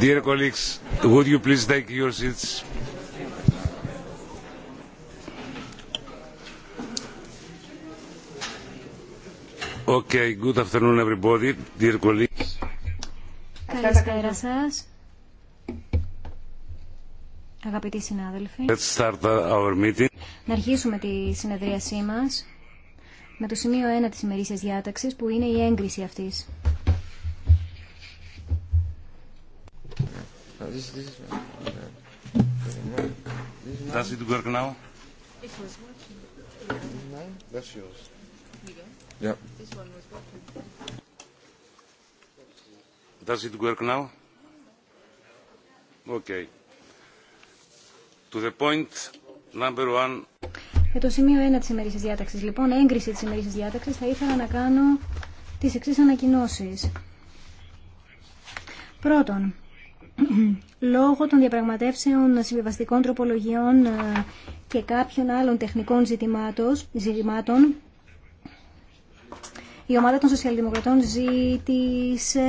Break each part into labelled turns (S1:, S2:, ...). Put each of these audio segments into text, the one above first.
S1: Dear colleagues, would you please take your seats? Okay, good afternoon everybody, dear colleagues.
S2: Καλησπέρα σας. Αγαπητοί συνάδελφοι.
S1: Let's start our meeting.
S2: Να αρχίσουμε τη συνεδρίασή μας με το σημείο 1 της ημερήσιας διάταξης που είναι η έγκριση αυτής.
S3: Does
S1: it work now? Okay. To the point number one.
S2: Για ε, το σημείο 1 τη ημερήσια διάταξης, λοιπόν, έγκριση τη ημερήσια διάταξη θα ήθελα να κάνω τις εξή ανακοινώσει. Πρώτον, λόγω των διαπραγματεύσεων συμβιβαστικών τροπολογιών ε, και κάποιων άλλων τεχνικών ζητημάτων, η ομάδα των Σοσιαλδημοκρατών ζήτησε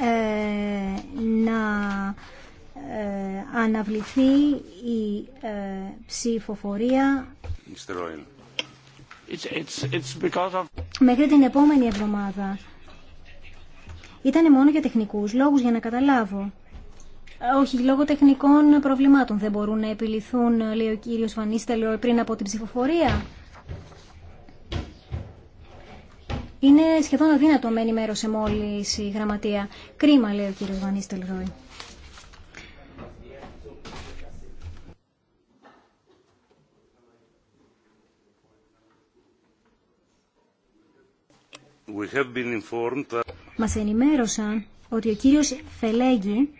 S2: ε, να ε, αναβληθεί η ε, ψηφοφορία
S1: it's, it's, it's because of...
S2: μέχρι την επόμενη εβδομάδα. Ήταν μόνο για τεχνικούς λόγους, για να καταλάβω. Ε, όχι, λόγω τεχνικών προβλημάτων δεν μπορούν να επιληθούν, λέει ο κύριος Βανίστελο, πριν από την ψηφοφορία. Είναι σχεδόν αδύνατο με ενημέρωσε μόλις η γραμματεία. Κρίμα, λέει ο κύριος Βανίστελ Μας ενημέρωσαν ότι ο κύριος Φελέγγι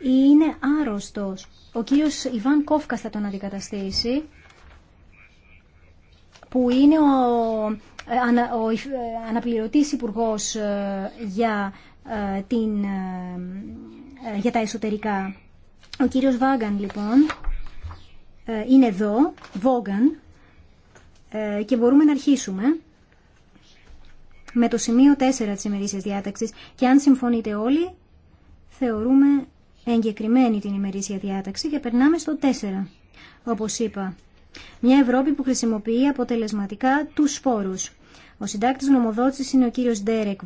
S2: είναι άρρωστος. Ο κύριος Ιβάν Κόφκας θα τον αντικαταστήσει, που είναι ο, ε, ανα, ο ε, αναπληρωτής υπουργός ε, για, την, για τα εσωτερικά. Ο κύριος Βάγκαν, λοιπόν, είναι εδώ, Βόγκαν, και μπορούμε να αρχίσουμε με το σημείο 4 της ημερήσιας διάταξης και αν συμφωνείτε όλοι θεωρούμε εγκεκριμένη την ημερήσια διάταξη και περνάμε στο 4. Όπως είπα, μια Ευρώπη που χρησιμοποιεί αποτελεσματικά τους σπόρους. Ο συντάκτης νομοδότησης είναι ο κύριος Ντέρεκ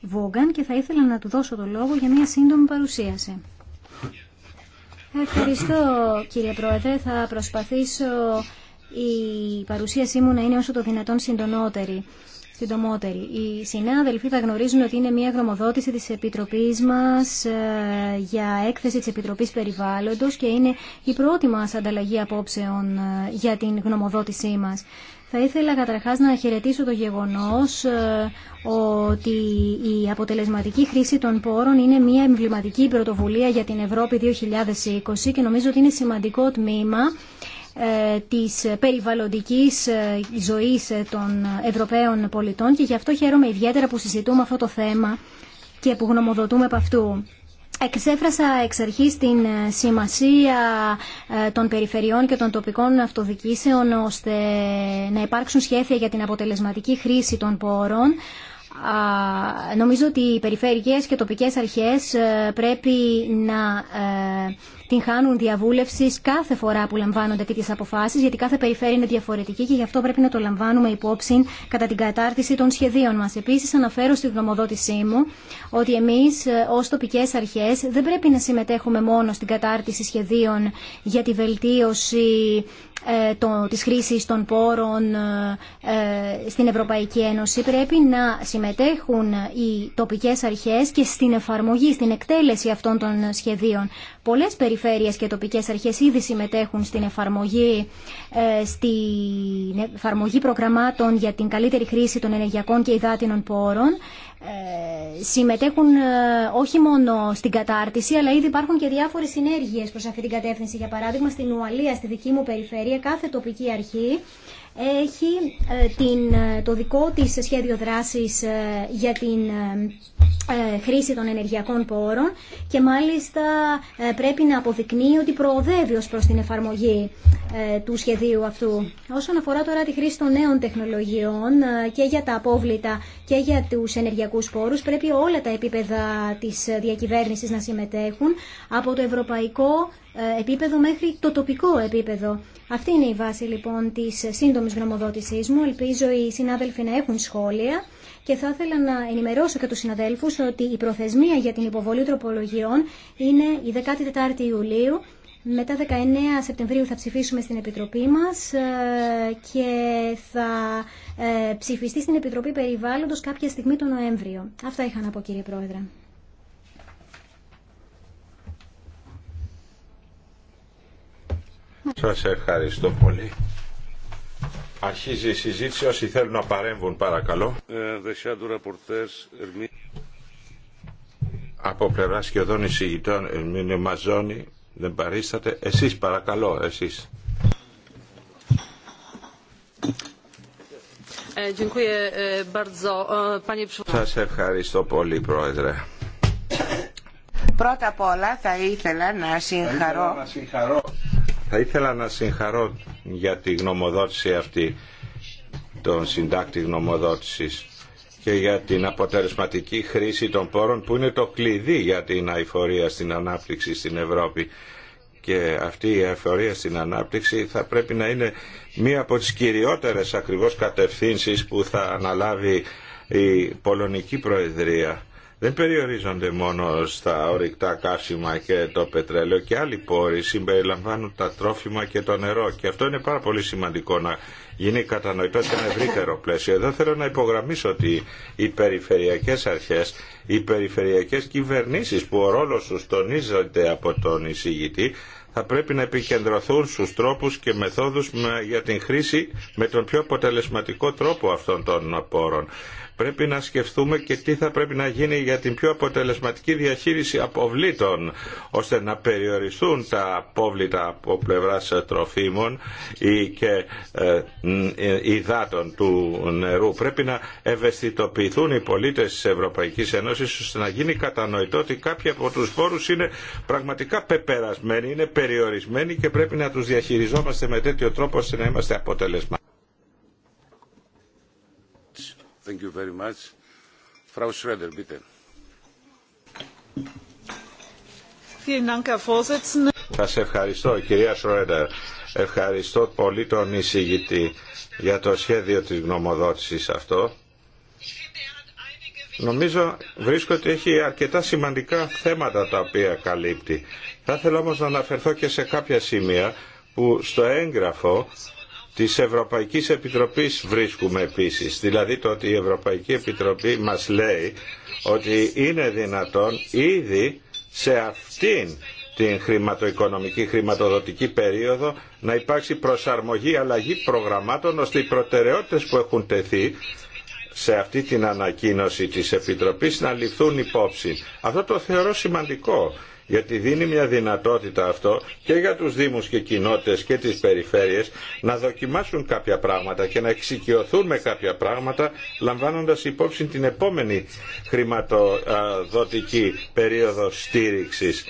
S2: Βόγκαν και θα ήθελα να του δώσω το λόγο για μια σύντομη παρουσίαση. Ευχαριστώ κύριε Πρόεδρε. Θα προσπαθήσω η παρουσίασή μου να είναι όσο το δυνατόν συντονότερη συντομότερη. Οι συνάδελφοι θα γνωρίζουν ότι είναι μια γνωμοδότηση της Επιτροπής μας ε, για έκθεση της Επιτροπής Περιβάλλοντος και είναι η πρώτη μας ανταλλαγή απόψεων ε, για την γνωμοδότησή μας. Θα ήθελα καταρχάς να χαιρετήσω το γεγονός ε, ότι η αποτελεσματική χρήση των πόρων είναι μια εμβληματική πρωτοβουλία για την Ευρώπη 2020 και νομίζω ότι είναι σημαντικό τμήμα ε, της περιβαλλοντικής ε, ζωής ε, των Ευρωπαίων πολιτών και γι' αυτό χαίρομαι ιδιαίτερα που συζητούμε αυτό το θέμα και που γνωμοδοτούμε από αυτού. Εξέφρασα εξ αρχής την σημασία των περιφερειών και των τοπικών αυτοδικήσεων ώστε να υπάρξουν σχέδια για την αποτελεσματική χρήση των πόρων νομίζω ότι οι περιφέρειες και τοπικές αρχές ε, πρέπει να ε, την χάνουν διαβούλευση κάθε φορά που λαμβάνονται τέτοιες αποφάσεις, γιατί κάθε περιφέρεια είναι διαφορετική και γι' αυτό πρέπει να το λαμβάνουμε υπόψη κατά την κατάρτιση των σχεδίων μας. Επίσης, αναφέρω στη γνωμοδότησή μου ότι εμείς ε, ως τοπικές αρχές δεν πρέπει να συμμετέχουμε μόνο στην κατάρτιση σχεδίων για τη βελτίωση ε, το, της χρήσης των πόρων ε, ε, στην Ευρωπαϊκή Ένωση πρέπει να συμμετέχουν οι τοπικές αρχές και στην εφαρμογή, στην εκτέλεση αυτών των σχεδίων. Πολλές περιφέρειες και τοπικές αρχές ήδη συμμετέχουν στην εφαρμογή, στην εφαρμογή προγραμμάτων για την καλύτερη χρήση των ενεργειακών και υδάτινων πόρων ε, συμμετέχουν ε, όχι μόνο στην κατάρτιση, αλλά ήδη υπάρχουν και διάφορες συνέργειες προς αυτή την κατεύθυνση. Για παράδειγμα, στην Ουαλία, στη δική μου περιφέρεια, κάθε τοπική αρχή έχει ε, την, ε, το δικό της σχέδιο δράσης ε, για την χρήση των ενεργειακών πόρων και μάλιστα πρέπει να αποδεικνύει ότι προοδεύει ως προς την εφαρμογή του σχεδίου αυτού. Όσον αφορά τώρα τη χρήση των νέων τεχνολογιών και για τα απόβλητα και για τους ενεργειακούς πόρους πρέπει όλα τα επίπεδα της διακυβέρνησης να συμμετέχουν από το Ευρωπαϊκό επίπεδο μέχρι το τοπικό επίπεδο. Αυτή είναι η βάση λοιπόν της σύντομης γνωμοδότησής μου. Ελπίζω οι συνάδελφοι να έχουν σχόλια και θα ήθελα να ενημερώσω και τους συναδέλφους ότι η προθεσμία για την υποβολή τροπολογιών είναι η 14η Ιουλίου. Μετά 19 Σεπτεμβρίου θα ψηφίσουμε στην Επιτροπή μας ε, και θα ε, ψηφιστεί στην Επιτροπή Περιβάλλοντος κάποια στιγμή τον Νοέμβριο. Αυτά είχα να πω κύριε Πρόεδρε.
S4: Σας ευχαριστώ πολύ. Αρχίζει η συζήτηση. Όσοι θέλουν να παρέμβουν, παρακαλώ. Ε, Από πλευρά σχεδόν εισηγητών, Ερμήνε Μαζόνη, δεν παρίσταται. Εσείς, παρακαλώ, εσείς.
S5: Ε, ε, Σας
S4: ευχαριστώ πολύ, Πρόεδρε.
S5: Πρώτα απ' όλα θα ήθελα να συγχαρώ, ήθελα να
S4: συγχαρώ θα ήθελα να συγχαρώ για τη γνωμοδότηση αυτή των συντάκτη γνωμοδότησης και για την αποτελεσματική χρήση των πόρων που είναι το κλειδί για την αηφορία στην ανάπτυξη στην Ευρώπη. Και αυτή η αηφορία στην ανάπτυξη θα πρέπει να είναι μία από τις κυριότερες ακριβώς κατευθύνσεις που θα αναλάβει η Πολωνική Προεδρία δεν περιορίζονται μόνο στα ορυκτά καύσιμα και το πετρέλαιο και άλλοι πόροι συμπεριλαμβάνουν τα τρόφιμα και το νερό και αυτό είναι πάρα πολύ σημαντικό να γίνει κατανοητό σε ένα ευρύτερο πλαίσιο. Εδώ θέλω να υπογραμμίσω ότι οι περιφερειακές αρχές, οι περιφερειακές κυβερνήσεις που ο ρόλος τους τονίζεται από τον εισηγητή θα πρέπει να επικεντρωθούν στους τρόπους και μεθόδους για την χρήση με τον πιο αποτελεσματικό τρόπο αυτών των πόρων πρέπει να σκεφτούμε και τι θα πρέπει να γίνει για την πιο αποτελεσματική διαχείριση αποβλήτων ώστε να περιοριστούν τα απόβλητα από πλευράς τροφίμων ή και ε, ε, υδάτων του νερού. Πρέπει να ευαισθητοποιηθούν οι πολίτες της Ευρωπαϊκής Ένωσης ώστε να γίνει κατανοητό ότι κάποιοι από τους πόρους είναι πραγματικά πεπερασμένοι, είναι περιορισμένοι και πρέπει να τους διαχειριζόμαστε με τέτοιο τρόπο ώστε να είμαστε αποτελεσματικοί. Thank Σας ευχαριστώ, κυρία σρέντερ Ευχαριστώ πολύ τον εισηγητή για το σχέδιο της γνωμοδότησης αυτό. Νομίζω βρίσκω ότι έχει αρκετά σημαντικά θέματα τα οποία καλύπτει. Θα ήθελα όμως να αναφερθώ και σε κάποια σημεία που στο έγγραφο της Ευρωπαϊκής Επιτροπής βρίσκουμε επίσης. Δηλαδή το ότι η Ευρωπαϊκή Επιτροπή μας λέει ότι είναι δυνατόν ήδη σε αυτήν την χρηματοοικονομική χρηματοδοτική περίοδο να υπάρξει προσαρμογή αλλαγή προγραμμάτων ώστε οι προτεραιότητες που έχουν τεθεί σε αυτή την ανακοίνωση της Επιτροπής να ληφθούν υπόψη. Αυτό το θεωρώ σημαντικό γιατί δίνει μια δυνατότητα αυτό και για τους Δήμους και κοινότητες και τις περιφέρειες να δοκιμάσουν κάποια πράγματα και να εξοικειωθούν με κάποια πράγματα λαμβάνοντας υπόψη την επόμενη χρηματοδοτική περίοδο στήριξης.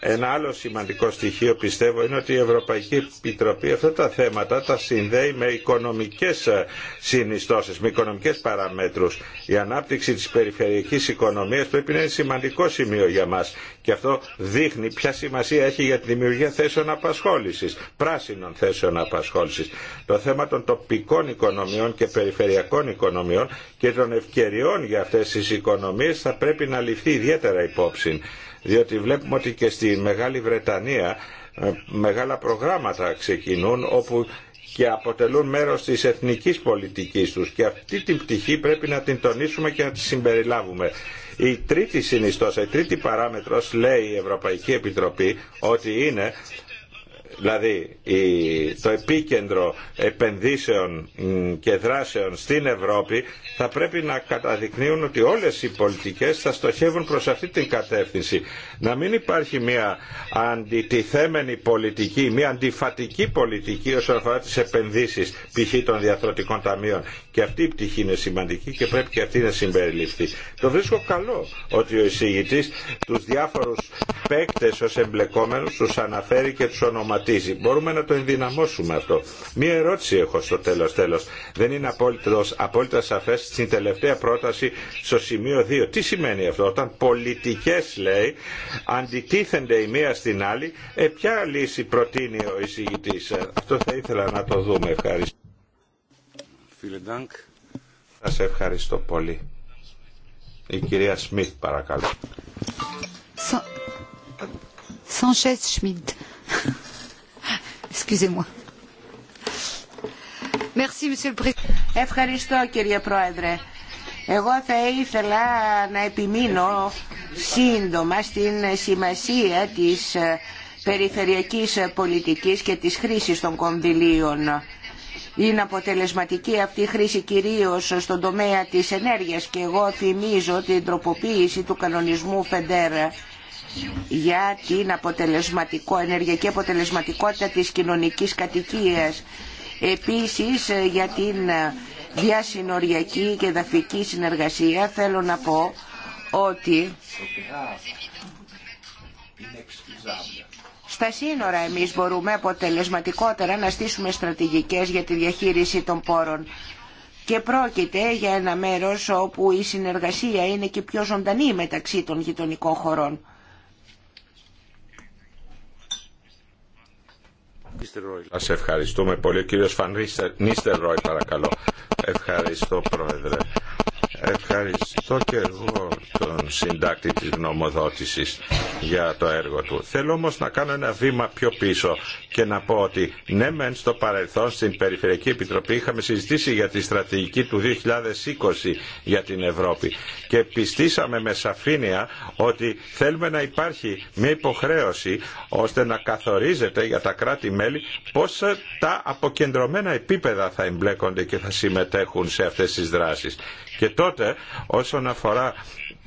S4: Ένα άλλο σημαντικό στοιχείο πιστεύω είναι ότι η Ευρωπαϊκή Επιτροπή αυτά τα θέματα τα συνδέει με οικονομικές ε, συνιστώσεις, με οικονομικές παραμέτρους. Η ανάπτυξη της περιφερειακής οικονομίας πρέπει να είναι σημαντικό σημείο για μας και αυτό δείχνει ποια σημασία έχει για τη δημιουργία θέσεων απασχόλησης, πράσινων θέσεων απασχόλησης. Το θέμα των τοπικών οικονομιών και περιφερειακών οικονομιών και των ευκαιριών για αυτές τις οικονομίες θα πρέπει να ληφθεί ιδιαίτερα υπόψη διότι βλέπουμε ότι και στη Μεγάλη Βρετανία ε, μεγάλα προγράμματα ξεκινούν όπου και αποτελούν μέρος της εθνικής πολιτικής τους και αυτή την πτυχή πρέπει να την τονίσουμε και να τη συμπεριλάβουμε. Η τρίτη συνιστόσα, η τρίτη παράμετρος λέει η Ευρωπαϊκή Επιτροπή ότι είναι δηλαδή το επίκεντρο επενδύσεων και δράσεων στην Ευρώπη θα πρέπει να καταδεικνύουν ότι όλες οι πολιτικές θα στοχεύουν προς αυτή την κατεύθυνση. Να μην υπάρχει μια αντιτιθέμενη πολιτική, μια αντιφατική πολιτική όσον αφορά τις επενδύσεις π.χ. των διαθροτικών ταμείων. Και αυτή η πτυχή είναι σημαντική και πρέπει και αυτή να συμπεριληφθεί. Το βρίσκω καλό ότι ο εισηγητής τους διάφορους παίκτες ως εμπλεκόμενους τους αναφέρει και τους ονοματίζει Μπορούμε να το ενδυναμώσουμε αυτό. Μία ερώτηση έχω στο τέλος τέλος. Δεν είναι απόλυτος, απόλυτα σαφές στην τελευταία πρόταση στο σημείο 2. Τι σημαίνει αυτό όταν πολιτικές λέει αντιτίθενται η μία στην άλλη ε, ποια λύση προτείνει ο εισηγητής. Ε, αυτό θα ήθελα να το δούμε. Ευχαριστώ. Σας ευχαριστώ πολύ. Η κυρία Σμιθ, παρακαλώ.
S6: Sanchez Schmidt.
S5: Ευχαριστώ κύριε Πρόεδρε. Εγώ θα ήθελα να επιμείνω σύντομα στην σημασία της ε, περιφερειακής πολιτικής και της χρήσης των κονδυλίων. Είναι αποτελεσματική αυτή η χρήση κυρίως στον τομέα της ενέργειας και εγώ θυμίζω την τροποποίηση του κανονισμού ΦΕΝΤΕΡ για την αποτελεσματικό, ενεργειακή αποτελεσματικότητα της κοινωνικής κατοικίας. Επίσης ε, για την ε, διασυνοριακή και δαφική συνεργασία θέλω να πω ότι στα σύνορα εμείς μπορούμε αποτελεσματικότερα να στήσουμε στρατηγικές για τη διαχείριση των πόρων και πρόκειται για ένα μέρος όπου η συνεργασία είναι και πιο ζωντανή μεταξύ των γειτονικών χωρών.
S4: Σας ευχαριστούμε πολύ. Ο κύριος Φαν Νίστερ Ρόι, παρακαλώ. Ευχαριστώ, Πρόεδρε. Ευχαριστώ και εγώ τον συντάκτη της νομοδότησης για το έργο του. Θέλω όμως να κάνω ένα βήμα πιο πίσω και να πω ότι ναι μεν στο παρελθόν στην Περιφερειακή Επιτροπή είχαμε συζητήσει για τη στρατηγική του 2020 για την Ευρώπη και πιστήσαμε με σαφήνεια ότι θέλουμε να υπάρχει μια υποχρέωση ώστε να καθορίζεται για τα κράτη-μέλη πώς τα αποκεντρωμένα επίπεδα θα εμπλέκονται και θα συμμετέχουν σε αυτές τις δράσεις. Και τότε όσον αφορά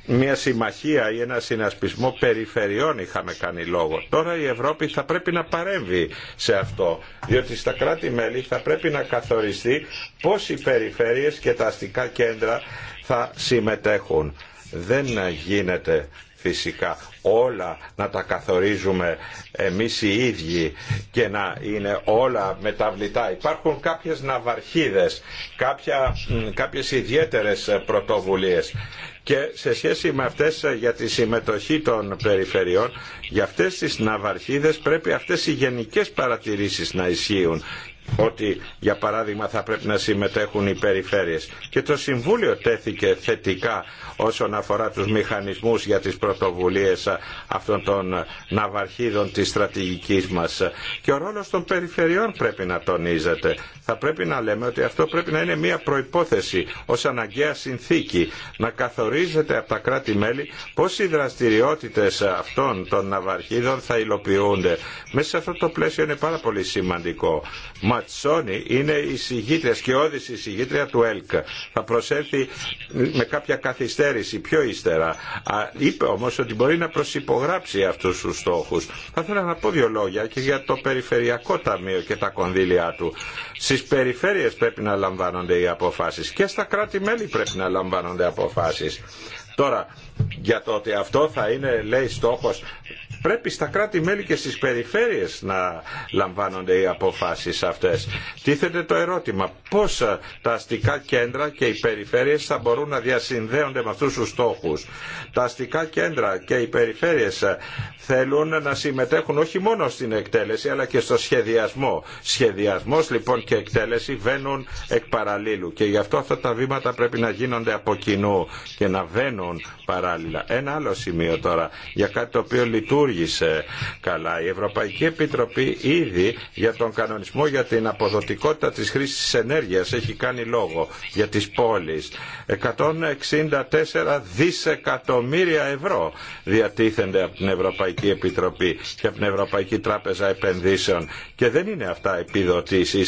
S4: μια συμμαχία ή ένα συνασπισμό περιφερειών είχαμε κάνει λόγο. Τώρα η Ευρώπη θα πρέπει να παρέμβει σε αυτό, διότι στα κράτη-μέλη θα πρέπει να καθοριστεί πώς οι περιφέρειες και τα αστικά κέντρα θα συμμετέχουν. Δεν γίνεται φυσικά όλα να τα καθορίζουμε εμείς οι ίδιοι και να είναι όλα μεταβλητά. Υπάρχουν κάποιες ναυαρχίδες, κάποια, κάποιες ιδιαίτερες πρωτοβουλίες και σε σχέση με αυτές ε, για τη συμμετοχή των περιφερειών για αυτές τις ναυαρχίδες πρέπει αυτές οι γενικές παρατηρήσεις να ισχύουν ότι για παράδειγμα θα πρέπει να συμμετέχουν οι περιφέρειες. Και το Συμβούλιο τέθηκε θετικά όσον αφορά τους μηχανισμούς για τις πρωτοβουλίες αυτών των ναυαρχίδων της στρατηγικής μας. Και ο ρόλος των περιφερειών πρέπει να τονίζεται. Θα πρέπει να λέμε ότι αυτό πρέπει να είναι μια προϋπόθεση ως αναγκαία συνθήκη να καθορίζεται από τα κράτη-μέλη πώς οι δραστηριότητες αυτών των ναυαρχίδων θα υλοποιούνται. Μέσα σε αυτό το πλαίσιο είναι πάρα πολύ σημαντικό. Ματσόνη είναι η συγγήτρια, σκιώδης η συγγήτρια του ΕΛΚ. Θα προσέλθει με κάποια καθυστέρηση πιο ύστερα. είπε όμως ότι μπορεί να προσυπογράψει αυτούς τους στόχους. Θα ήθελα να πω δύο λόγια και για το Περιφερειακό Ταμείο και τα κονδύλια του. Στις περιφέρειες πρέπει να λαμβάνονται οι αποφάσεις και στα κράτη-μέλη πρέπει να λαμβάνονται αποφάσεις. Τώρα, για το ότι αυτό θα είναι, λέει, στόχος, πρέπει στα κράτη-μέλη και στις περιφέρειες να λαμβάνονται οι αποφάσεις αυτές. Τίθεται το ερώτημα, πώς τα αστικά κέντρα και οι περιφέρειες θα μπορούν να διασυνδέονται με αυτούς τους στόχους. Τα αστικά κέντρα και οι περιφέρειες θέλουν να συμμετέχουν όχι μόνο στην εκτέλεση, αλλά και στο σχεδιασμό. Σχεδιασμός λοιπόν και εκτέλεση βαίνουν εκ παραλίλου και γι' αυτό αυτά τα βήματα πρέπει να γίνονται από κοινού και να βαίνουν παράλληλα. Ένα άλλο σημείο τώρα για κάτι το οποίο λειτουργήσε καλά. Η Ευρωπαϊκή Επιτροπή ήδη για τον κανονισμό για την αποδοτικότητα της χρήσης ενέργειας έχει κάνει λόγο για τις πόλεις. 164 δισεκατομμύρια ευρώ διατίθενται από την Ευρωπαϊκή Επιτροπή και από την Ευρωπαϊκή Τράπεζα Επενδύσεων και δεν είναι αυτά επιδοτήσεις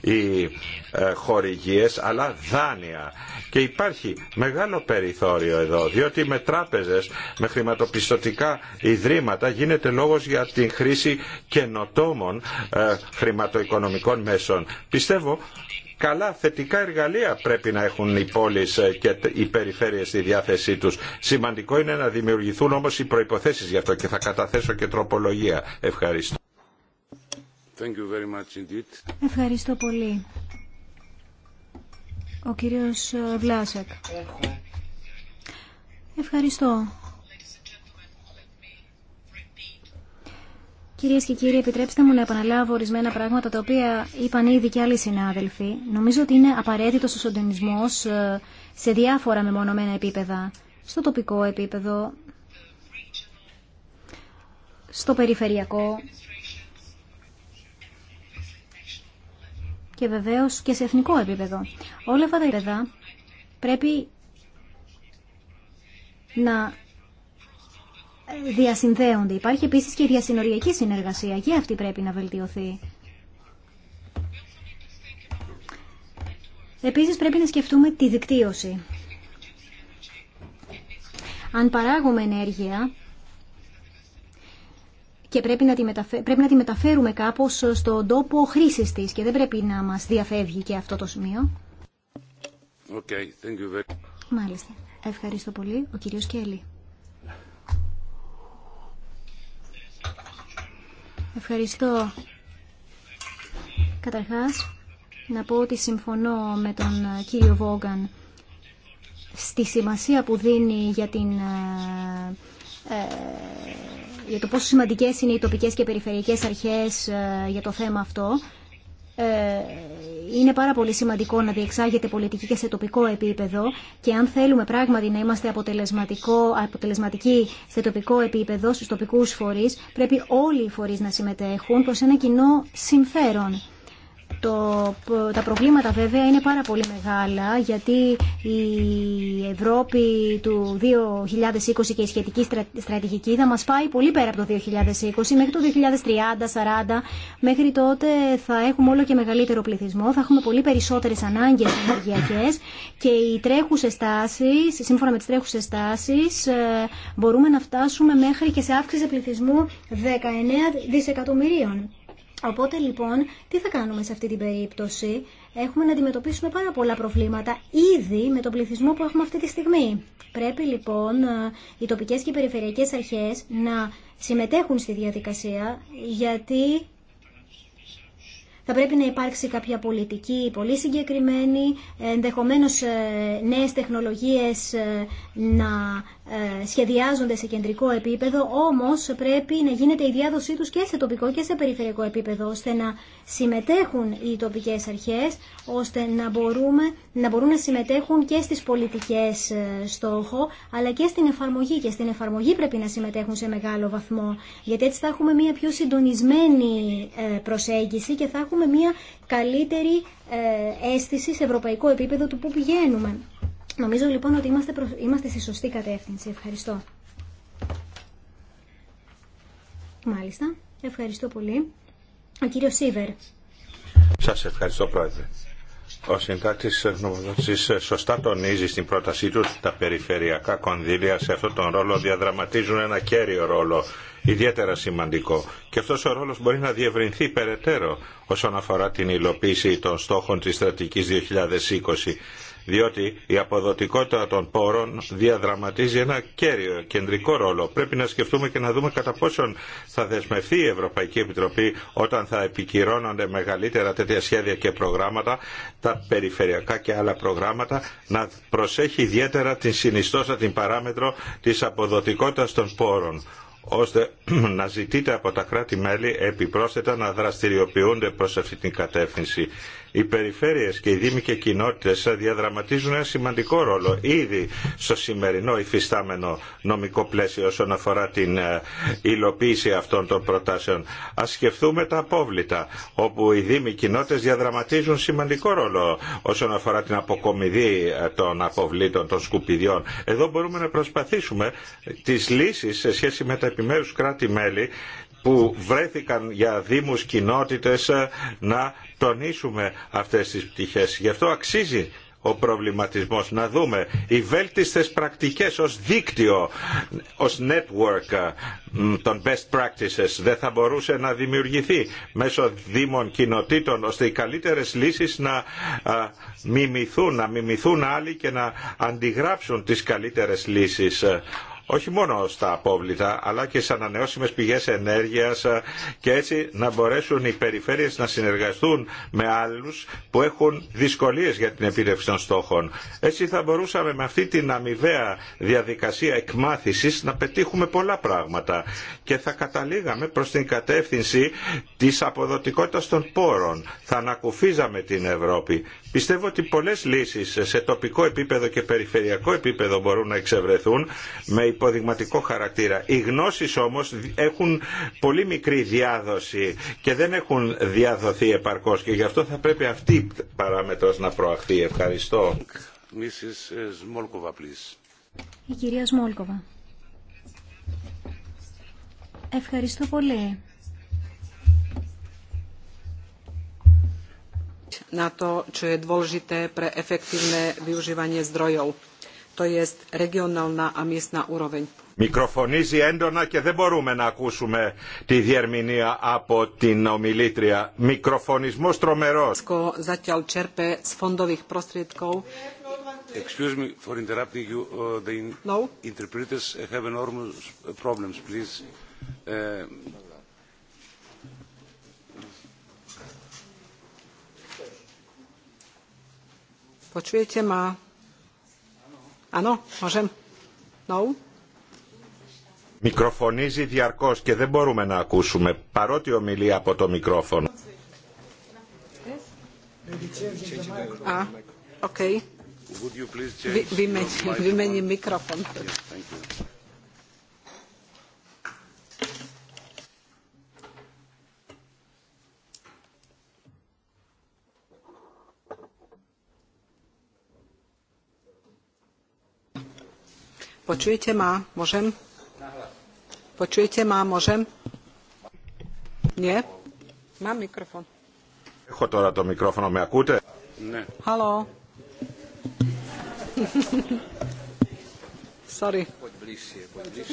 S4: ή ε, χορηγίες αλλά δάνεια. Και υπάρχει μεγάλο περιθώριο εδώ, διότι με τράπεζες, με χρηματοπιστωτικά ιδρύματα γίνεται λόγος για την χρήση καινοτόμων ε, χρηματοοικονομικών μέσων. Πιστεύω καλά θετικά εργαλεία πρέπει να έχουν οι πόλεις ε, και οι περιφέρειες στη διάθεσή τους. Σημαντικό είναι να δημιουργηθούν όμως οι προϋποθέσεις γι' αυτό και θα καταθέσω και τροπολογία. Ευχαριστώ.
S2: Ευχαριστώ πολύ. Ο κύριος ε, Βλάσεκ. Ευχαριστώ. Κυρίες και κύριοι, επιτρέψτε μου να επαναλάβω ορισμένα πράγματα τα οποία είπαν ήδη και άλλοι συνάδελφοι. Νομίζω ότι είναι απαραίτητος ο συντονισμός ε, σε διάφορα μεμονωμένα επίπεδα. Στο τοπικό επίπεδο, στο περιφερειακό, και βεβαίως και σε εθνικό επίπεδο. Όλα αυτά τα επίπεδα πρέπει να διασυνδέονται. Υπάρχει επίσης και η διασυνοριακή συνεργασία και αυτή πρέπει να βελτιωθεί. Επίσης πρέπει να σκεφτούμε τη δικτύωση. Αν παράγουμε ενέργεια, και πρέπει να, τη μεταφέρουμε, πρέπει να κάπως στον τόπο χρήσης της και δεν πρέπει να μας διαφεύγει και αυτό το σημείο.
S1: Okay, thank you very...
S2: Μάλιστα. Ευχαριστώ πολύ. Ο κύριος Κέλλη. Ευχαριστώ. Καταρχάς, να πω ότι συμφωνώ με τον κύριο Βόγκαν στη σημασία που δίνει για την ε, ε, για το πόσο σημαντικές είναι οι τοπικές και περιφερειακές αρχές ε, για το θέμα αυτό. Ε, είναι πάρα πολύ σημαντικό να διεξάγεται πολιτική και σε τοπικό επίπεδο και αν θέλουμε πράγματι να είμαστε αποτελεσματικό, αποτελεσματικοί σε τοπικό επίπεδο, στους τοπικούς φορείς, πρέπει όλοι οι φορείς να συμμετέχουν προς ένα κοινό συμφέρον. Το, τα προβλήματα βέβαια είναι πάρα πολύ μεγάλα γιατί η Ευρώπη του 2020 και η σχετική στρατηγική θα μας πάει πολύ πέρα από το 2020 μέχρι το 2030, 40 μέχρι τότε θα έχουμε όλο και μεγαλύτερο πληθυσμό, θα έχουμε πολύ περισσότερες ανάγκες ενεργειακές και οι τρέχουσες τάσεις, σύμφωνα με τις τρέχουσες τάσεις ε, μπορούμε να φτάσουμε μέχρι και σε αύξηση πληθυσμού 19 δισεκατομμυρίων. Οπότε λοιπόν, τι θα κάνουμε σε αυτή την περίπτωση. Έχουμε να αντιμετωπίσουμε πάρα πολλά προβλήματα ήδη με τον πληθυσμό που έχουμε αυτή τη στιγμή. Πρέπει λοιπόν ε, οι τοπικές και οι περιφερειακές αρχές να συμμετέχουν στη διαδικασία γιατί θα πρέπει να υπάρξει κάποια πολιτική πολύ συγκεκριμένη, ενδεχομένως ε, νέες τεχνολογίες ε, να ε, σχεδιάζονται σε κεντρικό επίπεδο, όμως πρέπει να γίνεται η διάδοσή τους και σε τοπικό και σε περιφερειακό επίπεδο, ώστε να συμμετέχουν οι τοπικές αρχές, ώστε να, μπορούμε, να μπορούν να συμμετέχουν και στις πολιτικές ε, στόχο, αλλά και στην εφαρμογή. Και στην εφαρμογή πρέπει να συμμετέχουν σε μεγάλο βαθμό, γιατί έτσι θα έχουμε μια πιο συντονισμένη ε, προσέγγιση και θα έχουμε μια καλύτερη αίσθηση σε ευρωπαϊκό επίπεδο του που πηγαίνουμε. Νομίζω λοιπόν ότι είμαστε, προ... είμαστε στη σωστή κατεύθυνση. Ευχαριστώ. Μάλιστα. Ευχαριστώ πολύ. Ο κύριος Σίβερ.
S4: Σας ευχαριστώ πρόεδρε. Ο συντάκτη νομοδοτήσης σωστά τονίζει στην πρότασή του ότι τα περιφερειακά κονδύλια σε αυτόν τον ρόλο διαδραματίζουν ένα κέριο ρόλο, ιδιαίτερα σημαντικό. Και αυτό ο ρόλο μπορεί να διευρυνθεί περαιτέρω όσον αφορά την υλοποίηση των στόχων τη στρατηγική 2020 διότι η αποδοτικότητα των πόρων διαδραματίζει ένα κέριο, κεντρικό ρόλο. Πρέπει να σκεφτούμε και να δούμε κατά πόσον θα δεσμευτεί η Ευρωπαϊκή Επιτροπή όταν θα επικυρώνονται μεγαλύτερα τέτοια σχέδια και προγράμματα, τα περιφερειακά και άλλα προγράμματα, να προσέχει ιδιαίτερα την συνιστόσα, την παράμετρο της αποδοτικότητας των πόρων ώστε να ζητείται από τα κράτη-μέλη επιπρόσθετα να δραστηριοποιούνται προς αυτή την κατεύθυνση. Οι περιφέρειες και οι δήμοι και οι κοινότητες διαδραματίζουν ένα σημαντικό ρόλο ήδη στο σημερινό υφιστάμενο νομικό πλαίσιο όσον αφορά την ε, υλοποίηση αυτών των προτάσεων. Ας σκεφτούμε τα απόβλητα, όπου οι δήμοι και κοινότητες διαδραματίζουν σημαντικό ρόλο όσον αφορά την αποκομιδή ε, των αποβλήτων, των σκουπιδιών. Εδώ μπορούμε να προσπαθήσουμε τις λύσεις σε σχέση με τα επιμέρους κράτη-μέλη που βρέθηκαν για δήμους κοινότητες ε, να τονίσουμε αυτές τις πτυχές. Γι' αυτό αξίζει ο προβληματισμός, να δούμε οι βέλτιστες πρακτικές ως δίκτυο, ως network ε, των best practices δεν θα μπορούσε να δημιουργηθεί μέσω δήμων κοινοτήτων ώστε οι καλύτερες λύσεις να ε, μιμηθούν, να μιμηθούν άλλοι και να αντιγράψουν τις καλύτερες λύσεις όχι μόνο στα απόβλητα αλλά και σε ανανεώσιμες πηγές ενέργειας ε, και έτσι να μπορέσουν οι περιφέρειες να συνεργαστούν με άλλους που έχουν δυσκολίες για την επίτευξη των στόχων. Έτσι θα μπορούσαμε με αυτή την αμοιβαία διαδικασία εκμάθησης να πετύχουμε πολλά πράγματα και θα καταλήγαμε προς την κατεύθυνση της αποδοτικότητας των πόρων. Θα ανακουφίζαμε την Ευρώπη Πιστεύω ότι πολλές λύσεις σε τοπικό επίπεδο και περιφερειακό επίπεδο μπορούν να εξευρεθούν με υποδειγματικό χαρακτήρα. Οι γνώσεις όμως έχουν πολύ μικρή διάδοση και δεν έχουν διαδοθεί επαρκώς και γι' αυτό θα πρέπει αυτή η παράμετρος να προαχθεί. Ευχαριστώ. Ε,
S2: η κυρία Σμόλκοβα. Ευχαριστώ πολύ.
S6: na to, čo je dôležité pre efektívne využívanie zdrojov. To je regionálna a miestna úroveň.
S4: Μικροφωνίζει έντονα και δεν μπορούμε να ακούσουμε τη διερμηνία από την ομιλήτρια. Μικροφωνισμός τρομερός.
S6: Zatiaľ čerpe z fondových prostriedkov.
S1: Excuse me for interrupting you. the interpreters have enormous problems, please.
S6: Počujete ma? Áno, môžem. No.
S4: Μικροφωνίζει διαρκώς και δεν μπορούμε να ακούσουμε παρότι ομιλεί από το μικρόφωνο.
S6: Α, οκ. Βημένη μικρόφωνο. Počujete ma? Môžem? Počujete ma? Môžem? Nie? Mám mikrofón.
S4: Έχω τώρα το μικρόφωνο, με ακούτε? Nie.
S6: Haló? Sorry.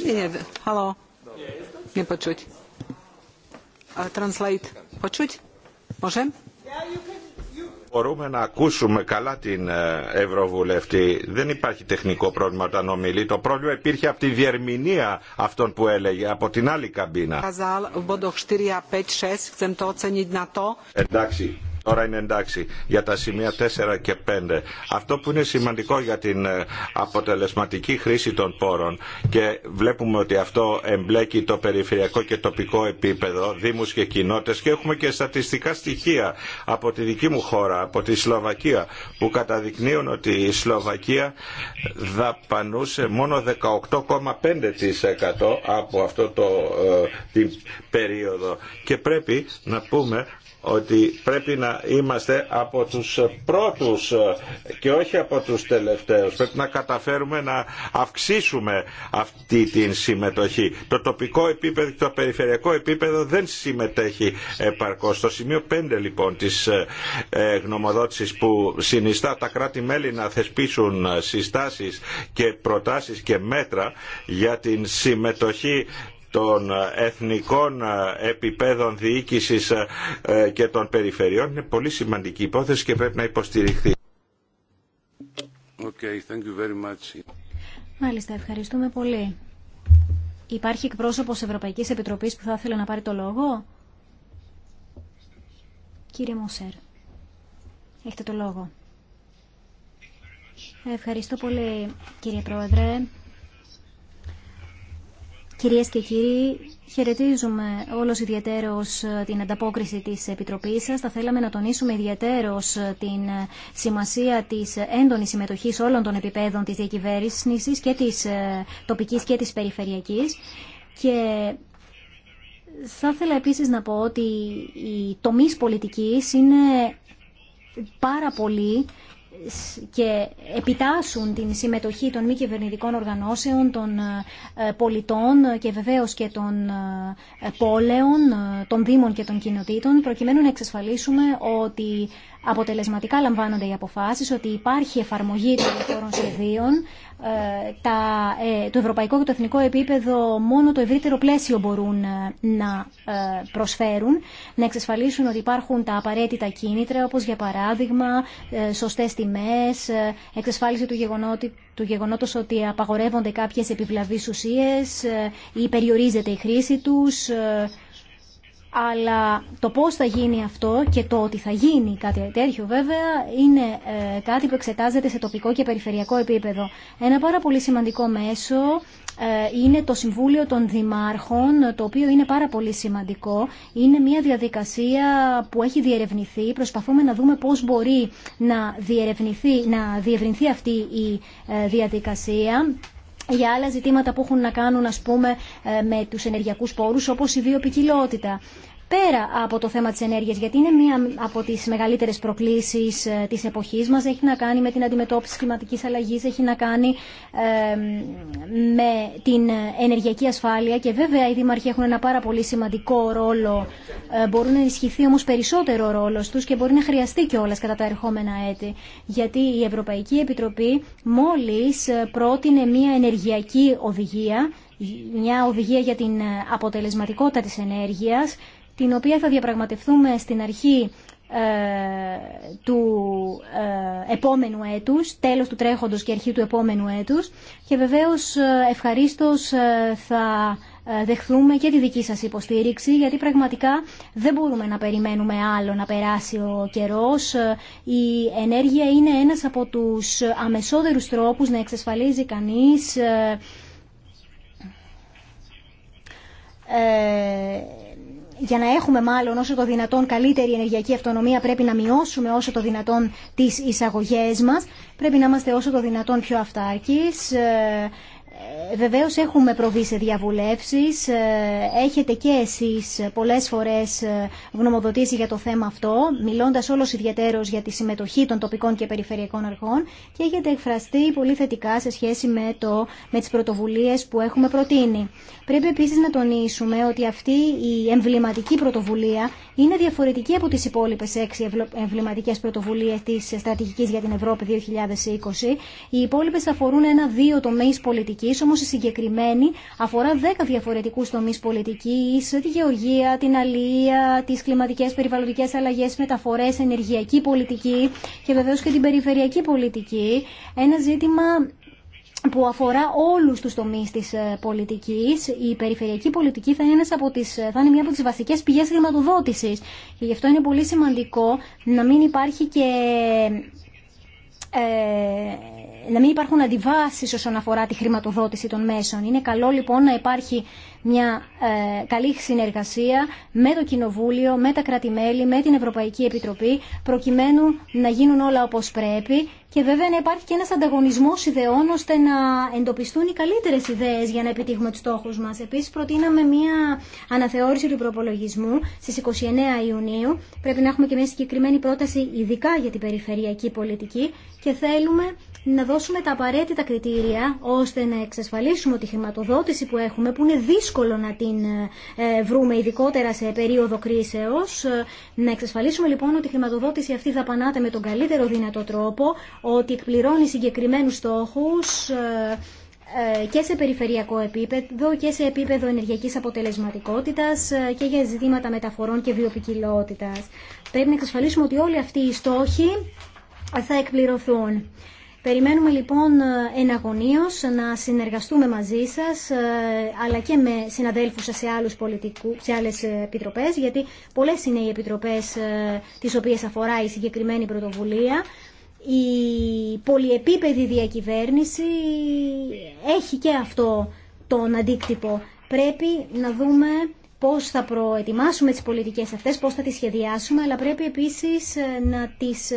S6: Nie, nie, halo. Nie počuť. Translate. Počuť? Môžem? Yeah, you can
S4: μπορούμε να ακούσουμε καλά την ε, Ευρωβουλευτή. Δεν υπάρχει τεχνικό πρόβλημα όταν ομιλεί. Το πρόβλημα υπήρχε από τη διερμηνία αυτών που έλεγε, από την άλλη καμπίνα. Εντάξει, Τώρα είναι εντάξει για τα σημεία 4 και 5. Αυτό που είναι σημαντικό για την ε, αποτελεσματική χρήση των πόρων και βλέπουμε ότι αυτό εμπλέκει το περιφερειακό και τοπικό επίπεδο, δήμους και κοινότητες και έχουμε και στατιστικά στοιχεία από τη δική μου χώρα, από τη Σλοβακία που καταδεικνύουν ότι η Σλοβακία δαπανούσε μόνο 18,5% από αυτό το, ε, την περίοδο και πρέπει να πούμε ότι πρέπει να είμαστε από τους πρώτους και όχι από τους τελευταίους. Πρέπει να καταφέρουμε να αυξήσουμε αυτή την συμμετοχή. Το τοπικό επίπεδο και το περιφερειακό επίπεδο δεν συμμετέχει επαρκώς. Στο σημείο 5 λοιπόν της ε, γνωμοδότησης που συνιστά τα κράτη-μέλη να θεσπίσουν συστάσεις και προτάσεις και μέτρα για την συμμετοχή των εθνικών επιπέδων διοίκησης ε, και των περιφερειών είναι πολύ σημαντική υπόθεση και πρέπει να υποστηριχθεί. Okay, thank you
S1: very much.
S2: Μάλιστα, ευχαριστούμε πολύ. Υπάρχει εκπρόσωπος Ευρωπαϊκής Επιτροπής που θα ήθελε να πάρει το λόγο. Κύριε Μοσέρ, έχετε το λόγο. Ευχαριστώ πολύ κύριε Πρόεδρε. Κυρίες και κύριοι, χαιρετίζουμε όλος ιδιαίτερος ε, την ανταπόκριση της Επιτροπής σας. Θα θέλαμε να τονίσουμε ιδιαίτερος ε, την ε, σημασία της έντονης συμμετοχής όλων των επιπέδων της διακυβέρνησης και της τοπικής και της περιφερειακής. Και θα ήθελα επίσης να πω ότι οι τομείς πολιτικής είναι πάρα πολύ και επιτάσσουν την συμμετοχή των μη κυβερνητικών οργανώσεων, των ε, πολιτών και βεβαίως και των ε, πόλεων, ε, των δήμων και των κοινοτήτων, προκειμένου να εξασφαλίσουμε ότι αποτελεσματικά λαμβάνονται οι αποφάσεις, ότι υπάρχει εφαρμογή των χώρων σχεδίων ε, τα, ε, το ευρωπαϊκό και το εθνικό επίπεδο μόνο το ευρύτερο πλαίσιο μπορούν ε, να προσφέρουν, να εξασφαλίσουν ότι υπάρχουν τα απαραίτητα κίνητρα, όπως για παράδειγμα σωστές τιμές, εξασφάλιση του, γεγονότη, του γεγονότος ότι απαγορεύονται κάποιες επιβλαβείς ουσίες ή περιορίζεται η χρήση τους, αλλά το πώς θα γίνει αυτό και το ότι θα γίνει κάτι τέτοιο βέβαια είναι ε, κάτι που εξετάζεται σε τοπικό και περιφερειακό επίπεδο. Ένα πάρα πολύ σημαντικό μέσο ε, είναι το Συμβούλιο των Δημάρχων, το οποίο είναι πάρα πολύ σημαντικό. Είναι μια διαδικασία που έχει διερευνηθεί. Προσπαθούμε να δούμε πώς μπορεί να, διερευνηθεί, να διευρυνθεί αυτή η ε, διαδικασία για άλλα ζητήματα που έχουν να κάνουν ας πούμε ε, με τους ενεργειακούς πόρους όπως η βιοπικιλότητα πέρα από το θέμα της ενέργειας, γιατί είναι μία από τις μεγαλύτερες προκλήσεις ε, της εποχής μας. Έχει να κάνει με την αντιμετώπιση της κλιματικής αλλαγής, έχει να κάνει με την ενεργειακή ασφάλεια και βέβαια οι δήμαρχοι έχουν ένα πάρα πολύ σημαντικό ρόλο. Ε, μπορούν να ενισχυθεί όμως περισσότερο ο ρόλος τους και μπορεί να χρειαστεί κιόλας κατά τα ερχόμενα έτη. Γιατί η Ευρωπαϊκή Επιτροπή μόλις ε, πρότεινε μία ενεργειακή οδηγία μια οδηγία για την αποτελεσματικότητα της ενέργειας την οποία θα διαπραγματευτούμε στην αρχή ε, του ε, επόμενου έτους, τέλος του τρέχοντος και αρχή του επόμενου έτους και βεβαίως ε, ευχαρίστως θα δεχθούμε και τη δική σας υποστήριξη γιατί πραγματικά δεν μπορούμε να περιμένουμε άλλο να περάσει ο καιρός. Η ενέργεια είναι ένας από τους αμεσόδερους τρόπους να εξασφαλίζει κανείς για να έχουμε μάλλον όσο το δυνατόν καλύτερη ενεργειακή αυτονομία πρέπει να μειώσουμε όσο το δυνατόν τις εισαγωγές μας, πρέπει να είμαστε όσο το δυνατόν πιο αυτάρκεις. Ε, ε, βεβαίως έχουμε προβεί σε διαβουλεύσεις, ε, έχετε και εσείς πολλές φορές γνωμοδοτήσει για το θέμα αυτό, μιλώντας όλος ιδιαίτερος για τη συμμετοχή των τοπικών και περιφερειακών αρχών και έχετε εκφραστεί πολύ θετικά σε σχέση με, το, με τις πρωτοβουλίες που έχουμε προτείνει. Πρέπει επίσης να τονίσουμε ότι αυτή η εμβληματική πρωτοβουλία είναι διαφορετική από τις υπόλοιπες έξι εμβληματικές πρωτοβουλίες της στρατηγικής για την Ευρώπη 2020. Οι υπόλοιπες αφορούν ένα-δύο τομείς πολιτικής, όμως η συγκεκριμένη αφορά δέκα διαφορετικούς τομείς πολιτικής, τη γεωργία, την αλληλεία, τις κλιματικές περιβαλλοντικές αλλαγές, μεταφορές, ενεργειακή πολιτική και βεβαίως και την περιφερειακή πολιτική. Ένα ζήτημα που αφορά όλους τους τομείς της ε, πολιτικής. Η περιφερειακή πολιτική θα είναι, από τις, μια ε, από τις βασικές πηγές χρηματοδότησης. γι' αυτό είναι πολύ σημαντικό να μην υπάρχει και... Ε, να μην υπάρχουν αντιβάσεις όσον αφορά τη χρηματοδότηση των μέσων. Είναι καλό λοιπόν να υπάρχει μια ε, καλή συνεργασία με το Κοινοβούλιο, με τα κρατημέλη, με την Ευρωπαϊκή Επιτροπή, προκειμένου να γίνουν όλα όπως πρέπει και βέβαια να υπάρχει και ένας ανταγωνισμός ιδεών ώστε να εντοπιστούν οι καλύτερες ιδέες για να επιτύχουμε του στόχους μας. Επίσης προτείναμε μια αναθεώρηση του προπολογισμού στις 29 Ιουνίου. Πρέπει να έχουμε και μια συγκεκριμένη πρόταση ειδικά για την περιφερειακή πολιτική και θέλουμε να δώσουμε τα απαραίτητα κριτήρια ώστε να εξασφαλίσουμε τη χρηματοδότηση που έχουμε, που είναι δύσκολο να την ε, βρούμε ειδικότερα σε περίοδο κρίσεω, ε, να εξασφαλίσουμε λοιπόν ότι η χρηματοδότηση αυτή θα δαπανάται με τον καλύτερο δυνατό τρόπο, ότι εκπληρώνει συγκεκριμένου στόχου ε, και σε περιφερειακό επίπεδο και σε επίπεδο ενεργειακής αποτελεσματικότητας και για ζητήματα μεταφορών και βιοπικιλότητας. Πρέπει να εξασφαλίσουμε ότι όλοι αυτοί οι στόχοι θα εκπληρωθούν. Περιμένουμε λοιπόν ε, εναγωνίως να συνεργαστούμε μαζί σας ε, αλλά και με συναδέλφους σας σε, άλλους πολιτικούς σε άλλες επιτροπές γιατί πολλές είναι οι επιτροπές ε, τις οποίες αφορά η συγκεκριμένη πρωτοβουλία. Η πολυεπίπεδη διακυβέρνηση έχει και αυτό τον αντίκτυπο. Πρέπει να δούμε πώς θα προετοιμάσουμε τις πολιτικές αυτές, πώς θα τις σχεδιάσουμε, αλλά πρέπει επίσης να τις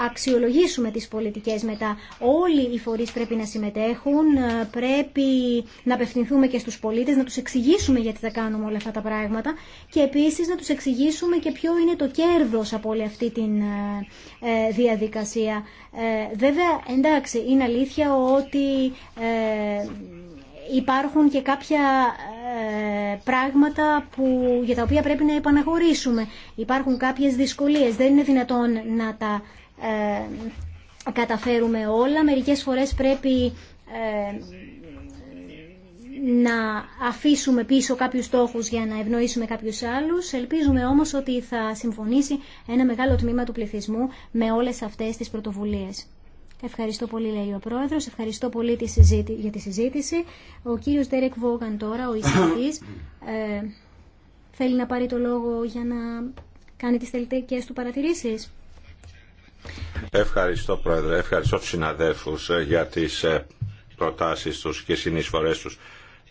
S2: αξιολογήσουμε τις πολιτικές μετά. Όλοι οι φορείς πρέπει να συμμετέχουν, ε, πρέπει να απευθυνθούμε και στους πολίτες, να τους εξηγήσουμε γιατί θα κάνουμε όλα αυτά τα πράγματα και επίσης να τους εξηγήσουμε και ποιο είναι το κέρδος από όλη αυτή τη ε, ε, διαδικασία. Βέβαια, εντάξει, είναι αλήθεια ότι υπάρχουν και κάποια πράγματα που, για τα οποία πρέπει να επαναχωρήσουμε. Υπάρχουν κάποιες δυσκολίες. Δεν είναι δυνατόν να τα ε, καταφέρουμε όλα. Μερικές φορές πρέπει ε, να αφήσουμε πίσω κάποιους στόχους για να ευνοήσουμε κάποιους άλλους. Ελπίζουμε όμως ότι θα συμφωνήσει ένα μεγάλο τμήμα του πληθυσμού με όλες αυτές τις πρωτοβουλίες. Ευχαριστώ πολύ, λέει ο Πρόεδρος. Ευχαριστώ πολύ τη για τη συζήτηση. Ο κύριος Τέρεκ Βόγκαν τώρα, ο εισηγητής, ε, θέλει να πάρει το λόγο για να κάνει τις τελικές του παρατηρήσεις.
S4: Ευχαριστώ Πρόεδρε, ευχαριστώ τους συναδέλφους ε, για τις ε, προτάσεις τους και συνεισφορές τους.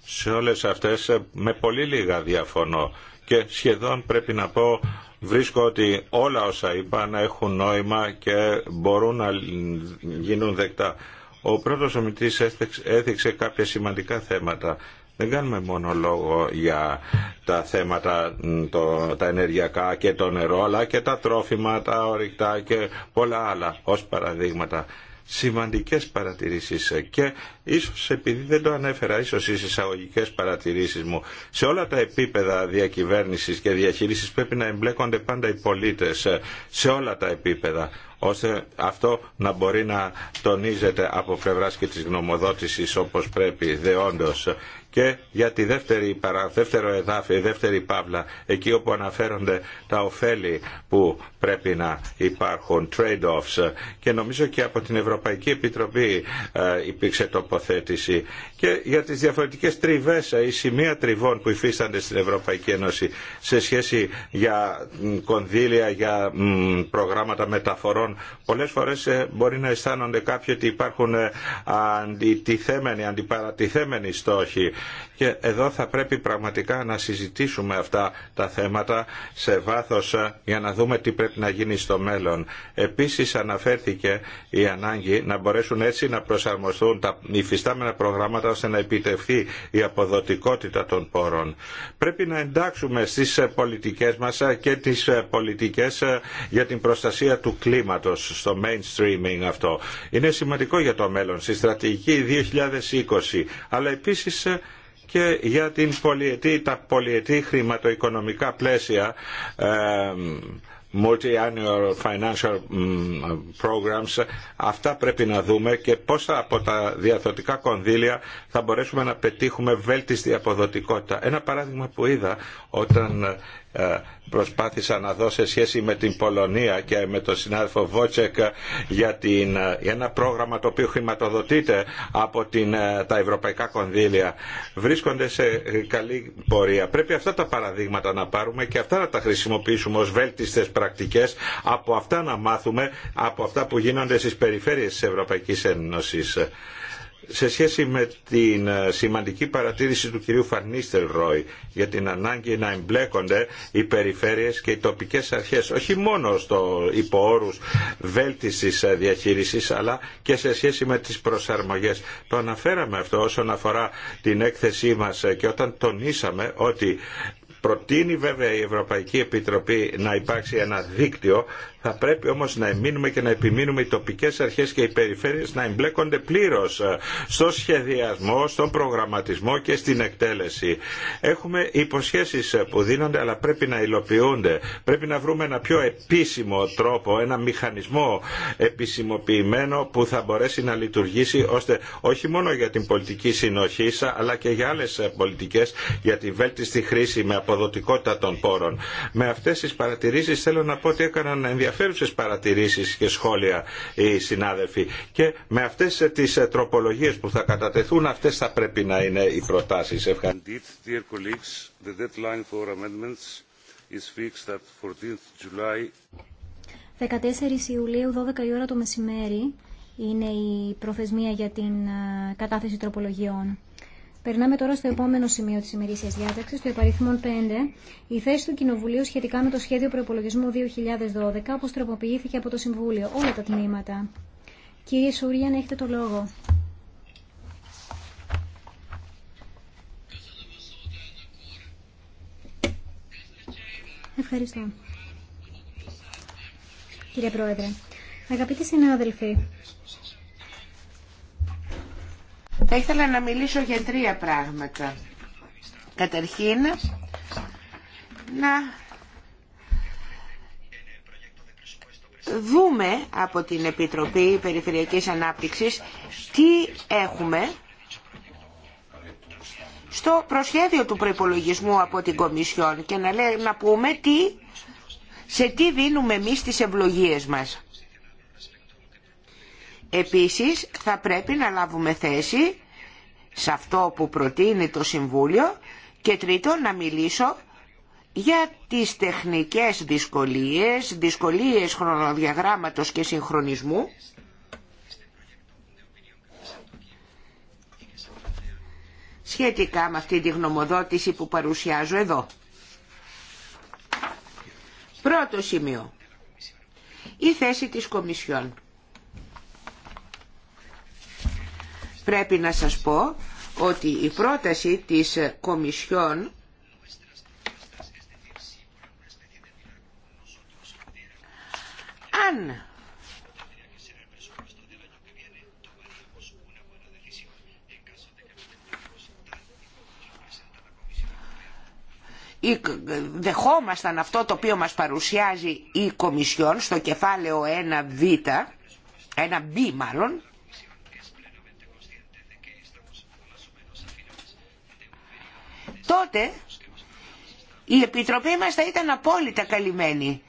S4: Σε όλες αυτές ε, με πολύ λίγα διαφωνώ και σχεδόν πρέπει να πω βρίσκω ότι όλα όσα είπα να έχουν νόημα και μπορούν να γίνουν δεκτά. Ο πρώτος ομιλητής έθιξε κάποια σημαντικά θέματα δεν κάνουμε μόνο λόγο για τα θέματα το, τα ενεργειακά και το νερό, αλλά και τα τρόφιμα, τα ορυκτά και πολλά άλλα ως παραδείγματα σημαντικές παρατηρήσεις ε, και ίσως επειδή δεν το ανέφερα, ίσως στις εισαγωγικέ παρατηρήσεις μου, σε όλα τα επίπεδα διακυβέρνησης και διαχείρισης πρέπει να εμπλέκονται πάντα οι πολίτες ε, σε όλα τα επίπεδα ώστε αυτό να μπορεί να τονίζεται από πλευράς και της γνωμοδότησης όπως πρέπει δεόντως και για τη δεύτερη, δεύτερο εδάφιο, δεύτερη παύλα, εκεί όπου αναφέρονται τα ωφέλη που πρέπει να υπάρχουν, trade-offs και νομίζω και από την Ευρωπαϊκή Επιτροπή ε, υπήρξε τοποθέτηση και για τις διαφορετικές τριβές ή ε, σημεία τριβών που υφίστανται στην Ευρωπαϊκή Ένωση σε σχέση για κονδύλια, για προγράμματα μεταφορών. Πολλές φορές ε, μπορεί να αισθάνονται κάποιοι ότι υπάρχουν ε, αντιτιθέμενοι, αντιπαρατιθέμενοι στόχοι και εδώ θα πρέπει πραγματικά να συζητήσουμε αυτά τα θέματα σε βάθος ε, για να δούμε τι πρέπει να γίνει στο μέλλον. Επίσης αναφέρθηκε η ανάγκη να μπορέσουν έτσι να προσαρμοστούν τα υφιστάμενα προγράμματα ώστε να επιτευχθεί η αποδοτικότητα των πόρων. Πρέπει να εντάξουμε στις ε, πολιτικές μας ε, και τις πολιτικές για την προστασία του κλίματος στο mainstreaming αυτό. Είναι σημαντικό για το μέλλον, στη στρατηγική 2020, αλλά επίσης και για την τα πολυετή χρηματοοικονομικά πλαίσια ε, multi-annual financial programs αυτά πρέπει να δούμε και πόσα από τα διαθωτικά κονδύλια θα μπορέσουμε να πετύχουμε βέλτιστη αποδοτικότητα. Ένα παράδειγμα που είδα όταν ε, προσπάθησα να δω σε σχέση με την Πολωνία και με τον συνάδελφο Βότσεκ για, την, ε, ένα πρόγραμμα το οποίο χρηματοδοτείται από την, ε, τα ευρωπαϊκά κονδύλια βρίσκονται σε καλή πορεία. Πρέπει αυτά τα παραδείγματα να πάρουμε και αυτά να τα χρησιμοποιήσουμε ως βέλτιστες πρακτικές από αυτά να μάθουμε από αυτά που γίνονται στις περιφέρειες της Ευρωπαϊκής Ένωσης σε σχέση με την ε, σημαντική παρατήρηση του κυρίου Φανίστελ Ρόι για την ανάγκη να εμπλέκονται οι περιφέρειες και οι τοπικές αρχές όχι μόνο στο υποόρους βέλτισης ε, διαχείρισης αλλά και σε σχέση με τις προσαρμογές. Το αναφέραμε αυτό όσον αφορά την έκθεσή μας ε, και όταν τονίσαμε ότι προτείνει βέβαια η Ευρωπαϊκή Επιτροπή να υπάρξει ένα δίκτυο θα πρέπει όμως να εμείνουμε και να επιμείνουμε οι τοπικές αρχές και οι περιφέρειες να εμπλέκονται πλήρως ε, στο σχεδιασμό, στον προγραμματισμό και στην εκτέλεση. Έχουμε υποσχέσεις ε, που δίνονται αλλά πρέπει να υλοποιούνται. Πρέπει να βρούμε ένα πιο επίσημο τρόπο, ένα μηχανισμό επισημοποιημένο που θα μπορέσει να λειτουργήσει ώστε όχι μόνο για την πολιτική συνοχή αλλά και για άλλες ε, πολιτικές για τη βέλτιστη χρήση με αποδοτικότητα των πόρων. Με αυτές τις παρατηρήσεις θέλω να πω ότι έκαναν ενδιαφέρον ενδιαφέρουσες παρατηρήσεις και σχόλια οι συνάδελφοι και με αυτές τις ε, τροπολογίες που θα κατατεθούν αυτές θα πρέπει να είναι οι προτάσεις. Ευχαριστώ.
S2: 14 Ιουλίου, 12 η ώρα το μεσημέρι, είναι η προθεσμία για την ε, κατάθεση τροπολογιών. Περνάμε τώρα στο επόμενο σημείο τη ημερήσιας διάταξης, το υπαριθμό 5, η θέση του Κοινοβουλίου σχετικά με το σχέδιο προπολογισμού 2012, όπω τροποποιήθηκε από το Συμβούλιο, όλα τα τμήματα. Κύριε Σουριαν, έχετε το λόγο. Ευχαριστώ. Κύριε Πρόεδρε, αγαπητοί συνάδελφοι,
S5: θα ήθελα να μιλήσω για τρία πράγματα. Καταρχήν, να δούμε από την Επιτροπή Περιφερειακής Ανάπτυξης τι έχουμε στο προσχέδιο του προϋπολογισμού από την Κομισιόν και να, να πούμε τι, σε τι δίνουμε εμείς τις ευλογίες μας. Επίσης θα πρέπει να λάβουμε θέση σε αυτό που προτείνει το Συμβούλιο και τρίτον να μιλήσω για τις τεχνικές δυσκολίες, δυσκολίες χρονοδιαγράμματος και συγχρονισμού σχετικά με αυτή τη γνωμοδότηση που παρουσιάζω εδώ. Πρώτο σημείο. Η θέση της Κομισιόν. πρέπει να σας πω ότι η πρόταση της Κομισιόν αν δεχόμασταν αυτό το οποίο μας παρουσιάζει η Κομισιόν στο κεφάλαιο 1β, 1β μάλλον, τότε η Επιτροπή μας θα ήταν απόλυτα καλυμμένη.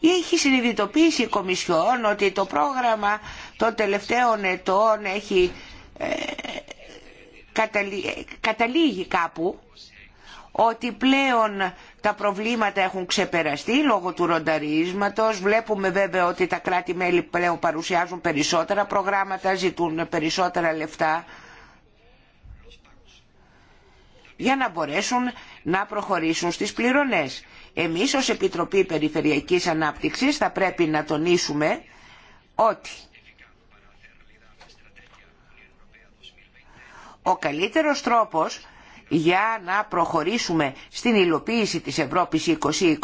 S5: Έχει συνειδητοποιήσει η Κομισιόν ότι το πρόγραμμα των τελευταίων ετών έχει ε, ε, καταλήγει κάπου, ότι πλέον τα προβλήματα έχουν ξεπεραστεί λόγω του ρονταρίσματος. Βλέπουμε βέβαια ότι τα κράτη-μέλη πλέον παρουσιάζουν περισσότερα προγράμματα, ζητούν περισσότερα λεφτά για να μπορέσουν να προχωρήσουν στις πληρωνές Εμείς ως Επιτροπή Περιφερειακής Ανάπτυξης θα πρέπει να τονίσουμε ότι ο καλύτερος τρόπος για να προχωρήσουμε στην υλοποίηση της Ευρώπης 2020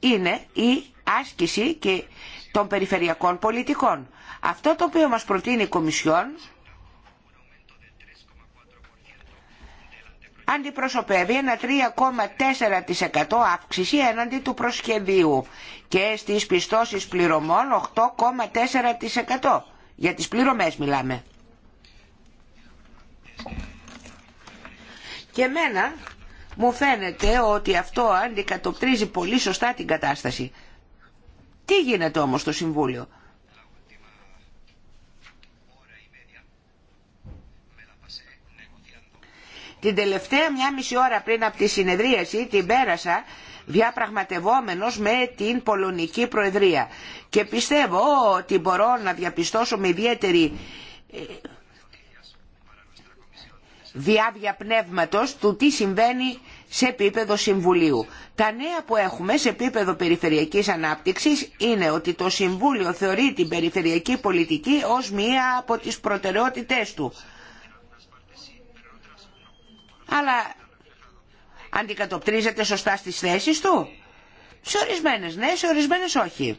S5: είναι η άσκηση και των περιφερειακών πολιτικών. Αυτό το οποίο μας προτείνει η Κομισιόν αντιπροσωπεύει ένα 3,4% αύξηση έναντι του προσχεδίου και στις πιστώσεις πληρωμών 8,4%. Για τις πληρωμές μιλάμε. Και εμένα μου φαίνεται ότι αυτό αντικατοπτρίζει πολύ σωστά την κατάσταση. Τι γίνεται όμως στο Συμβούλιο. Την τελευταία μια μισή ώρα πριν από τη συνεδρίαση την πέρασα διαπραγματευόμενος με την Πολωνική Προεδρία. Και πιστεύω ότι μπορώ να διαπιστώσω με ιδιαίτερη ε, διάβια πνεύματος του τι συμβαίνει σε επίπεδο Συμβουλίου. Τα νέα που έχουμε σε επίπεδο περιφερειακής ανάπτυξης είναι ότι το Συμβούλιο θεωρεί την περιφερειακή πολιτική ως μία από τις προτεραιότητές του αλλά αντικατοπτρίζεται σωστά στις θέσεις του. Σε ορισμένες ναι, σε ορισμένες όχι.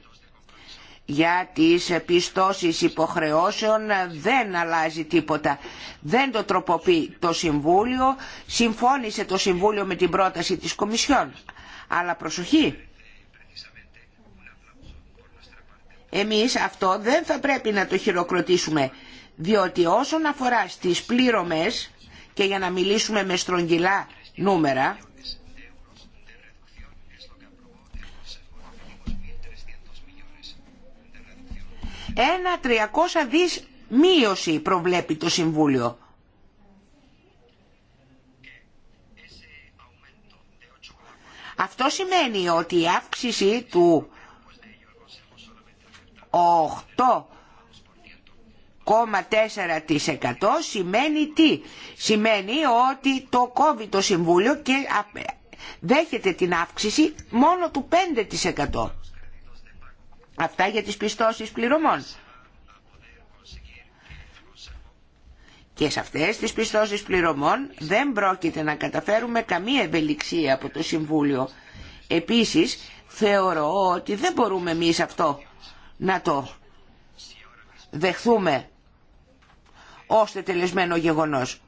S5: Για τις πιστώσεις υποχρεώσεων δεν αλλάζει τίποτα. Δεν το τροποποιεί το Συμβούλιο. Συμφώνησε το Συμβούλιο με την πρόταση της Κομισιόν. Αλλά προσοχή. Εμείς αυτό δεν θα πρέπει να το χειροκροτήσουμε. Διότι όσον αφορά στις πλήρωμες και για να μιλήσουμε με στρογγυλά νούμερα, ένα 300 δις μείωση προβλέπει το Συμβούλιο. Αυτό σημαίνει ότι η αύξηση του 8 0,4% σημαίνει τι. Σημαίνει ότι το κόβει το Συμβούλιο και δέχεται την αύξηση μόνο του 5%. Αυτά για τις πιστώσεις πληρωμών. Και σε αυτές τις πιστώσεις πληρωμών δεν πρόκειται να καταφέρουμε καμία ευελιξία από το Συμβούλιο. Επίσης, θεωρώ ότι δεν μπορούμε εμείς αυτό να το δεχθούμε ως τελεσμένο γεγονός.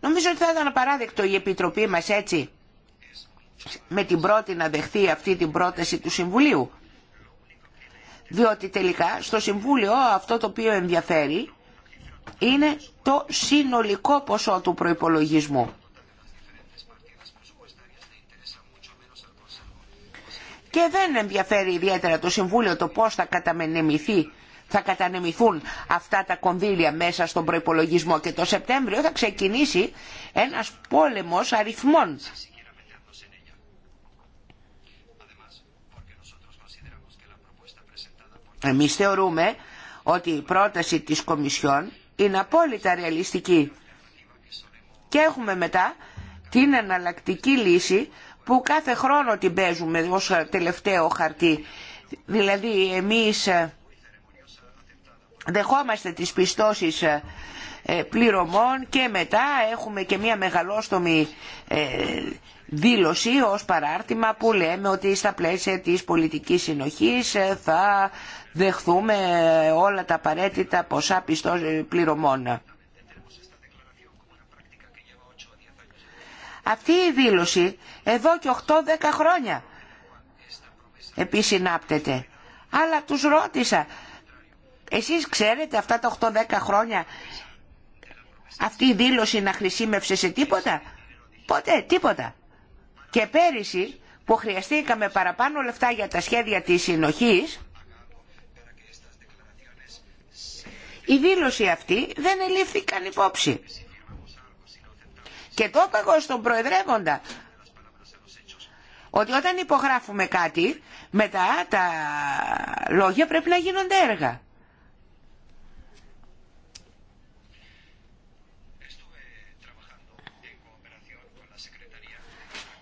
S5: Νομίζω ότι θα ήταν απαράδεκτο η Επιτροπή μας έτσι με την πρώτη να δεχθεί αυτή την πρόταση του Συμβουλίου. Διότι τελικά στο Συμβούλιο αυτό το οποίο ενδιαφέρει είναι το συνολικό ποσό του προϋπολογισμού. και δεν ενδιαφέρει ιδιαίτερα το Συμβούλιο το πώς θα θα κατανεμηθούν αυτά τα κονδύλια μέσα στον προϋπολογισμό και το Σεπτέμβριο θα ξεκινήσει ένας πόλεμος αριθμών. Εμείς θεωρούμε ότι η πρόταση της Κομισιόν είναι απόλυτα ρεαλιστική και έχουμε μετά την εναλλακτική λύση που κάθε χρόνο την παίζουμε ως τελευταίο χαρτί. Δηλαδή εμείς ε, δεχόμαστε τις πιστώσεις ε, ε, πληρωμών και μετά έχουμε και μια μεγαλόστομη δήλωση ως παράρτημα που λέμε ότι στα πλαίσια της πολιτικής συνοχής θα δεχθούμε όλα τα απαραίτητα ποσά πιστώσεις πληρωμών. Αυτή η δήλωση εδώ και 8-10 χρόνια επισυνάπτεται. Αλλά τους ρώτησα, εσείς ξέρετε αυτά τα 8-10 χρόνια αυτή η δήλωση να χρησιμεύσε σε τίποτα. Ποτέ, τίποτα. Και πέρυσι που χρειαστήκαμε παραπάνω λεφτά για τα σχέδια της συνοχής, η δήλωση αυτή δεν ελήφθη υπόψη. Και το είπα εγώ στον Προεδρεύοντα ότι όταν υπογράφουμε κάτι, μετά τα λόγια πρέπει να γίνονται έργα.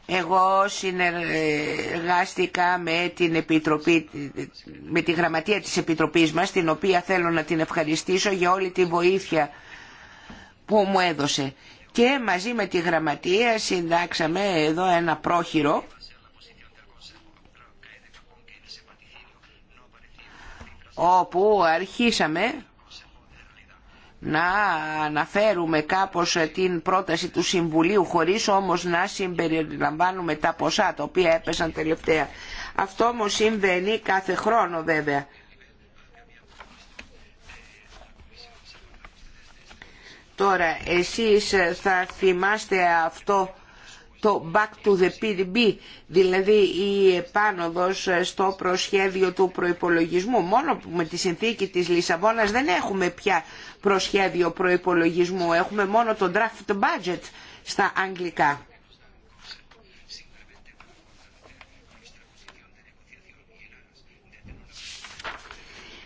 S5: Εγώ συνεργάστηκα με την, Επιτροπή, με τη γραμματεία της Επιτροπής μας, την οποία θέλω να την ευχαριστήσω για όλη τη βοήθεια που μου έδωσε και μαζί με τη γραμματεία συντάξαμε εδώ ένα πρόχειρο όπου αρχίσαμε να αναφέρουμε κάπως την πρόταση του Συμβουλίου χωρίς όμως να συμπεριλαμβάνουμε τα ποσά τα οποία έπεσαν τελευταία. Αυτό όμως συμβαίνει κάθε χρόνο βέβαια. Τώρα εσείς θα θυμάστε αυτό το back to the PDB, δηλαδή η επάνωδος στο προσχέδιο του προϋπολογισμού. Μόνο με τη συνθήκη της Λισαβόνας δεν έχουμε πια προσχέδιο προϋπολογισμού, έχουμε μόνο το draft budget στα αγγλικά.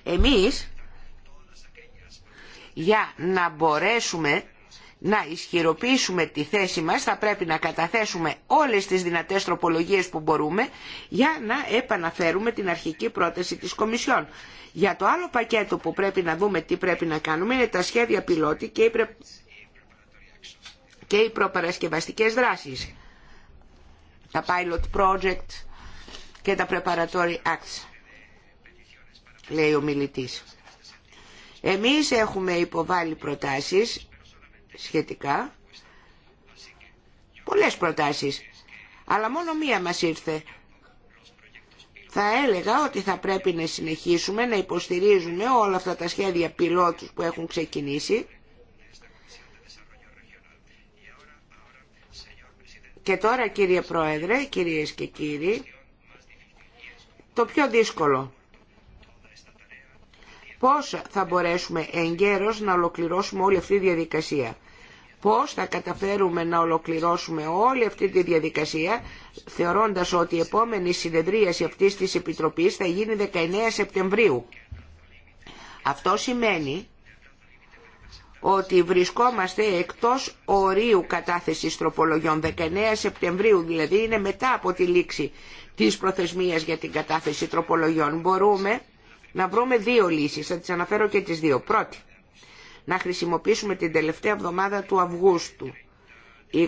S5: Εμείς για να μπορέσουμε να ισχυροποιήσουμε τη θέση μας θα πρέπει να καταθέσουμε όλες τις δυνατές τροπολογίες που μπορούμε για να επαναφέρουμε την αρχική πρόταση της Κομισιόν. Για το άλλο πακέτο που πρέπει να δούμε τι πρέπει να κάνουμε είναι τα σχέδια πιλότη και οι, προπαρασκευαστικέ και οι προπαρασκευαστικές δράσεις. Τα pilot project και τα preparatory acts, λέει ο μιλητής. Εμείς έχουμε υποβάλει προτάσεις σχετικά, πολλές προτάσεις, αλλά μόνο μία μας ήρθε. Θα έλεγα ότι θα πρέπει να συνεχίσουμε να υποστηρίζουμε όλα αυτά τα σχέδια πιλότους που έχουν ξεκινήσει Και τώρα κύριε Πρόεδρε, κυρίες και κύριοι, το πιο δύσκολο Πώς θα μπορέσουμε εγκαίρως να ολοκληρώσουμε όλη αυτή τη διαδικασία. Πώς θα καταφέρουμε να ολοκληρώσουμε όλη αυτή τη διαδικασία θεωρώντας ότι η επόμενη συνεδρίαση αυτής της Επιτροπής θα γίνει 19 Σεπτεμβρίου. Αυτό σημαίνει ότι βρισκόμαστε εκτός ορίου κατάθεσης τροπολογιών 19 Σεπτεμβρίου, δηλαδή είναι μετά από τη λήξη της προθεσμίας για την κατάθεση τροπολογιών. Μπορούμε να βρούμε δύο λύσεις, θα τι αναφέρω και τι δύο. Πρώτη, να χρησιμοποιήσουμε την τελευταία εβδομάδα του Αυγούστου, 29,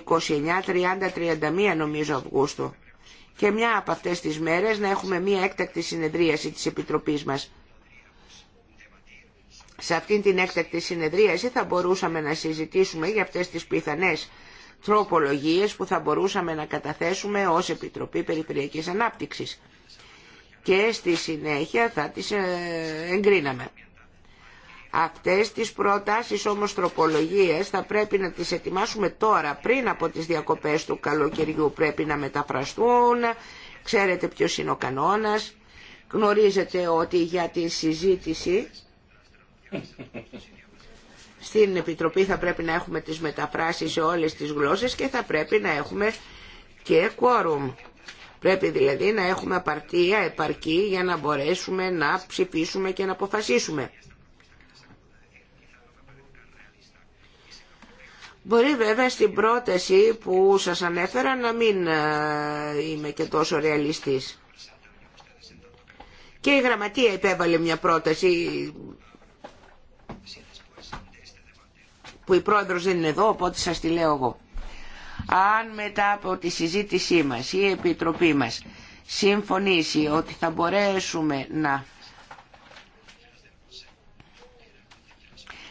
S5: 30, 31 νομίζω Αυγούστου, και μια από αυτές τις μέρες να έχουμε μια έκτακτη συνεδρίαση της Επιτροπής μας. Σε αυτή την έκτακτη συνεδρίαση θα μπορούσαμε να συζητήσουμε για αυτές τις πιθανές τροπολογίες που θα μπορούσαμε να καταθέσουμε ως Επιτροπή Περιφερειακής Ανάπτυξης και στη συνέχεια θα τις ε, εγκρίναμε. Αυτές τις προτάσεις όμως τροπολογίες θα πρέπει να τις ετοιμάσουμε τώρα πριν από τις διακοπές του καλοκαιριού. Πρέπει να μεταφραστούν, ξέρετε ποιος είναι ο κανόνας. Γνωρίζετε ότι για τη συζήτηση στην Επιτροπή θα πρέπει να έχουμε τις μεταφράσεις σε όλες τις γλώσσες και θα πρέπει να έχουμε και quorum. Πρέπει δηλαδή να έχουμε απαρτία επαρκή για να μπορέσουμε να ψηφίσουμε και να αποφασίσουμε. Μπορεί βέβαια στην πρόταση που σας ανέφερα να μην ε, είμαι και τόσο ρεαλιστής. Και η γραμματεία υπέβαλε μια πρόταση που η πρόεδρος δεν είναι εδώ, οπότε σας τη λέω εγώ. Αν μετά από τη συζήτησή μας η Επιτροπή μας συμφωνήσει ότι θα μπορέσουμε να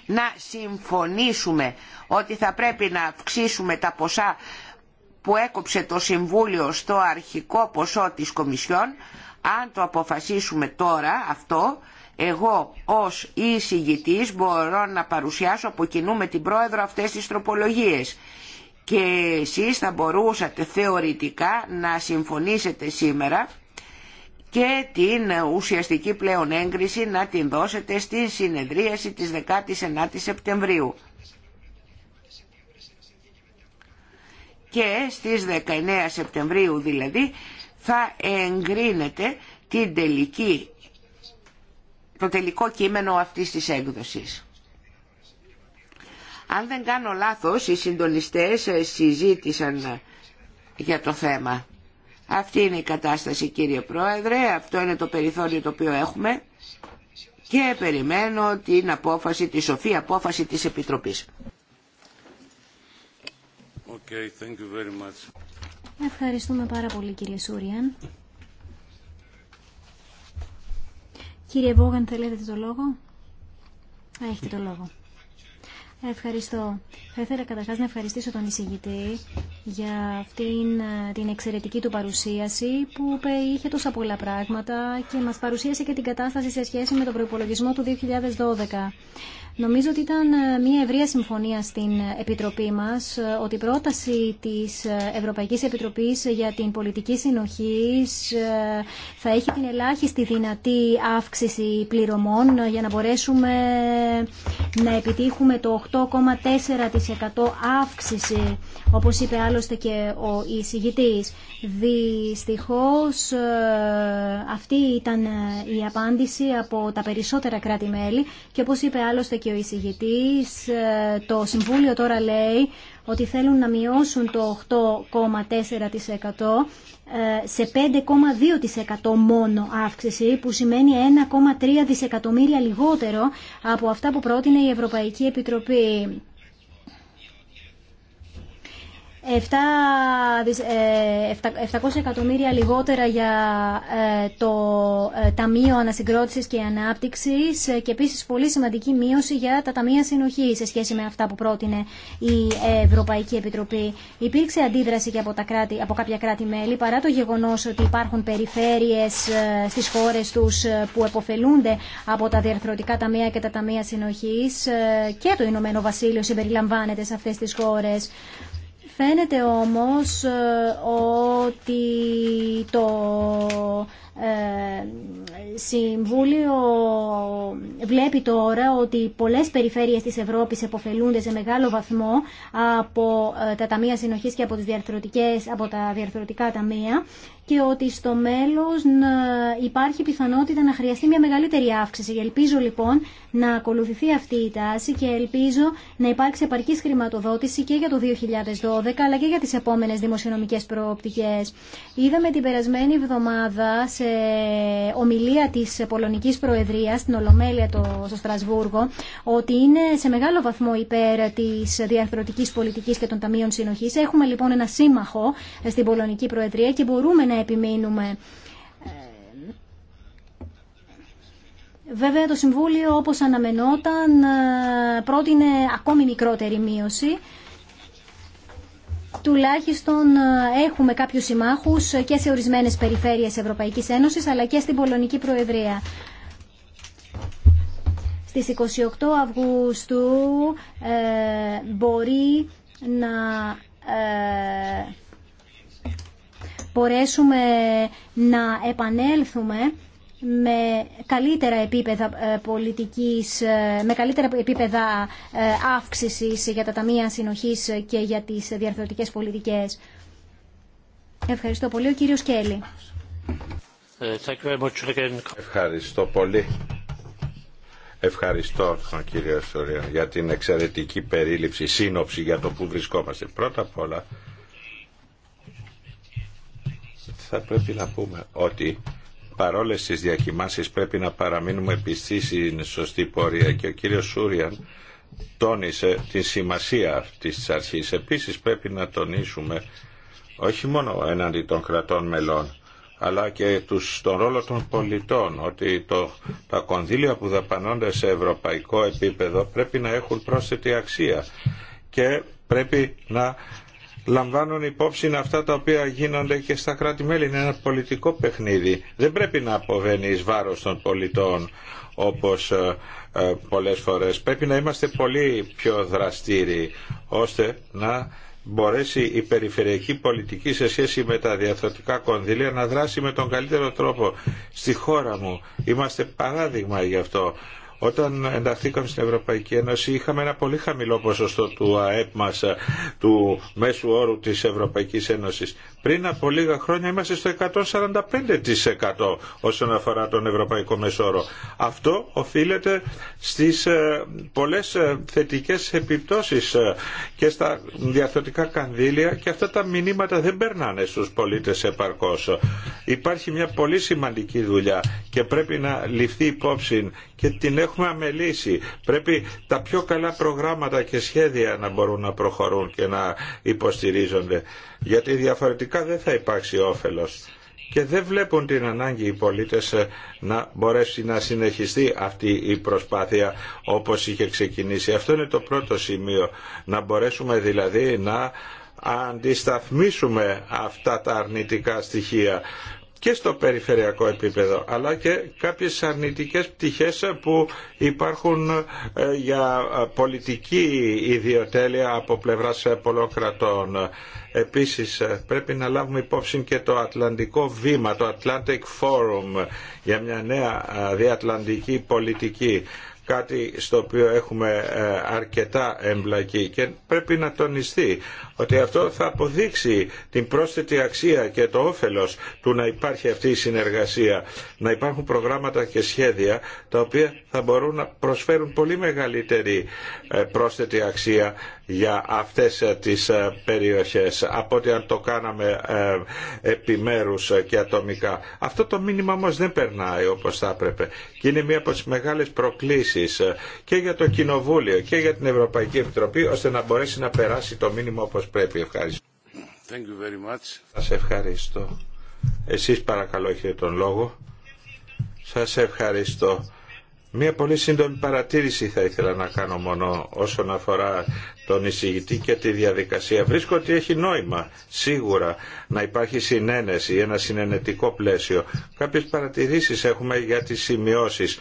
S5: να συμφωνήσουμε ότι θα πρέπει να αυξήσουμε τα ποσά που έκοψε το Συμβούλιο στο αρχικό ποσό της Κομισιόν, αν το αποφασίσουμε τώρα αυτό, εγώ ως εισηγητής μπορώ να παρουσιάσω από κοινού με την Πρόεδρο αυτές τις τροπολογίες και εσείς θα μπορούσατε θεωρητικά να συμφωνήσετε σήμερα και την ουσιαστική πλέον έγκριση να την δώσετε στη συνεδρίαση της 19ης Σεπτεμβρίου. Και στις 19 Σεπτεμβρίου δηλαδή θα εγκρίνετε το τελικό κείμενο αυτής της έκδοσης. Αν δεν κάνω λάθος, οι συντονιστές ε, συζήτησαν ε, για το θέμα. Αυτή είναι η κατάσταση κύριε Πρόεδρε, αυτό είναι το περιθώριο το οποίο έχουμε και περιμένω την απόφαση, τη σοφή απόφαση της Επιτροπής.
S1: Okay,
S2: Ευχαριστούμε πάρα πολύ κύριε Σούριαν. Κύριε Βόγαν, θέλετε το λόγο. Έχετε το λόγο. Ευχαριστώ. Θα ήθελα καταρχά να ευχαριστήσω τον εισηγητή για αυτήν ε, την εξαιρετική του παρουσίαση που είχε τόσα πολλά πράγματα και μας παρουσίασε και την κατάσταση σε σχέση με τον προϋπολογισμό του 2012. Νομίζω ότι ήταν ε, μια ευρεία συμφωνία στην Επιτροπή μας ε, ότι η πρόταση της ε, Ευρωπαϊκής Επιτροπής για την πολιτική συνοχή θα έχει την ελάχιστη δυνατή αύξηση πληρωμών για να μπορέσουμε να επιτύχουμε το 8,4% αύξηση όπως είπε άλλωστε και ο εισηγητής. Δυστυχώς αυτή ήταν η απάντηση από τα περισσότερα κράτη-μέλη και όπως είπε άλλωστε και και ο ε, Το Συμβούλιο τώρα λέει ότι θέλουν να μειώσουν το 8,4% ε, σε 5,2% μόνο αύξηση, που σημαίνει 1,3 δισεκατομμύρια λιγότερο από αυτά που πρότεινε η Ευρωπαϊκή Επιτροπή. 700 ε, εκατομμύρια λιγότερα για ε, το ε, Ταμείο Ανασυγκρότησης και Ανάπτυξης και επίσης πολύ σημαντική μείωση για τα Ταμεία Συνοχή σε σχέση με αυτά που πρότεινε η Ευρωπαϊκή Επιτροπή. Υπήρξε αντίδραση και από, απο από κάποια κράτη-μέλη παρά το γεγονός ότι υπάρχουν περιφέρειες στις χώρες τους που εποφελούνται από τα διαρθρωτικά ταμεία και τα Ταμεία Συνοχής και το Ηνωμένο Βασίλειο συμπεριλαμβάνεται σε αυτές τις χώρες. Φαίνεται όμως ε, ότι το ε, Συμβούλιο βλέπει τώρα ότι πολλές περιφέρειες της Ευρώπης εποφελούνται σε μεγάλο βαθμό από ε, τα ταμεία συνοχής και από, τις διαρθρωτικές, από τα διαρθρωτικά ταμεία και ότι στο μέλλον ε, υπάρχει πιθανότητα να χρειαστεί μια μεγαλύτερη αύξηση. Ελπίζω λοιπόν να ακολουθηθεί αυτή η τάση και ελπίζω να υπάρξει επαρκή χρηματοδότηση και για το 2012 αλλά και για τις επόμενες δημοσιονομικές προοπτικές. Είδαμε την περασμένη εβδομάδα σε ε, ομιλία της Πολωνικής Προεδρίας στην Ολομέλεια το, στο Στρασβούργο ότι είναι σε μεγάλο βαθμό υπέρ της διαρθρωτικής πολιτικής και των ταμείων συνοχής. Έχουμε λοιπόν ένα σύμμαχο στην Πολωνική Προεδρία και μπορούμε να επιμείνουμε ε, Βέβαια το Συμβούλιο όπως αναμενόταν ε, πρότεινε ακόμη μικρότερη μείωση τουλάχιστον ε, έχουμε κάποιους συμμάχους και σε ορισμένες περιφέρειες Ευρωπαϊκής Ένωσης αλλά και στην Πολωνική Προεδρία. Στις 28 Αυγούστου ε, μπορεί να ε, μπορέσουμε να επανέλθουμε με καλύτερα επίπεδα ε, πολιτικής, ε, με καλύτερα επίπεδα ε, αύξησης για τα ταμεία συνοχής και για τις διαρθρωτικές πολιτικές. Ευχαριστώ πολύ. Ο κύριος Κέλλη.
S4: Ευχαριστώ πολύ. Ευχαριστώ τον κύριο Σουρία για την εξαιρετική περίληψη, σύνοψη για το που βρισκόμαστε. Πρώτα απ' όλα θα πρέπει να πούμε ότι παρόλες τις διακοιμάσεις πρέπει να παραμείνουμε πιστοί στην σωστή πορεία και ο κύριος Σούριαν τόνισε τη σημασία αυτής της αρχής. Επίσης πρέπει να τονίσουμε όχι μόνο έναντι των κρατών μελών αλλά και τους, τον ρόλο των πολιτών ότι το, τα κονδύλια που δαπανώνται σε ευρωπαϊκό επίπεδο πρέπει να έχουν πρόσθετη αξία και πρέπει να λαμβάνουν υπόψη αυτά τα οποία γίνονται και στα κράτη-μέλη. Είναι ένα πολιτικό παιχνίδι. Δεν πρέπει να αποβαίνει εις βάρος των πολιτών όπως ε, ε, πολλές φορές. Πρέπει να είμαστε πολύ πιο δραστήριοι ώστε να μπορέσει η περιφερειακή πολιτική σε σχέση με τα διαθροτικά κονδύλια να δράσει με τον καλύτερο τρόπο. Στη χώρα μου είμαστε παράδειγμα γι' αυτό. Όταν ενταχθήκαμε στην Ευρωπαϊκή Ένωση είχαμε ένα πολύ χαμηλό ποσοστό του ΑΕΠ μας, του μέσου όρου της Ευρωπαϊκής Ένωσης. Πριν από λίγα χρόνια είμαστε στο 145% όσον αφορά τον Ευρωπαϊκό Μεσόρο. Αυτό οφείλεται στις ε, πολλές ε, θετικές επιπτώσεις ε, και στα διαθωτικά κανδύλια και αυτά τα μηνύματα δεν περνάνε στους πολίτες επαρκώς. Υπάρχει μια πολύ σημαντική δουλειά και πρέπει να ληφθεί υπόψη και έχουμε αμελήσει. Πρέπει τα πιο καλά προγράμματα και σχέδια να μπορούν να προχωρούν και να υποστηρίζονται. Γιατί διαφορετικά δεν θα υπάρξει όφελος και δεν βλέπουν την ανάγκη οι πολίτες ε, να μπορέσει να συνεχιστεί αυτή η προσπάθεια όπως είχε ξεκινήσει. Αυτό είναι το πρώτο σημείο, να μπορέσουμε δηλαδή να αντισταθμίσουμε αυτά τα αρνητικά στοιχεία και στο περιφερειακό επίπεδο αλλά και κάποιες αρνητικές πτυχές που υπάρχουν ε, για ε, πολιτική ιδιοτέλεια από πλευράς ε, πολλών κρατών. Επίσης πρέπει να λάβουμε υπόψη και το Ατλαντικό Βήμα, το Atlantic Forum για μια νέα διατλαντική πολιτική κάτι στο οποίο έχουμε ε, αρκετά εμπλακεί και πρέπει να τονιστεί ότι αυτό θα αποδείξει την πρόσθετη αξία και το όφελος του να υπάρχει αυτή η συνεργασία, να υπάρχουν προγράμματα και σχέδια τα οποία θα μπορούν να προσφέρουν πολύ μεγαλύτερη ε, πρόσθετη αξία για αυτές ε, τις ε, περιοχές από ότι αν το κάναμε ε, επιμέρους και ατομικά. Αυτό το μήνυμα όμως δεν περνάει όπως θα έπρεπε και είναι μία από τις μεγάλες προκλήσεις και για το Κοινοβούλιο και για την Ευρωπαϊκή Επιτροπή ώστε να μπορέσει να περάσει το μήνυμα όπως πρέπει. Ευχαριστώ. Thank you very much. Σας ευχαριστώ. Εσείς παρακαλώ έχετε τον λόγο. Σας ευχαριστώ. Μία πολύ σύντομη παρατήρηση θα ήθελα να κάνω μόνο όσον αφορά τον εισηγητή και τη διαδικασία. Βρίσκω ότι έχει νόημα σίγουρα να υπάρχει συνένεση, ένα συνενετικό πλαίσιο. Κάποιες παρατηρήσεις έχουμε για τις σημειώσεις,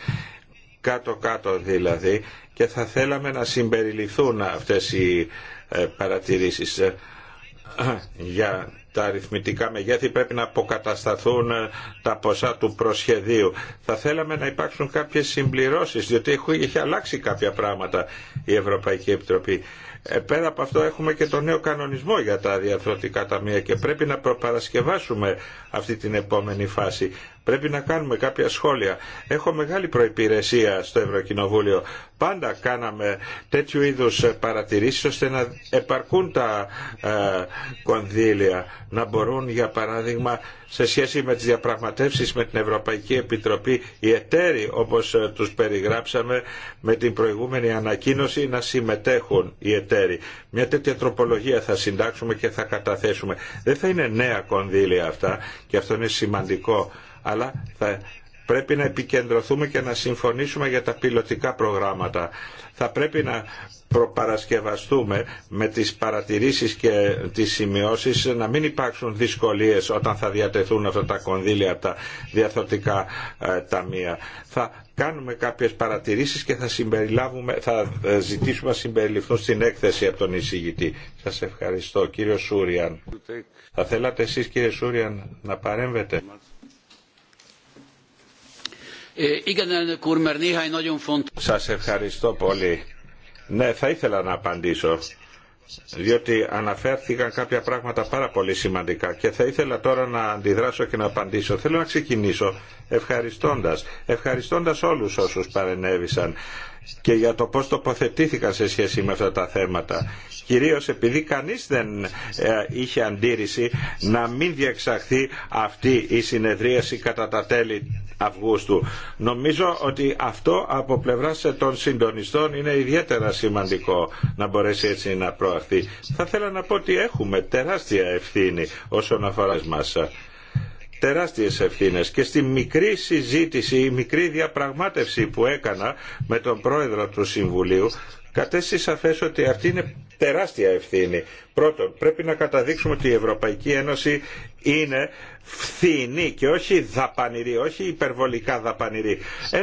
S4: κάτω-κάτω δηλαδή, και θα θέλαμε να συμπεριληφθούν αυτές οι ε, παρατηρήσεις ε, για τα αριθμητικά μεγέθη πρέπει να αποκατασταθούν ε, τα ποσά του προσχεδίου. Θα θέλαμε να υπάρξουν κάποιες συμπληρώσεις, διότι έχει αλλάξει κάποια πράγματα η Ευρωπαϊκή Επιτροπή. Ε, πέρα από αυτό έχουμε και το νέο κανονισμό για τα διαθρωτικά ταμεία και πρέπει να προπαρασκευάσουμε αυτή την επόμενη φάση. Πρέπει να κάνουμε κάποια σχόλια. Έχω μεγάλη προϋπηρεσία στο Ευρωκοινοβούλιο. Πάντα κάναμε τέτοιου είδους παρατηρήσεις ώστε να επαρκούν τα ε, κονδύλια. Να μπορούν για παράδειγμα σε σχέση με τις διαπραγματεύσεις με την Ευρωπαϊκή Επιτροπή οι εταίροι όπως ε, τους περιγράψαμε με την προηγούμενη ανακοίνωση να συμμετέχουν οι εταίροι. Μια τέτοια τροπολογία θα συντάξουμε και θα καταθέσουμε. Δεν θα είναι νέα κονδύλια αυτά και αυτό είναι σημαντικό αλλά θα πρέπει να επικεντρωθούμε και να συμφωνήσουμε για τα πιλωτικά προγράμματα. Θα πρέπει να προπαρασκευαστούμε με τις παρατηρήσεις και τις σημειώσεις να μην υπάρξουν δυσκολίες όταν θα διατεθούν αυτά τα κονδύλια τα διαθωτικά ε, ταμεία. Θα κάνουμε κάποιες παρατηρήσεις και θα, συμπεριλάβουμε, θα ε, ζητήσουμε να συμπεριληφθούν στην έκθεση από τον εισηγητή. Σας ευχαριστώ. Κύριο Σούριαν. Θα θέλατε εσείς κύριε Σούριαν να παρέμβετε. Ε, Σας ευχαριστώ πολύ. Ναι, θα ήθελα να απαντήσω διότι αναφέρθηκαν κάποια πράγματα πάρα πολύ σημαντικά και θα ήθελα τώρα να αντιδράσω και να απαντήσω. Θέλω να ξεκινήσω ευχαριστώντας, ευχαριστώντας όλους όσους παρενέβησαν και για το πώς τοποθετήθηκαν σε σχέση με αυτά τα θέματα. Κυρίως επειδή κανείς δεν ε, είχε αντίρρηση να μην διεξαχθεί αυτή η συνεδρίαση κατά τα τέλη Αυγούστου. Νομίζω ότι αυτό από πλευράς των συντονιστών είναι ιδιαίτερα σημαντικό να μπορέσει έτσι να προαχθεί. Θα ήθελα να πω ότι έχουμε τεράστια ευθύνη όσον αφορά μας τεράστιες ευθύνες και στη μικρή συζήτηση, η μικρή διαπραγμάτευση που έκανα με τον πρόεδρο του Συμβουλίου κατέστη σαφές ότι αυτή είναι τεράστια ευθύνη. Πρώτον, πρέπει να καταδείξουμε ότι η Ευρωπαϊκή Ένωση είναι φθηνή και όχι δαπανηρή, όχι υπερβολικά δαπανηρή. 1%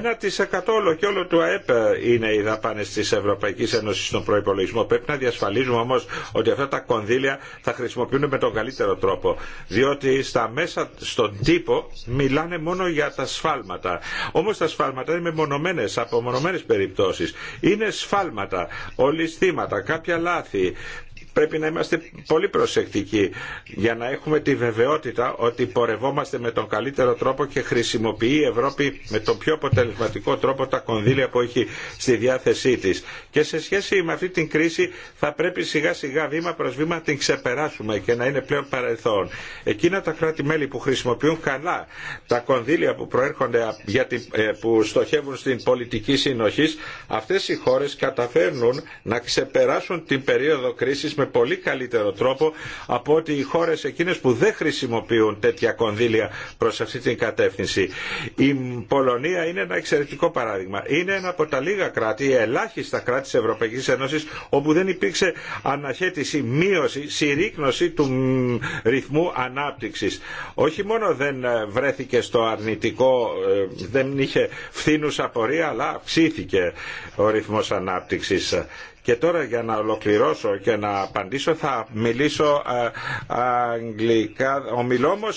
S4: όλο και όλο του ΑΕΠ ε, είναι οι δαπάνε τη Ευρωπαϊκή Ένωση στον προϋπολογισμό. Πρέπει να διασφαλίζουμε όμω ότι αυτά τα κονδύλια θα χρησιμοποιούν με τον καλύτερο τρόπο. Διότι στα μέσα στον τύπο μιλάνε μόνο για τα σφάλματα. Όμως τα σφάλματα είναι μεμονωμένες, από περιπτώσεις. Είναι σφάλματα, ολισθήματα, κάποια λάθη, πρέπει να είμαστε πολύ προσεκτικοί για να έχουμε τη βεβαιότητα ότι πορευόμαστε με τον καλύτερο τρόπο και χρησιμοποιεί η Ευρώπη με τον πιο αποτελεσματικό τρόπο τα κονδύλια που έχει στη διάθεσή της. Και σε σχέση με αυτή την κρίση θα πρέπει σιγά σιγά βήμα προς βήμα να την ξεπεράσουμε και να είναι πλέον παρελθόν. Εκείνα τα κράτη-μέλη που χρησιμοποιούν καλά τα κονδύλια που προέρχονται για ε, που στοχεύουν στην πολιτική συνοχή, αυτές οι χώρες καταφέρνουν να ξεπεράσουν την περίοδο κρίσης με πολύ καλύτερο τρόπο από ότι οι χώρες εκείνες που δεν χρησιμοποιούν τέτοια κονδύλια προς αυτή την κατεύθυνση. Η Πολωνία είναι ένα εξαιρετικό παράδειγμα. Είναι ένα από τα λίγα κράτη, ελάχιστα κράτη της Ευρωπαϊκής Ένωσης όπου δεν υπήρξε αναχέτηση, μείωση, συρρήκνωση του ρυθμού ανάπτυξης. Όχι μόνο δεν ε, βρέθηκε στο αρνητικό, ε, δεν είχε φθήνους απορία αλλά αυξήθηκε ο ρυθμός ανάπτυξης και τώρα για να ολοκληρώσω και να απαντήσω θα μιλήσω αγγλικά. Ομιλώ όμω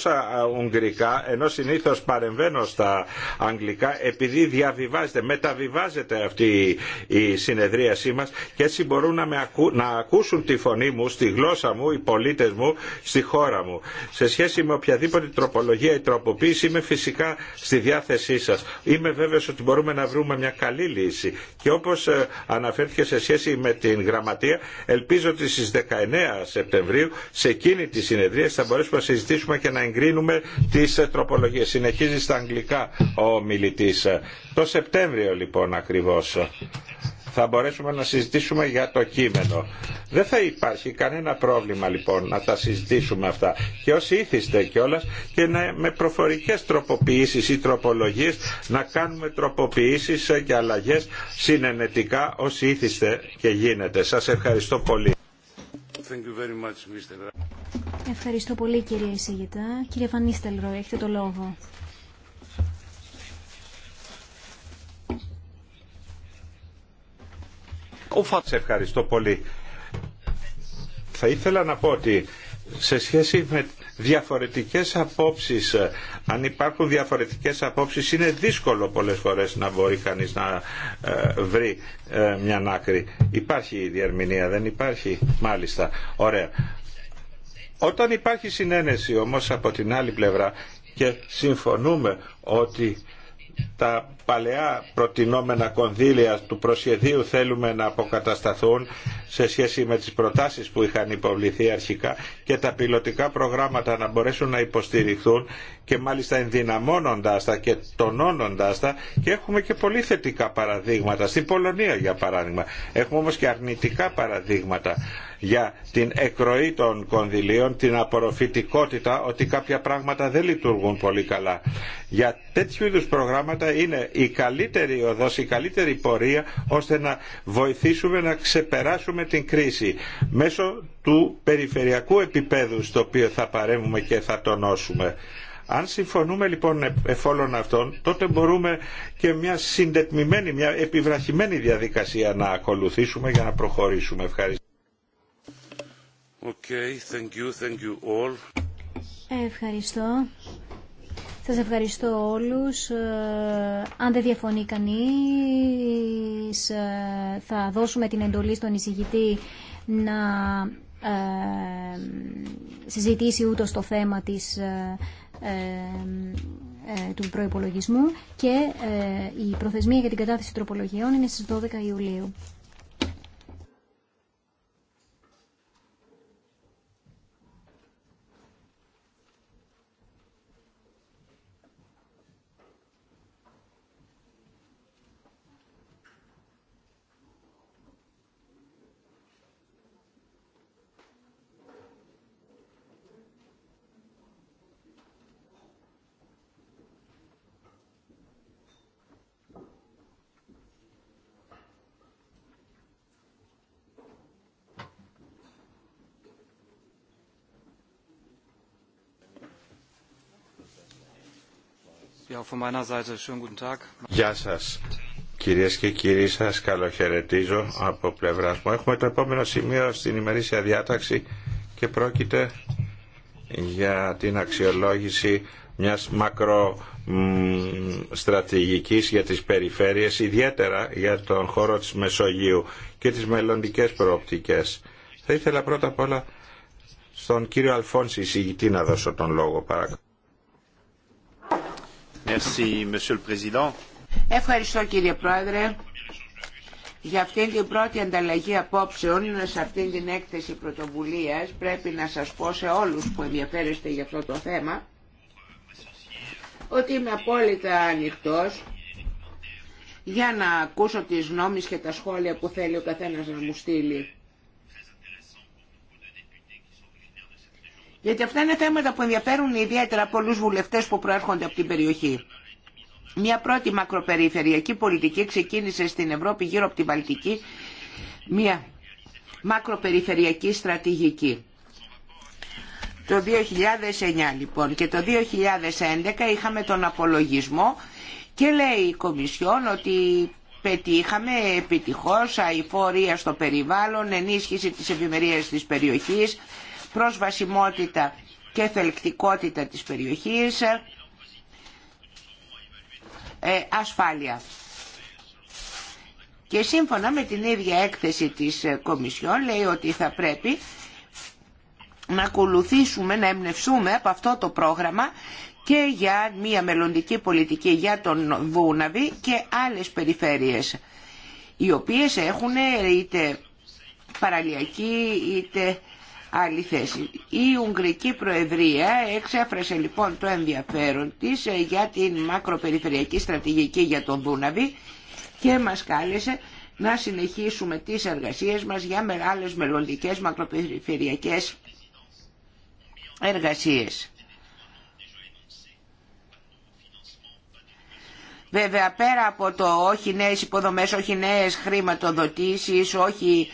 S4: ουγγρικά ενώ συνήθως παρεμβαίνω στα αγγλικά επειδή διαβιβάζεται, μεταβιβάζεται αυτή η συνεδρίασή μα και έτσι μπορούν να, με να ακούσουν τη φωνή μου στη γλώσσα μου οι πολίτε μου στη χώρα μου. Σε σχέση με οποιαδήποτε τροπολογία ή τροποποίηση είμαι φυσικά στη διάθεσή σα. Είμαι βέβαιος ότι μπορούμε να βρούμε μια καλή λύση. Και όπω ε, αναφέρθηκε σε σχέση με την Γραμματεία. Ελπίζω ότι στις 19 Σεπτεμβρίου σε εκείνη τη συνεδρία θα μπορέσουμε να συζητήσουμε και να εγκρίνουμε τις ε, τροπολογίες. Συνεχίζει στα αγγλικά ο μιλητής. Το Σεπτέμβριο λοιπόν ακριβώς θα μπορέσουμε να συζητήσουμε για το κείμενο. Δεν θα υπάρχει κανένα πρόβλημα λοιπόν να τα συζητήσουμε αυτά. Και όσοι ήθιστε κιόλα και να, με προφορικές τροποποιήσεις ή τροπολογίες να κάνουμε τροποποιήσεις και αλλαγέ συνενετικά όσοι ήθιστε και γίνεται. Σας ευχαριστώ πολύ.
S1: Thank you very much, Mr.
S2: Ευχαριστώ πολύ κύριε Ισηγητά. Κύριε Βανίστελρο, έχετε το λόγο.
S4: Σε ευχαριστώ πολύ. Θα ήθελα να πω ότι σε σχέση με διαφορετικές απόψεις, ε, αν υπάρχουν διαφορετικές απόψεις, είναι δύσκολο πολλές φορές να μπορεί κανείς να ε, βρει ε, μια άκρη. Υπάρχει η διερμηνία, δεν υπάρχει. Μάλιστα. Ωραία. Όταν υπάρχει συνένεση όμως από την άλλη πλευρά και συμφωνούμε ότι τα παλαιά προτινόμενα κονδύλια του προσχεδίου θέλουμε να αποκατασταθούν σε σχέση με τις προτάσεις που είχαν υποβληθεί αρχικά και τα πιλωτικά προγράμματα να μπορέσουν να υποστηριχθούν και μάλιστα ενδυναμώνοντάς τα και τονώνοντάς τα και έχουμε και πολύ θετικά παραδείγματα στην Πολωνία για παράδειγμα έχουμε όμως και αρνητικά παραδείγματα για την εκροή των κονδυλίων, την απορροφητικότητα ότι κάποια πράγματα δεν λειτουργούν πολύ καλά. Για τέτοιου είδους προγράμματα είναι η καλύτερη οδός, η καλύτερη πορεία ώστε να βοηθήσουμε να ξεπεράσουμε την κρίση μέσω του περιφερειακού επίπεδου στο οποίο θα παρέμβουμε και θα τονώσουμε. Αν συμφωνούμε λοιπόν εφόλων αυτών, τότε μπορούμε και μια συντετμημένη, μια επιβραχημένη διαδικασία να ακολουθήσουμε για να προχωρήσουμε. Ευχαριστώ.
S1: Okay,
S2: Ευχαριστώ. Σας ευχαριστώ όλους. Ε, αν δεν διαφωνεί κανείς, ε, θα δώσουμε την εντολή στον εισηγητή να ε, συζητήσει ούτω το θέμα της του προϋπολογισμού και η προθεσμία για την κατάθεση τροπολογιών είναι στις 12 Ιουλίου.
S4: Γεια σας. Κυρίες και κύριοι σας καλοχαιρετίζω από πλευράς μου. Έχουμε το επόμενο σημείο στην ημερήσια διάταξη και πρόκειται για την αξιολόγηση μιας μακροστρατηγικής για τις περιφέρειες, ιδιαίτερα για τον χώρο της Μεσογείου και τις μελλοντικές προοπτικές. Θα ήθελα πρώτα απ' όλα στον κύριο Αλφόνση, εισηγητή, να δώσω τον λόγο. Παρακαλώ.
S5: Ευχαριστώ κύριε Πρόεδρε για αυτήν την πρώτη ανταλλαγή απόψεων σε αυτήν την έκθεση πρωτοβουλίας πρέπει να σας πω σε όλους που ενδιαφέρεστε για αυτό το θέμα ότι είμαι απόλυτα ανοιχτός για να ακούσω τις γνώμες και τα σχόλια που θέλει ο καθένας να μου στείλει. Γιατί αυτά είναι θέματα που ενδιαφέρουν ιδιαίτερα πολλούς βουλευτές που προέρχονται από την περιοχή. Μια πρώτη μακροπεριφερειακή πολιτική ξεκίνησε στην Ευρώπη γύρω από την Βαλτική, μια μακροπεριφερειακή στρατηγική. Το 2009 λοιπόν και το 2011 είχαμε τον απολογισμό και λέει η Κομισιόν ότι πετύχαμε επιτυχώς αηφορία στο περιβάλλον, ενίσχυση της ευημερίας της περιοχής, προσβασιμότητα και θελκτικότητα της περιοχής, ε, ασφάλεια. Και σύμφωνα με την ίδια έκθεση της ε, Κομισιόν λέει ότι θα πρέπει να ακολουθήσουμε, να εμπνευσούμε από αυτό το πρόγραμμα και για μια μελλοντική πολιτική για τον Βούναβη και άλλες περιφέρειες οι οποίες έχουν ε, είτε παραλιακή είτε άλλη Η Ουγγρική Προεδρία εξέφρασε λοιπόν το ενδιαφέρον της ε, για την μακροπεριφερειακή στρατηγική για τον Δούναβη και μας κάλεσε να συνεχίσουμε τις εργασίες μας για μεγάλες μελλοντικές μακροπεριφερειακές εργασίες. Βέβαια πέρα από το όχι νέες υποδομές, όχι νέες χρηματοδοτήσεις, όχι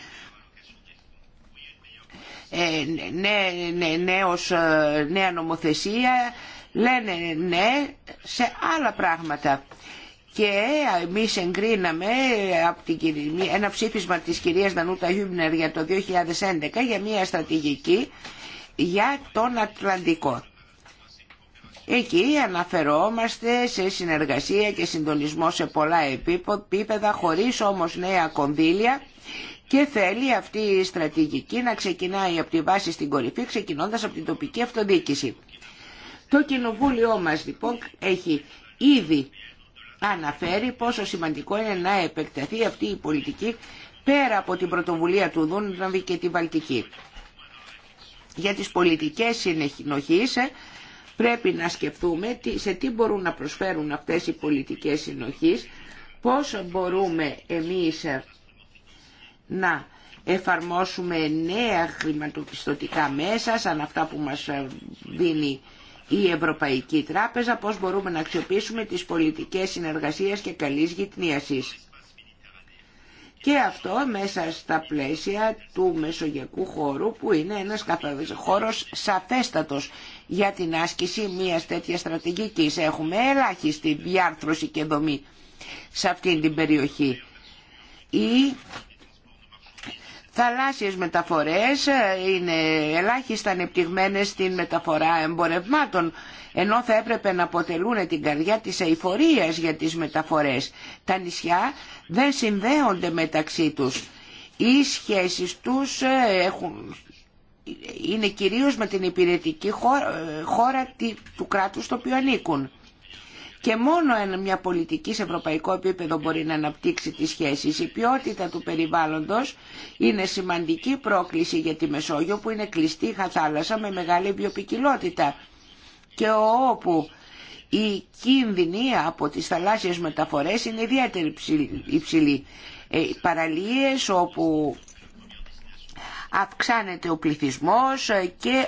S5: ε, νέα, νέος, ε, νέα νομοθεσία, λένε ναι σε άλλα πράγματα. Και εμεί εγκρίναμε ένα ψήφισμα της κυρίας Δανούτα Γιούμπνερ για το 2011 για μια στρατηγική για τον Ατλαντικό. Εκεί αναφερόμαστε σε συνεργασία και συντονισμό σε πολλά επίπεδα, χωρίς όμως νέα κονδύλια και θέλει αυτή η στρατηγική να ξεκινάει από τη βάση στην κορυφή ξεκινώντας από την τοπική αυτοδιοίκηση. Το κοινοβούλιο μας λοιπόν έχει ήδη αναφέρει πόσο σημαντικό είναι να επεκταθεί αυτή η πολιτική πέρα από την πρωτοβουλία του Δούναβη και τη Βαλτική. Για τις πολιτικές συνοχής ε, πρέπει να σκεφτούμε σε τι μπορούν να προσφέρουν αυτές οι πολιτικές συνοχής, πόσο μπορούμε εμείς ε, να εφαρμόσουμε νέα χρηματοπιστωτικά μέσα σαν αυτά που μας ε, δίνει η Ευρωπαϊκή Τράπεζα, πώς μπορούμε να αξιοποιήσουμε τις πολιτικές συνεργασίες και καλής γυτνίασης. Και αυτό μέσα στα πλαίσια του μεσογειακού χώρου που είναι ένας χώρος σαφέστατος για την άσκηση μιας τέτοιας στρατηγικής. Έχουμε ελάχιστη διάρθρωση και δομή σε αυτή την περιοχή. Θαλάσσιες μεταφορές ε, είναι ελάχιστα ανεπτυγμένες στην μεταφορά εμπορευμάτων, ενώ θα έπρεπε να αποτελούν την καρδιά της αηφορίας για τις μεταφορές. Τα νησιά δεν συνδέονται μεταξύ τους. Οι σχέσεις τους ε, είναι κυρίως με την υπηρετική χώρα, ε, χώρα του κράτους στο οποίο ανήκουν και μόνο μια πολιτική σε ευρωπαϊκό επίπεδο μπορεί να αναπτύξει τις σχέσεις. Η ποιότητα του περιβάλλοντος είναι σημαντική πρόκληση για τη Μεσόγειο που είναι κλειστή χαθάλασσα με μεγάλη βιοπικιλότητα και όπου η κίνδυνη από τις θαλάσσιες μεταφορές είναι ιδιαίτερη υψηλή. Ε, οι παραλίες όπου αυξάνεται ο πληθυσμός ε, και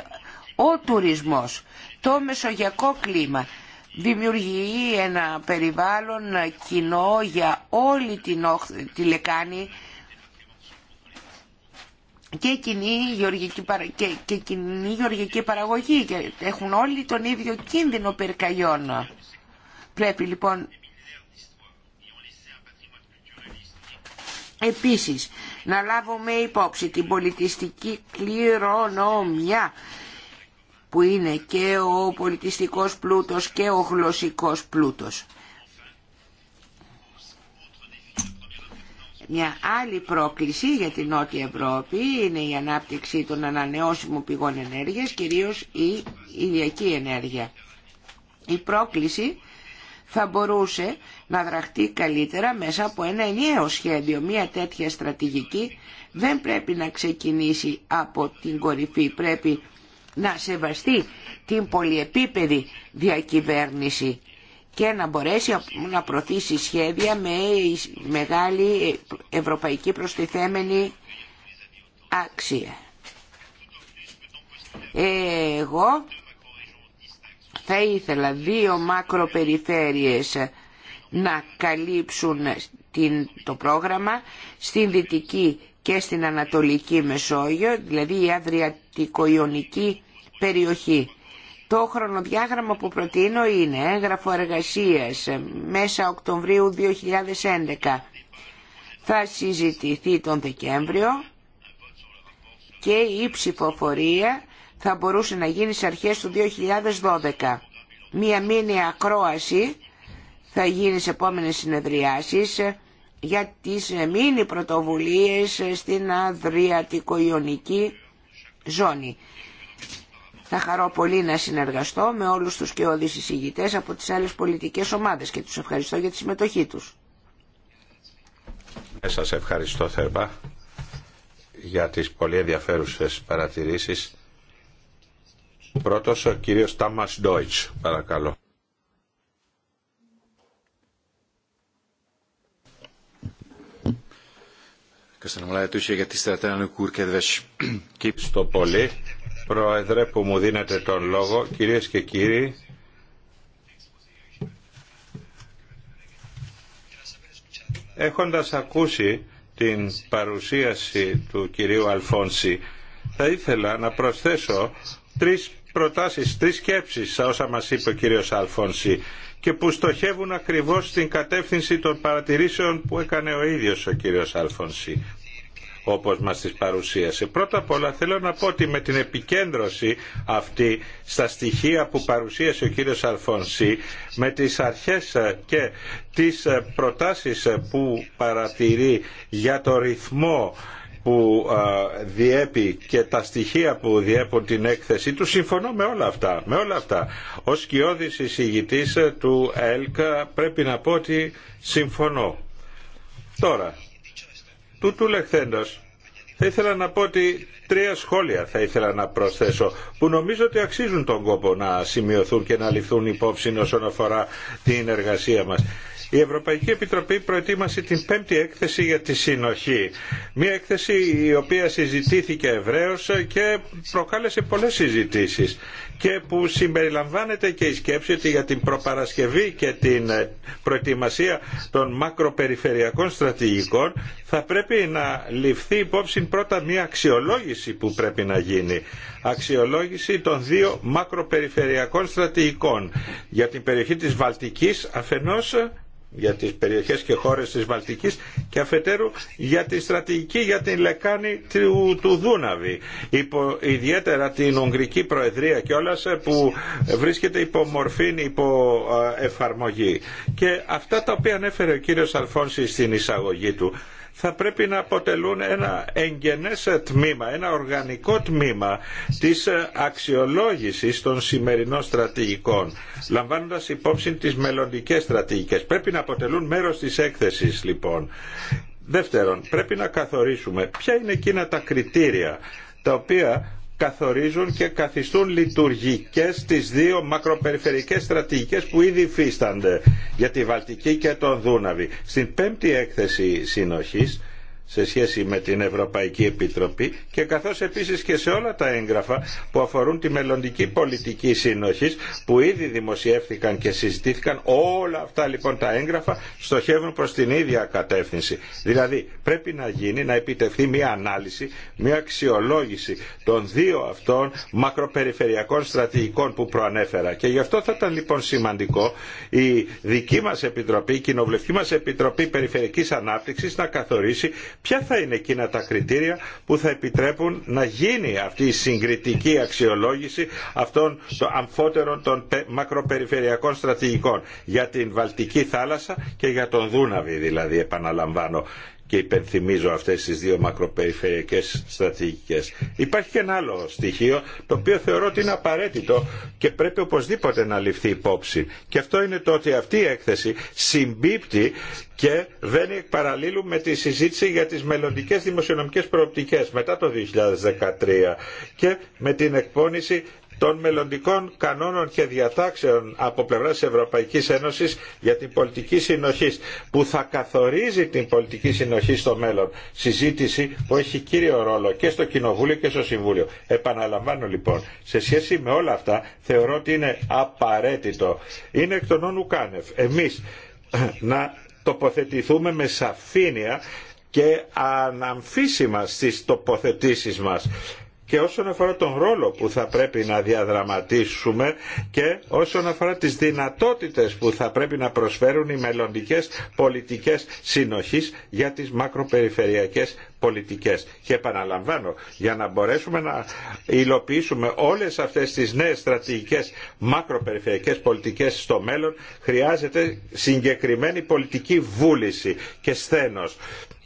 S5: ο τουρισμός. Το μεσογειακό κλίμα δημιουργεί ένα περιβάλλον κοινό για όλη την, τη λεκάνη και κοινή γεωργική, και, και γεωργική παραγωγή και έχουν όλοι τον ίδιο κίνδυνο περκαγιών. Πρέπει λοιπόν επίσης να λάβουμε υπόψη την πολιτιστική κληρονομιά που είναι και ο πολιτιστικός πλούτος και ο γλωσσικός πλούτος. Μια άλλη πρόκληση για την Νότια Ευρώπη είναι η ανάπτυξη των ανανεώσιμων πηγών ενέργειας, κυρίως η ηλιακή ενέργεια. Η πρόκληση θα μπορούσε να δραχτεί καλύτερα μέσα από ένα ενιαίο σχέδιο. Μια τέτοια στρατηγική δεν πρέπει να ξεκινήσει από την κορυφή, πρέπει να σεβαστεί την πολυεπίπεδη διακυβέρνηση και να μπορέσει να προωθήσει σχέδια με μεγάλη ευρωπαϊκή προστιθέμενη άξια. Εγώ θα ήθελα δύο μακροπεριφέρειες να καλύψουν το πρόγραμμα στην Δυτική και στην Ανατολική Μεσόγειο, δηλαδή η Αδριατικοϊονική περιοχή. Το χρονοδιάγραμμα που προτείνω είναι έγγραφο εργασίας ε, μέσα Οκτωβρίου 2011. Θα συζητηθεί τον Δεκέμβριο και η ψηφοφορία θα μπορούσε να γίνει σε αρχές του 2012. Μία μήνυα ακρόαση θα γίνει σε επόμενες συνεδριάσεις ε, για τις ε, μήνυ πρωτοβουλίες στην αδριατικοϊονική ζώνη. Θα χαρώ πολύ να συνεργαστώ με όλους τους και οδείς από τις άλλες πολιτικές ομάδες και τους ευχαριστώ για τη συμμετοχή τους.
S4: Ε, σας ευχαριστώ θερμά για τις πολύ ενδιαφέρουσες παρατηρήσεις. Πρώτος ο κύριος Τάμας Ντόιτς, παρακαλώ. στο πολύ. Πρόεδρε που μου δίνετε τον λόγο, κυρίες και κύριοι, έχοντας ακούσει την παρουσίαση του κυρίου Αλφόνση, θα ήθελα να προσθέσω τρεις προτάσεις, τρεις σκέψεις όσα μας είπε ο κύριος Αλφόνση και που στοχεύουν ακριβώς στην κατεύθυνση των παρατηρήσεων που έκανε ο ίδιος ο κύριος Αλφόνση όπως μας τις παρουσίασε. Πρώτα απ' όλα θέλω να πω ότι με την επικέντρωση αυτή στα στοιχεία που παρουσίασε ο κύριος Αλφονσί με τις αρχές και τις προτάσεις που παρατηρεί για το ρυθμό που διέπει και τα στοιχεία που διέπουν την έκθεση του συμφωνώ με όλα αυτά. Με όλα αυτά. Ως κοιόδης εισηγητής του ΕΛΚΑ πρέπει να πω ότι συμφωνώ. Τώρα, Τούτου λεχθέντος. Θα ήθελα να πω ότι τρία σχόλια θα ήθελα να προσθέσω που νομίζω ότι αξίζουν τον κόπο να σημειωθούν και να ληφθούν υπόψη όσον αφορά την εργασία μας. Η Ευρωπαϊκή Επιτροπή προετοίμασε την πέμπτη έκθεση για τη συνοχή. Μία έκθεση η οποία συζητήθηκε ευρέως και προκάλεσε πολλές συζητήσεις και που συμπεριλαμβάνεται και η σκέψη ότι για την προπαρασκευή και την προετοιμασία των μακροπεριφερειακών στρατηγικών θα πρέπει να ληφθεί υπόψη πρώτα μία αξιολόγηση που πρέπει να γίνει. Αξιολόγηση των δύο μακροπεριφερειακών στρατηγικών για την περιοχή της Βαλτικής αφενός για τις περιοχές και χώρες της Βαλτικής και αφετέρου για τη στρατηγική για την λεκάνη του, Δούναβη ιδιαίτερα την Ουγγρική Προεδρία και όλα ε, που βρίσκεται υπό μορφή, υπό ε, εφαρμογή και αυτά τα οποία ανέφερε ο κύριος Αλφόνση στην εισαγωγή του θα πρέπει να αποτελούν ένα εγγενές τμήμα, ένα οργανικό τμήμα της αξιολόγησης των σημερινών στρατηγικών, λαμβάνοντας υπόψη τις μελλοντικές στρατηγικές. Πρέπει να αποτελούν μέρος της έκθεσης λοιπόν. Δεύτερον, πρέπει να καθορίσουμε ποια είναι εκείνα τα κριτήρια τα οποία καθορίζουν και καθιστούν λειτουργικές τις δύο μακροπεριφερικές στρατηγικές που ήδη υφίστανται για τη Βαλτική και τον Δούναβη. Στην πέμπτη έκθεση συνοχής σε σχέση με την Ευρωπαϊκή Επιτροπή και καθώς επίσης και σε όλα τα έγγραφα που αφορούν τη μελλοντική πολιτική σύνοχή που ήδη δημοσιεύθηκαν και συζητήθηκαν όλα αυτά λοιπόν τα έγγραφα στοχεύουν προς την ίδια κατεύθυνση. Δηλαδή πρέπει να γίνει να επιτευχθεί μια ανάλυση, μια αξιολόγηση των δύο αυτών μακροπεριφερειακών στρατηγικών που προανέφερα και γι' αυτό θα ήταν λοιπόν σημαντικό η δική μας Επιτροπή, η Κοινοβουλευτική μας Επιτροπή Περιφερειακής Ανάπτυξης να καθορίσει Ποια θα είναι εκείνα τα κριτήρια που θα επιτρέπουν να γίνει αυτή η συγκριτική αξιολόγηση αυτών των αμφότερων των μακροπεριφερειακών στρατηγικών για την Βαλτική θάλασσα και για τον Δούναβη δηλαδή επαναλαμβάνω και υπενθυμίζω αυτές τις δύο μακροπεριφερειακές στρατηγικές. Υπάρχει και ένα άλλο στοιχείο το οποίο θεωρώ ότι είναι απαραίτητο και πρέπει οπωσδήποτε να ληφθεί υπόψη. Και αυτό είναι το ότι αυτή η έκθεση συμπίπτει και δεν παραλλήλου με τη συζήτηση για τις μελλοντικές δημοσιονομικές προοπτικές μετά το 2013 και με την εκπόνηση των μελλοντικών κανόνων και διατάξεων από πλευρά της Ευρωπαϊκής Ένωσης για την πολιτική συνοχή που θα καθορίζει την πολιτική συνοχή στο μέλλον. Συζήτηση που έχει κύριο ρόλο και στο Κοινοβούλιο και στο Συμβούλιο. Επαναλαμβάνω λοιπόν, σε σχέση με όλα αυτά θεωρώ ότι είναι απαραίτητο. Είναι εκ των όνου κάνευ. Εμείς να τοποθετηθούμε με σαφήνεια και αναμφίσιμα στις τοποθετήσεις μας και όσον αφορά τον ρόλο που θα πρέπει να διαδραματίσουμε και όσον αφορά τις δυνατότητες που θα πρέπει να προσφέρουν οι μελλοντικές πολιτικές συνοχής για τις μακροπεριφερειακές πολιτικές. Και επαναλαμβάνω, για να μπορέσουμε να υλοποιήσουμε όλες αυτές τις νέες στρατηγικές μακροπεριφερειακές πολιτικές στο μέλλον, χρειάζεται συγκεκριμένη πολιτική βούληση και σθένος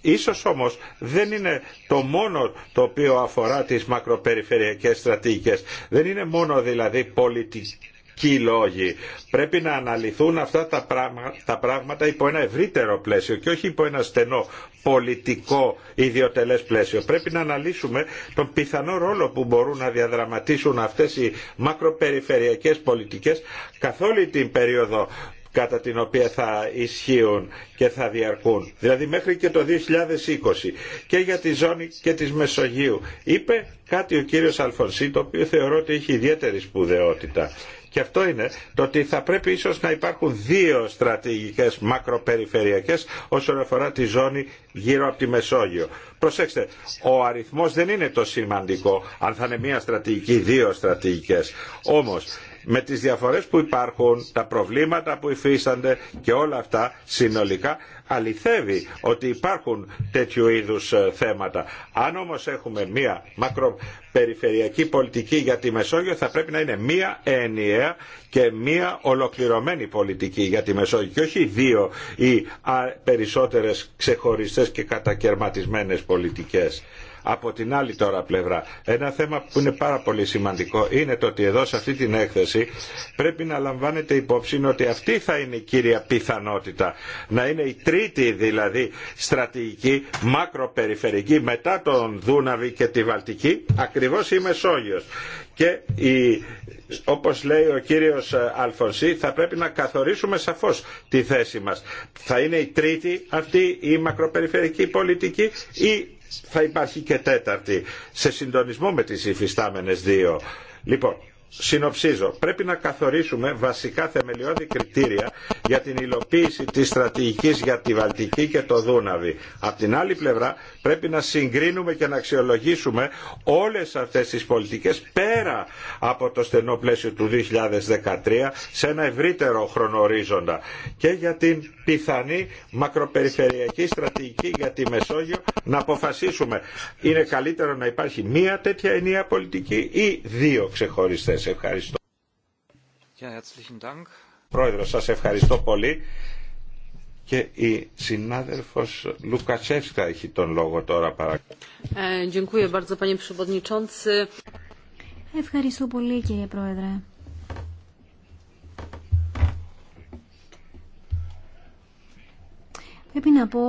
S4: Ίσως όμως δεν είναι το μόνο το οποίο αφορά τις μακροπεριφερειακές στρατηγικές. Δεν είναι μόνο δηλαδή πολιτικοί Λόγοι. Πρέπει να αναλυθούν αυτά τα πράγματα, τα πράγματα υπό ένα ευρύτερο πλαίσιο και όχι υπό ένα στενό πολιτικό ιδιωτελές πλαίσιο. Πρέπει να αναλύσουμε τον πιθανό ρόλο που μπορούν να διαδραματίσουν αυτές οι μακροπεριφερειακές πολιτικές καθ' όλη την περίοδο κατά την οποία θα ισχύουν και θα διαρκούν. Δηλαδή μέχρι και το 2020 και για τη ζώνη και της Μεσογείου. Είπε κάτι ο κύριος Αλφονσί το οποίο θεωρώ ότι έχει ιδιαίτερη σπουδαιότητα. Και αυτό είναι το ότι θα πρέπει ίσως να υπάρχουν δύο στρατηγικές μακροπεριφερειακές όσον αφορά τη ζώνη γύρω από τη Μεσόγειο. Προσέξτε, ο αριθμός δεν είναι το σημαντικό αν θα είναι μία στρατηγική, δύο στρατηγικές. Όμως με τις διαφορές που υπάρχουν, τα προβλήματα που υφίστανται και όλα αυτά συνολικά αληθεύει ότι υπάρχουν τέτοιου είδους ε, θέματα. Αν όμως έχουμε μία μακροπεριφερειακή πολιτική για τη Μεσόγειο θα πρέπει να είναι μία ενιαία και μία ολοκληρωμένη πολιτική για τη Μεσόγειο και όχι δύο ή περισσότερες ξεχωριστές και κατακαιρματισμένες πολιτικές. Από την άλλη τώρα πλευρά, ένα θέμα που είναι πάρα πολύ σημαντικό είναι το ότι εδώ σε αυτή την έκθεση πρέπει να λαμβάνετε υπόψη ότι αυτή θα είναι η κύρια πιθανότητα να είναι η τρίτη δηλαδή στρατηγική μακροπεριφερική μετά τον Δούναβη και τη Βαλτική ακριβώς η Μεσόγειος και η, όπως λέει ο κύριος Αλφονσί θα πρέπει να καθορίσουμε σαφώς τη θέση μας. Θα είναι η τρίτη αυτή η μακροπεριφερική πολιτική ή θα υπάρχει και τέταρτη σε συντονισμό με τις υφιστάμενες δύο. Λοιπόν, Συνοψίζω, πρέπει να καθορίσουμε βασικά θεμελιώδη κριτήρια για την υλοποίηση της στρατηγικής για τη Βαλτική και το Δούναβη. Απ' την άλλη πλευρά πρέπει να συγκρίνουμε και να αξιολογήσουμε όλες αυτές τις πολιτικές πέρα από το στενό πλαίσιο του 2013 σε ένα ευρύτερο χρονορίζοντα και για την πιθανή μακροπεριφερειακή στρατηγική για τη Μεσόγειο να αποφασίσουμε είναι καλύτερο να υπάρχει μία τέτοια ενιαία πολιτική ή δύο ξεχωριστές σας ευχαριστώ. Πρόεδρο, σας ευχαριστώ πολύ. Και η συνάδελφος Λουκατσεύσκα έχει τον λόγο τώρα παρακαλώ.
S6: Ε,
S2: ευχαριστώ πολύ κύριε Πρόεδρε. Πρέπει να πω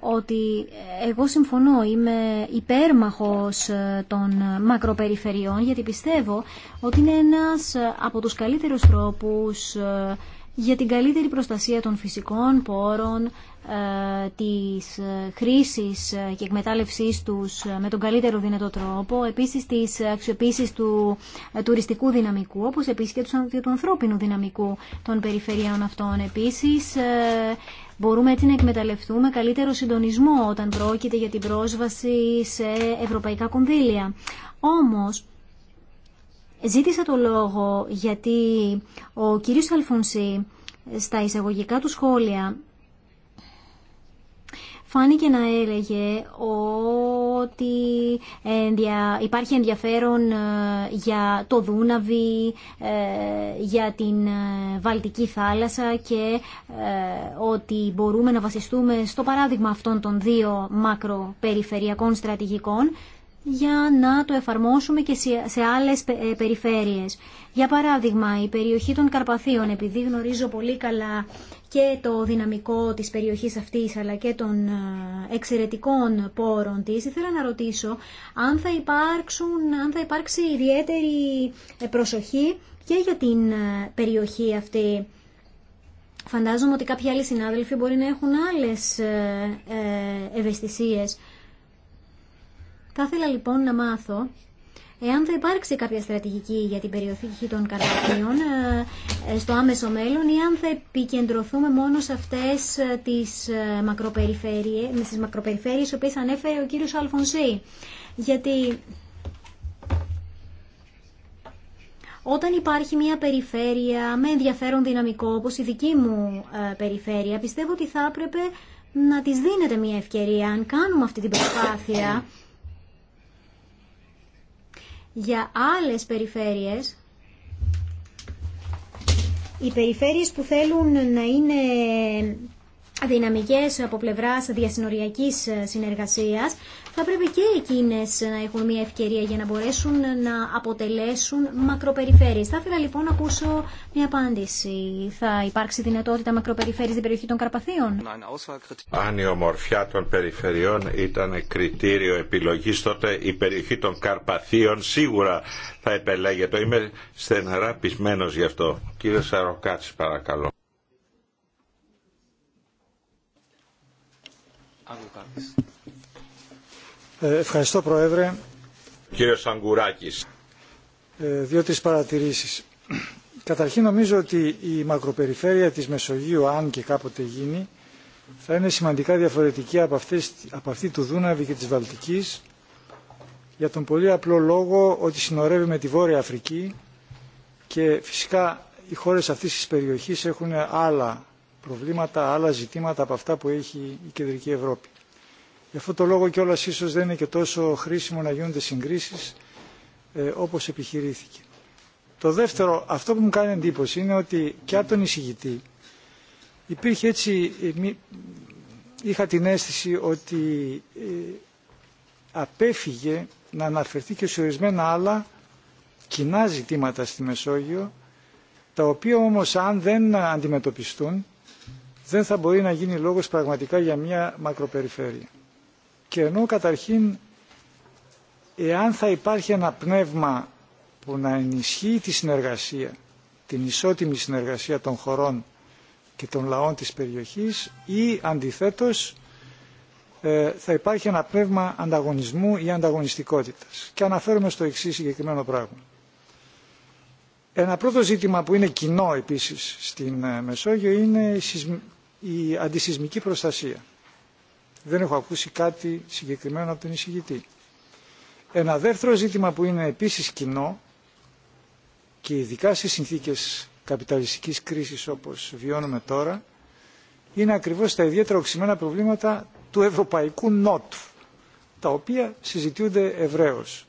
S2: ότι εγώ συμφωνώ, είμαι υπέρμαχος ε, των μακροπεριφερειών γιατί πιστεύω ότι είναι ένας από τους καλύτερους τρόπους ε, για την καλύτερη προστασία των φυσικών πόρων, ε, της χρήσης και εκμετάλλευσής τους με τον καλύτερο δυνατό τρόπο, επίσης της αξιοποίησης του τουριστικού δυναμικού, όπως επίσης και του ανθρώπινου δυναμικού των περιφερειών αυτών. Επίσης, Μπορούμε έτσι να εκμεταλλευτούμε καλύτερο συντονισμό όταν πρόκειται για την πρόσβαση σε ευρωπαϊκά κονδύλια. Όμως, ζήτησα το λόγο γιατί ο κύριος Αλφονσί στα εισαγωγικά του σχόλια φάνηκε να έλεγε ότι υπάρχει ενδιαφέρον ε, για το Δούναβι, ε, για την ε, Βαλτική θάλασσα και ότι μπορούμε να βασιστούμε στο παράδειγμα αυτών των δύο μακροπεριφερειακών στρατηγικών για να το εφαρμόσουμε και σε άλλες ε, περιφέρειες. Για παράδειγμα, η περιοχή των Καρπαθίων, επειδή γνωρίζω πολύ καλά και το δυναμικό της περιοχής αυτής, αλλά και των ε, εξαιρετικών πόρων της, ήθελα να ρωτήσω αν θα, υπάρξουν, αν θα υπάρξει ιδιαίτερη ε, προσοχή και για την περιοχή αυτή. Φαντάζομαι ότι κάποιοι άλλοι συνάδελφοι μπορεί να έχουν άλλες ευαισθησίες. Θα ήθελα λοιπόν να μάθω εάν θα υπάρξει κάποια στρατηγική για την περιοχή των Καρπαθίων ε, στο άμεσο μέλλον ή αν θα επικεντρωθούμε μόνο σε αυτές ε, ε, τις μακροπεριφέρειες, στις μακροπεριφέρειες τι οποίες ανέφερε ο κύριος Αλφονσί. Γιατί όταν υπάρχει μια περιφέρεια με ενδιαφέρον δυναμικό, όπως η δική μου περιφέρεια, πιστεύω ότι θα έπρεπε να της δίνεται μια ευκαιρία, αν κάνουμε αυτή την προσπάθεια, για άλλες περιφέρειες οι περιφέρειες που θέλουν να είναι δυναμικές από πλευράς διασυνοριακής συνεργασίας θα πρέπει και εκείνες να έχουν μια ευκαιρία για να μπορέσουν να αποτελέσουν μακροπεριφέρειες. Θα ήθελα λοιπόν να ακούσω μια απάντηση. Θα υπάρξει δυνατότητα μακροπεριφέρειες στην περιοχή των Καρπαθίων.
S4: Αν η ομορφιά των περιφερειών ήταν κριτήριο επιλογής, τότε η περιοχή των Καρπαθίων σίγουρα θα επελέγεται. Είμαι στεναρά πεισμένος γι' αυτό. Κύριε Σαροκάτση παρακαλώ.
S3: Ε, ευχαριστώ Πρόεδρε.
S4: Κύριε Σαγκουράκης.
S3: Ε, Δύο-τρεις παρατηρήσεις. Καταρχήν νομίζω ότι η μακροπεριφέρεια της Μεσογείου, αν και κάποτε γίνει, θα είναι σημαντικά διαφορετική από, από αυτή του Δούναβη και της Βαλτικής, για τον πολύ απλό λόγο ότι συνορεύει με τη Βόρεια Αφρική και φυσικά οι χώρες αυτής της περιοχής έχουν άλλα προβλήματα, άλλα ζητήματα από αυτά που έχει η Κεντρική Ευρώπη. Γι' αυτό το λόγο κιόλα ίσω δεν είναι και τόσο χρήσιμο να γίνονται συγκρίσει ε, όπω επιχειρήθηκε. Το δεύτερο, αυτό που μου κάνει εντύπωση είναι ότι και από τον εισηγητή υπήρχε έτσι, ε, είχα την αίσθηση ότι ε, απέφυγε να αναφερθεί και σε ορισμένα άλλα κοινά ζητήματα στη Μεσόγειο, τα οποία όμως αν δεν αντιμετωπιστούν δεν θα μπορεί να γίνει λόγος πραγματικά για μια μακροπεριφέρεια. Και ενώ καταρχήν εάν θα υπάρχει ένα πνεύμα που να ενισχύει τη συνεργασία, την ισότιμη συνεργασία των χωρών και των λαών της περιοχής ή αντιθέτως ε, θα υπάρχει ένα πνεύμα ανταγωνισμού ή ανταγωνιστικότητας. Και αναφέρομαι στο εξής συγκεκριμένο πράγμα. Ένα πρώτο ζήτημα που είναι κοινό επίσης στην ε, Μεσόγειο είναι η αντισυσμική προστασία. Δεν έχω ακούσει κάτι συγκεκριμένο από τον εισηγητή. Ένα δεύτερο ζήτημα που είναι επίσης κοινό και ειδικά σε συνθήκες καπιταλιστικής κρίσης όπως βιώνουμε τώρα είναι ακριβώς τα ιδιαίτερα οξυμένα προβλήματα του ευρωπαϊκού νότου τα οποία συζητούνται ευρέως.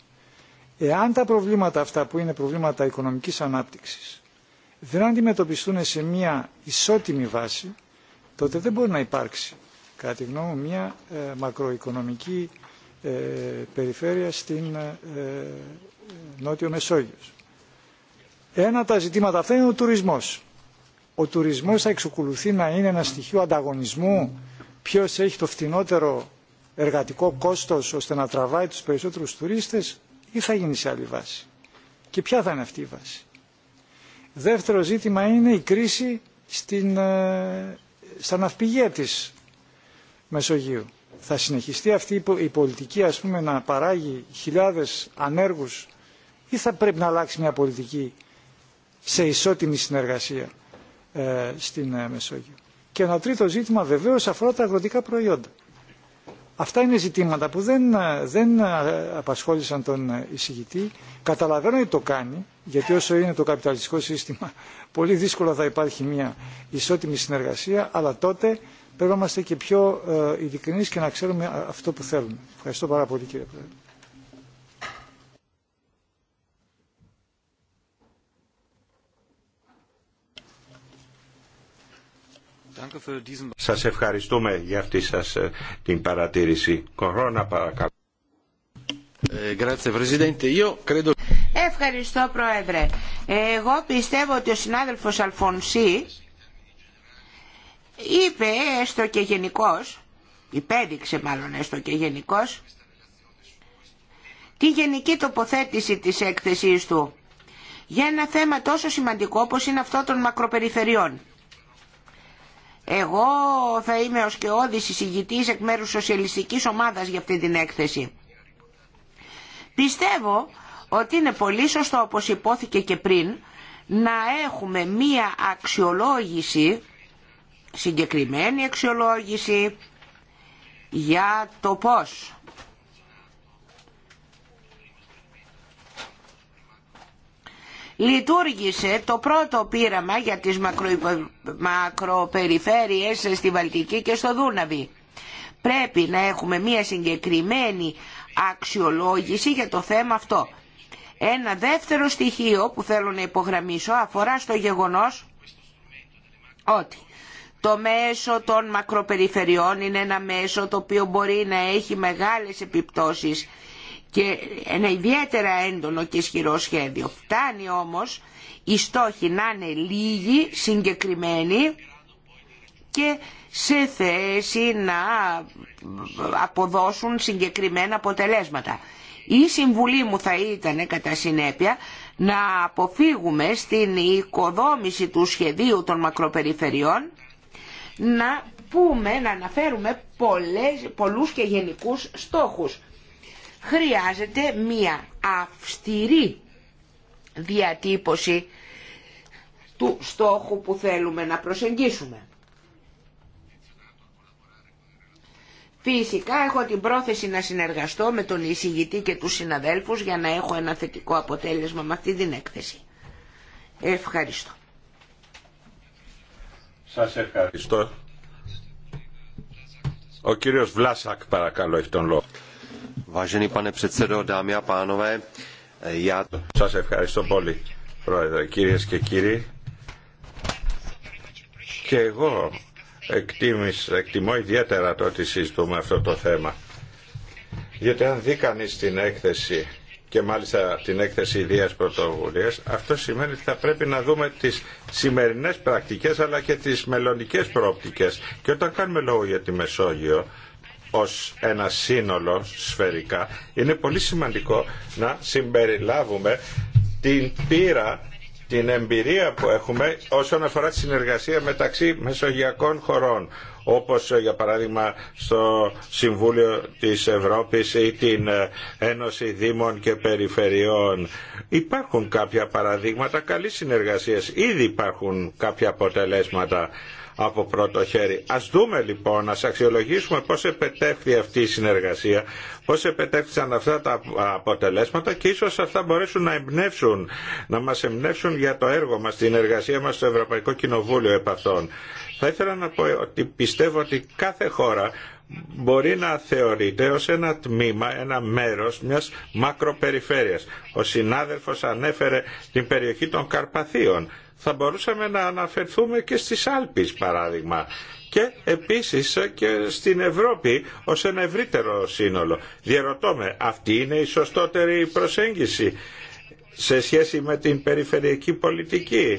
S3: Εάν τα προβλήματα αυτά που είναι προβλήματα οικονομικής ανάπτυξης δεν αντιμετωπιστούν σε μια ισότιμη βάση τότε δεν μπορεί να υπάρξει κατά τη γνώμη μου, μια ε, μακροοικονομική ε, περιφέρεια στην ε, Νότιο Μεσόγειο. Ένα από τα ζητήματα αυτά είναι ο τουρισμός. Ο τουρισμός θα εξοκολουθεί να είναι ένα στοιχείο ανταγωνισμού ποιος έχει το φτηνότερο εργατικό κόστος ώστε να τραβάει τους περισσότερους τουρίστες ή θα γίνει σε άλλη βάση. Και ποια θα είναι αυτή η βάση. Δεύτερο ζήτημα είναι η κρίση στην, στα ναυπηγεία Μεσογείου. Θα συνεχιστεί αυτή η πολιτική ας πούμε να παράγει χιλιάδες ανέργους ή θα πρέπει να αλλάξει μια πολιτική σε ισότιμη συνεργασία ε, στην ε, Μεσόγειο. Και ένα τρίτο ζήτημα βεβαίως αφορά τα αγροτικά προϊόντα. Αυτά είναι ζητήματα που δεν, ε, δεν απασχόλησαν τον εισηγητή. Καταλαβαίνω ότι το κάνει, γιατί όσο είναι το καπιταλιστικό σύστημα, πολύ δύσκολο θα υπάρχει μια ισότιμη συνεργασία, αλλά τότε πρέπει να είμαστε και πιο ε, ειλικρινεί και να ξέρουμε αυτό που θέλουμε. Ευχαριστώ πάρα πολύ κύριε Πρόεδρε.
S4: Σας ευχαριστούμε για αυτή σας ε, την παρατήρηση. Κορώνα παρακαλώ. Ε,
S5: Ευχαριστώ Πρόεδρε. Εγώ πιστεύω ότι ο συνάδελφος Αλφονσί είπε έστω και γενικώ, υπέδειξε μάλλον έστω και γενικώ, τη γενική τοποθέτηση της έκθεσής του για ένα θέμα τόσο σημαντικό όπως είναι αυτό των μακροπεριφερειών. Εγώ θα είμαι και όδης εισηγητής εκ μέρους σοσιαλιστικής ομάδας για αυτή την έκθεση. Πιστεύω ότι είναι πολύ σωστό όπως υπόθηκε και πριν να έχουμε μία αξιολόγηση συγκεκριμένη αξιολόγηση για το πώς. Λειτουργήσε το πρώτο πείραμα για τις μακροπεριφέρειες στη Βαλτική και στο Δούναβι. Πρέπει να έχουμε μία συγκεκριμένη αξιολόγηση για το θέμα αυτό. Ένα δεύτερο στοιχείο που θέλω να υπογραμμίσω αφορά στο γεγονός ότι το μέσο των μακροπεριφερειών είναι ένα μέσο το οποίο μπορεί να έχει μεγάλες επιπτώσεις και ένα ιδιαίτερα έντονο και ισχυρό σχέδιο. Φτάνει όμως οι στόχοι να είναι λίγοι, συγκεκριμένοι και σε θέση να αποδώσουν συγκεκριμένα αποτελέσματα. Η συμβουλή μου θα ήταν κατά συνέπεια να αποφύγουμε στην οικοδόμηση του σχεδίου των μακροπεριφερειών να πούμε, να αναφέρουμε πολλές, πολλούς και γενικούς στόχους. Χρειάζεται μία αυστηρή διατύπωση του στόχου που θέλουμε να προσεγγίσουμε. Φυσικά έχω την πρόθεση να συνεργαστώ με τον εισηγητή και τους συναδέλφους για να έχω ένα θετικό αποτέλεσμα με αυτή την έκθεση. Ευχαριστώ.
S4: Σας ευχαριστώ. Ο κύριος Βλάσακ παρακαλώ έχει τον λόγο. Σας ευχαριστώ πολύ πρόεδρε κυρίες και κύριοι. Και εγώ εκτίμης, εκτιμώ ιδιαίτερα το ότι συζητούμε αυτό το θέμα. Γιατί αν δει κανεί την έκθεση και μάλιστα την έκθεση ιδίας πρωτοβουλία. αυτό σημαίνει ότι θα πρέπει να δούμε τις σημερινές πρακτικές αλλά και τις μελλοντικέ προοπτικές. Και όταν κάνουμε λόγο για τη Μεσόγειο, ως ένα σύνολο σφαιρικά, είναι πολύ σημαντικό να συμπεριλάβουμε την πείρα την εμπειρία που έχουμε όσον αφορά τη συνεργασία μεταξύ μεσογειακών χωρών όπως ε, για παράδειγμα στο Συμβούλιο της Ευρώπης ή την ε, Ένωση Δήμων και Περιφερειών. Υπάρχουν κάποια παραδείγματα καλής συνεργασίας, ήδη υπάρχουν κάποια αποτελέσματα από πρώτο χέρι. Ας δούμε λοιπόν, ας αξιολογήσουμε πώς επετεύχθη αυτή η συνεργασία, πώς επετεύχθησαν αυτά τα αποτελέσματα και ίσως αυτά μπορέσουν να εμπνεύσουν, να μας εμπνεύσουν για το έργο μας, την εργασία μας στο Ευρωπαϊκό Κοινοβούλιο επ' αυτών. Θα ήθελα να πω ότι πιστεύω ότι κάθε χώρα μπορεί να θεωρείται ως ένα τμήμα, ένα μέρος μιας μακροπεριφέρειας. Ο συνάδελφος ανέφερε την περιοχή των Καρπαθίων θα μπορούσαμε να αναφερθούμε και στις Άλπεις παράδειγμα και επίσης και στην Ευρώπη ως ένα ευρύτερο σύνολο. Διερωτώ με, αυτή είναι η σωστότερη προσέγγιση σε σχέση με την περιφερειακή πολιτική.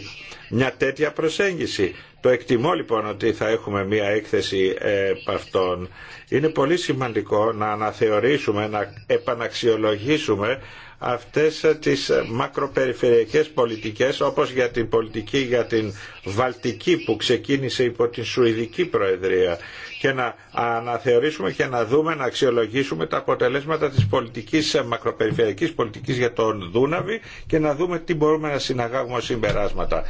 S4: Μια τέτοια προσέγγιση. Το εκτιμώ λοιπόν ότι θα έχουμε μια έκθεση από ε, αυτών. Είναι πολύ σημαντικό να αναθεωρήσουμε, να επαναξιολογήσουμε αυτές τις μακροπεριφερειακές πολιτικές όπως για την πολιτική για την Βαλτική που ξεκίνησε υπό την Σουηδική Προεδρία και να αναθεωρήσουμε και να δούμε, να αξιολογήσουμε τα αποτελέσματα της πολιτικής, μακροπεριφερειακής πολιτικής για τον Δούναβη και να δούμε τι μπορούμε να συναγάγουμε ως συμπεράσματα.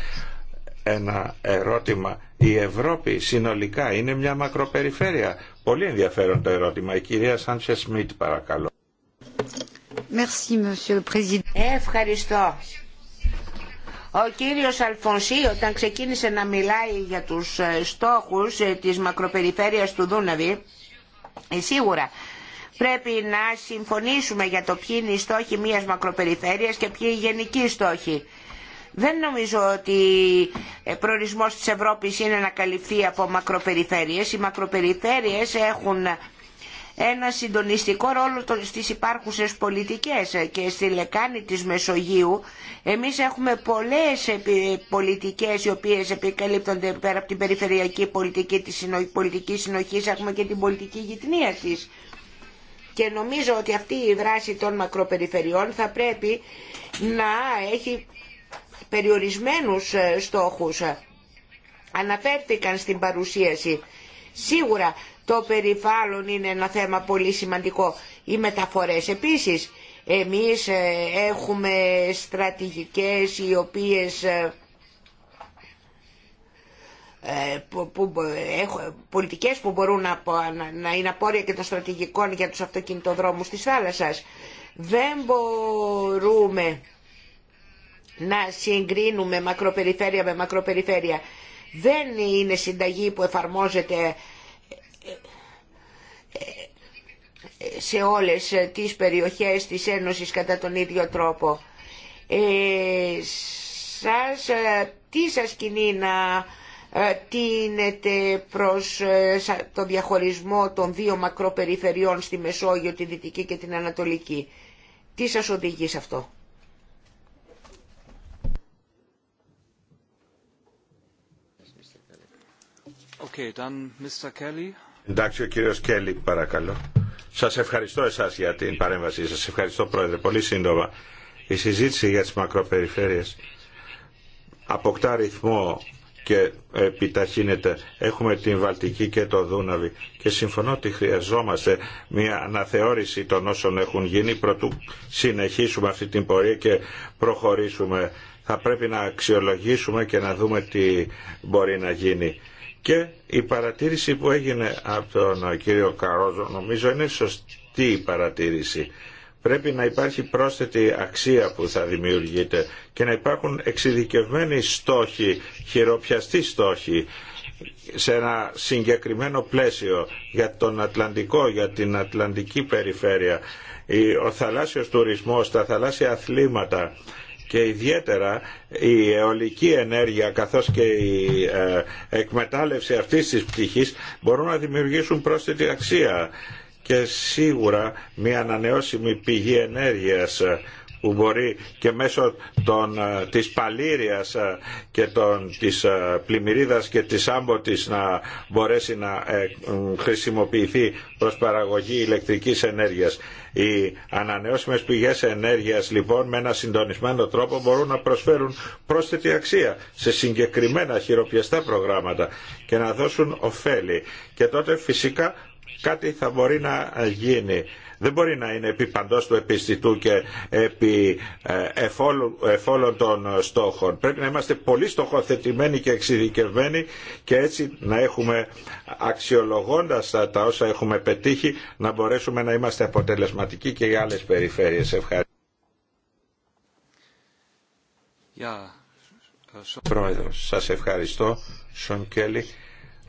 S4: Ένα ερώτημα. Η Ευρώπη συνολικά είναι μια μακροπεριφέρεια. Πολύ ενδιαφέρον το ερώτημα. Η κυρία Σάντσια Σμιτ παρακαλώ.
S5: Ευχαριστώ. Ο κύριος Αλφονσί όταν ξεκίνησε να μιλάει για τους ε, στόχους ε, της μακροπεριφέρειας του Δούναβη, ε, σίγουρα πρέπει να συμφωνήσουμε για το ποιοι είναι οι στόχοι μιας μακροπεριφέρειας και ποιοι οι γενικοί στόχοι. Δεν νομίζω ότι προορισμός της Ευρώπης είναι να καλυφθεί από μακροπεριφέρειες. Οι μακροπεριφέρειες έχουν ένα συντονιστικό ρόλο στις υπάρχουσες πολιτικές και στη λεκάνη της Μεσογείου εμείς έχουμε πολλές πολιτικές οι οποίες επικαλύπτονται πέρα από την περιφερειακή πολιτική της πολιτικής συνοχής έχουμε και την πολιτική της. και νομίζω ότι αυτή η δράση των μακροπεριφερειών θα πρέπει να έχει περιορισμένους ε, στόχους αναφέρθηκαν στην παρουσίαση σίγουρα το περιβάλλον είναι ένα θέμα πολύ σημαντικό. Οι μεταφορές επίσης. Εμείς ε, έχουμε στρατηγικές οι οποίες ε, ε, που, πολιτικές που μπορούν να, να είναι απόρρια και των στρατηγικών για τους αυτοκινητοδρόμους της θάλασσας. Δεν μπορούμε να συγκρίνουμε μακροπεριφέρεια με μακροπεριφέρεια. Δεν είναι συνταγή που εφαρμόζεται σε όλες τις περιοχές της Ένωσης κατά τον ίδιο τρόπο. Ε, σας, ε, τι σας κινεί να ε, τίνετε προς ε, το διαχωρισμό των δύο μακροπεριφερειών στη Μεσόγειο, τη Δυτική και την Ανατολική. Τι σας οδηγεί σε αυτό.
S3: Okay, dann Mr. Kelly.
S4: Εντάξει, ο κύριος Κέλλη, παρακαλώ. Σας ευχαριστώ εσάς για την παρέμβασή σας. Ευχαριστώ, Πρόεδρε. Πολύ σύντομα. Η συζήτηση για τις μακροπεριφέρειες αποκτά ρυθμό και επιταχύνεται. Έχουμε την Βαλτική και το Δούναβη και συμφωνώ ότι χρειαζόμαστε μια αναθεώρηση των όσων έχουν γίνει προτού συνεχίσουμε αυτή την πορεία και προχωρήσουμε. Θα πρέπει να αξιολογήσουμε και να δούμε τι μπορεί να γίνει. Και η παρατήρηση που έγινε από τον κύριο Καρόζο νομίζω είναι σωστή η παρατήρηση. Πρέπει να υπάρχει πρόσθετη αξία που θα δημιουργείται και να υπάρχουν εξειδικευμένοι στόχοι, χειροπιαστοί στόχοι σε ένα συγκεκριμένο πλαίσιο για τον Ατλαντικό, για την Ατλαντική περιφέρεια, ο θαλάσσιος τουρισμός, τα θαλάσσια αθλήματα και ιδιαίτερα η αιωλική ενέργεια καθώς και η ε, εκμετάλλευση αυτής της πτυχής μπορούν να δημιουργήσουν πρόσθετη αξία και σίγουρα μια ανανεώσιμη πηγή ενέργειας που μπορεί και μέσω των, ε, της παλήριας ε, και των, της ε, πλημμυρίδας και της άμποτης να μπορέσει να χρησιμοποιηθεί προς παραγωγή ηλεκτρικής ενέργειας. Οι ανανεώσιμες πηγές ενέργειας λοιπόν με ένα συντονισμένο τρόπο μπορούν να προσφέρουν πρόσθετη αξία σε συγκεκριμένα χειροπιαστά προγράμματα και να δώσουν ωφέλη. Και τότε φυσικά κάτι θα μπορεί να γίνει δεν μπορεί να είναι επί παντός του επιστητού και επί ε, εφόλων των στόχων. Πρέπει να είμαστε πολύ στοχοθετημένοι και εξειδικευμένοι και έτσι να έχουμε αξιολογώντας τα όσα έχουμε πετύχει να μπορέσουμε να είμαστε αποτελεσματικοί και για άλλες περιφέρειες. Ευχαριστώ. σας ευχαριστώ. Σον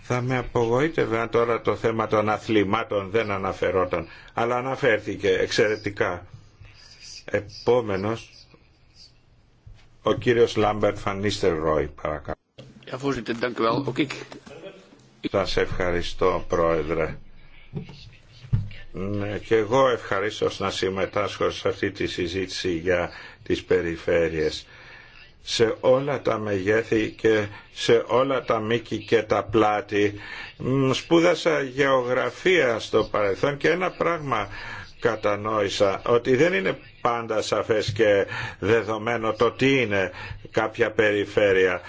S4: θα με απογοήτευε αν τώρα το θέμα των αθλημάτων δεν αναφερόταν, αλλά αναφέρθηκε εξαιρετικά. Επόμενος, ο κύριος Λάμπερτ Φανίστερ Ρόι, παρακαλώ. Σας ευχαριστώ, Πρόεδρε. Ναι, και εγώ ευχαρίστω να συμμετάσχω σε αυτή τη συζήτηση για τις περιφέρειες σε όλα τα μεγέθη και σε όλα τα μήκη και τα πλάτη. Σπούδασα γεωγραφία στο παρελθόν και ένα πράγμα κατανόησα ότι δεν είναι πάντα σαφές και δεδομένο το τι είναι κάποια περιφέρεια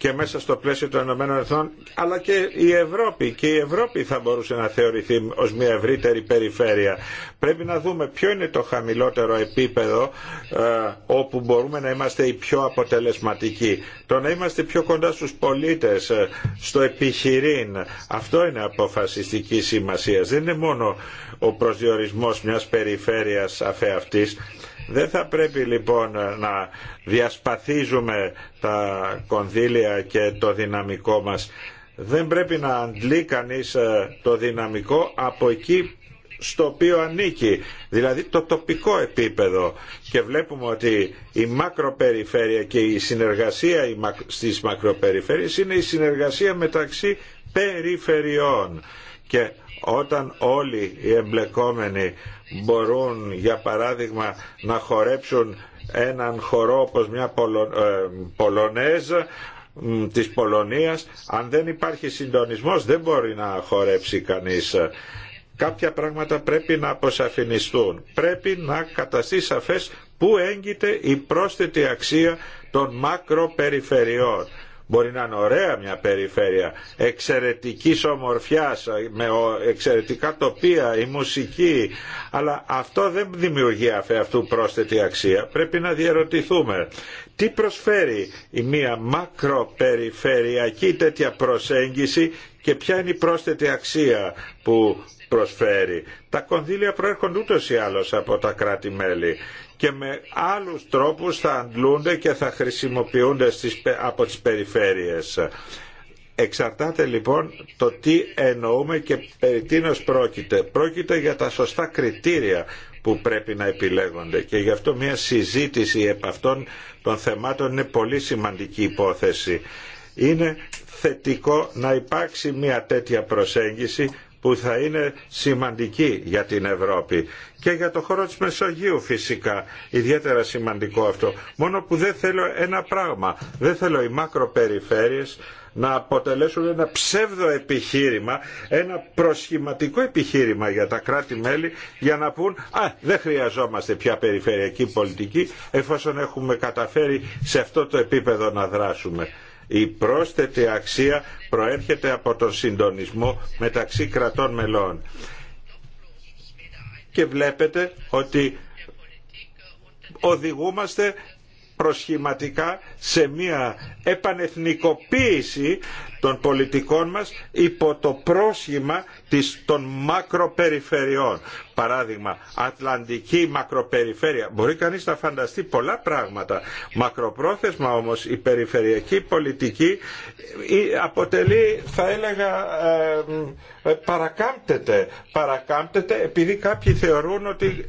S4: και μέσα στο πλαίσιο των Ηνωμένων Εθνών, αλλά και η Ευρώπη. Και η Ευρώπη θα μπορούσε να θεωρηθεί ως μια ευρύτερη περιφέρεια. Πρέπει να δούμε ποιο είναι το χαμηλότερο επίπεδο ε, όπου μπορούμε να είμαστε οι πιο αποτελεσματικοί. Το να είμαστε πιο κοντά στους πολίτες, ε, στο επιχειρήν, αυτό είναι αποφασιστική σημασία. Δεν είναι μόνο ο προσδιορισμός μιας περιφέρειας αφεαυτής, δεν θα πρέπει λοιπόν να διασπαθίζουμε τα κονδύλια και το δυναμικό μας. Δεν πρέπει να αντλεί κανείς ε, το δυναμικό από εκεί στο οποίο ανήκει, δηλαδή το τοπικό επίπεδο. Και βλέπουμε ότι η μακροπεριφέρεια και η συνεργασία στις μακροπεριφέρειες είναι η συνεργασία μεταξύ περιφερειών. Και όταν όλοι οι εμπλεκόμενοι μπορούν για παράδειγμα να χορέψουν έναν χορό όπως μια Πολο... Ε, Πολωνέζα της Πολωνίας αν δεν υπάρχει συντονισμός δεν μπορεί να χορέψει κανείς κάποια πράγματα πρέπει να αποσαφινιστούν πρέπει να καταστεί σαφές πού έγκυται η πρόσθετη αξία των μακροπεριφερειών Μπορεί να είναι ωραία μια περιφέρεια, εξαιρετική ομορφιάς, με εξαιρετικά τοπία, η μουσική, αλλά αυτό δεν δημιουργεί αφ' αυτού πρόσθετη αξία. Πρέπει να διαρωτηθούμε τι προσφέρει η μία μακροπεριφερειακή τέτοια προσέγγιση και ποια είναι η πρόσθετη αξία που προσφέρει. Τα κονδύλια προέρχονται ούτως ή άλλως από τα κράτη-μέλη και με άλλους τρόπους θα αντλούνται και θα χρησιμοποιούνται στις, από τις περιφέρειες. Εξαρτάται λοιπόν το τι εννοούμε και περί τίνος πρόκειται. Πρόκειται για τα σωστά κριτήρια που πρέπει να επιλέγονται και γι' αυτό μια συζήτηση επ' αυτών των θεμάτων είναι πολύ σημαντική υπόθεση. Είναι θετικό να υπάρξει μια τέτοια προσέγγιση που θα είναι σημαντική για την Ευρώπη και για το χώρο της Μεσογείου φυσικά ιδιαίτερα σημαντικό αυτό μόνο που δεν θέλω ένα πράγμα δεν θέλω οι μακροπεριφέρειες να αποτελέσουν ένα ψεύδο επιχείρημα, ένα προσχηματικό επιχείρημα για τα κράτη-μέλη για να πούν «Α, δεν χρειαζόμαστε πια περιφερειακή πολιτική εφόσον έχουμε καταφέρει σε αυτό το επίπεδο να δράσουμε». Η πρόσθετη αξία προέρχεται από τον συντονισμό μεταξύ κρατών μελών. Και βλέπετε ότι οδηγούμαστε προσχηματικά σε μια επανεθνικοποίηση των πολιτικών μας υπό το πρόσχημα της, των μακροπεριφερειών. Παράδειγμα, Ατλαντική μακροπεριφέρεια. Μπορεί κανείς να φανταστεί πολλά πράγματα. Μακροπρόθεσμα όμως η περιφερειακή πολιτική ε, αποτελεί, θα έλεγα, ε, ε, παρακάμπτεται. Παρακάμπτεται επειδή κάποιοι θεωρούν ότι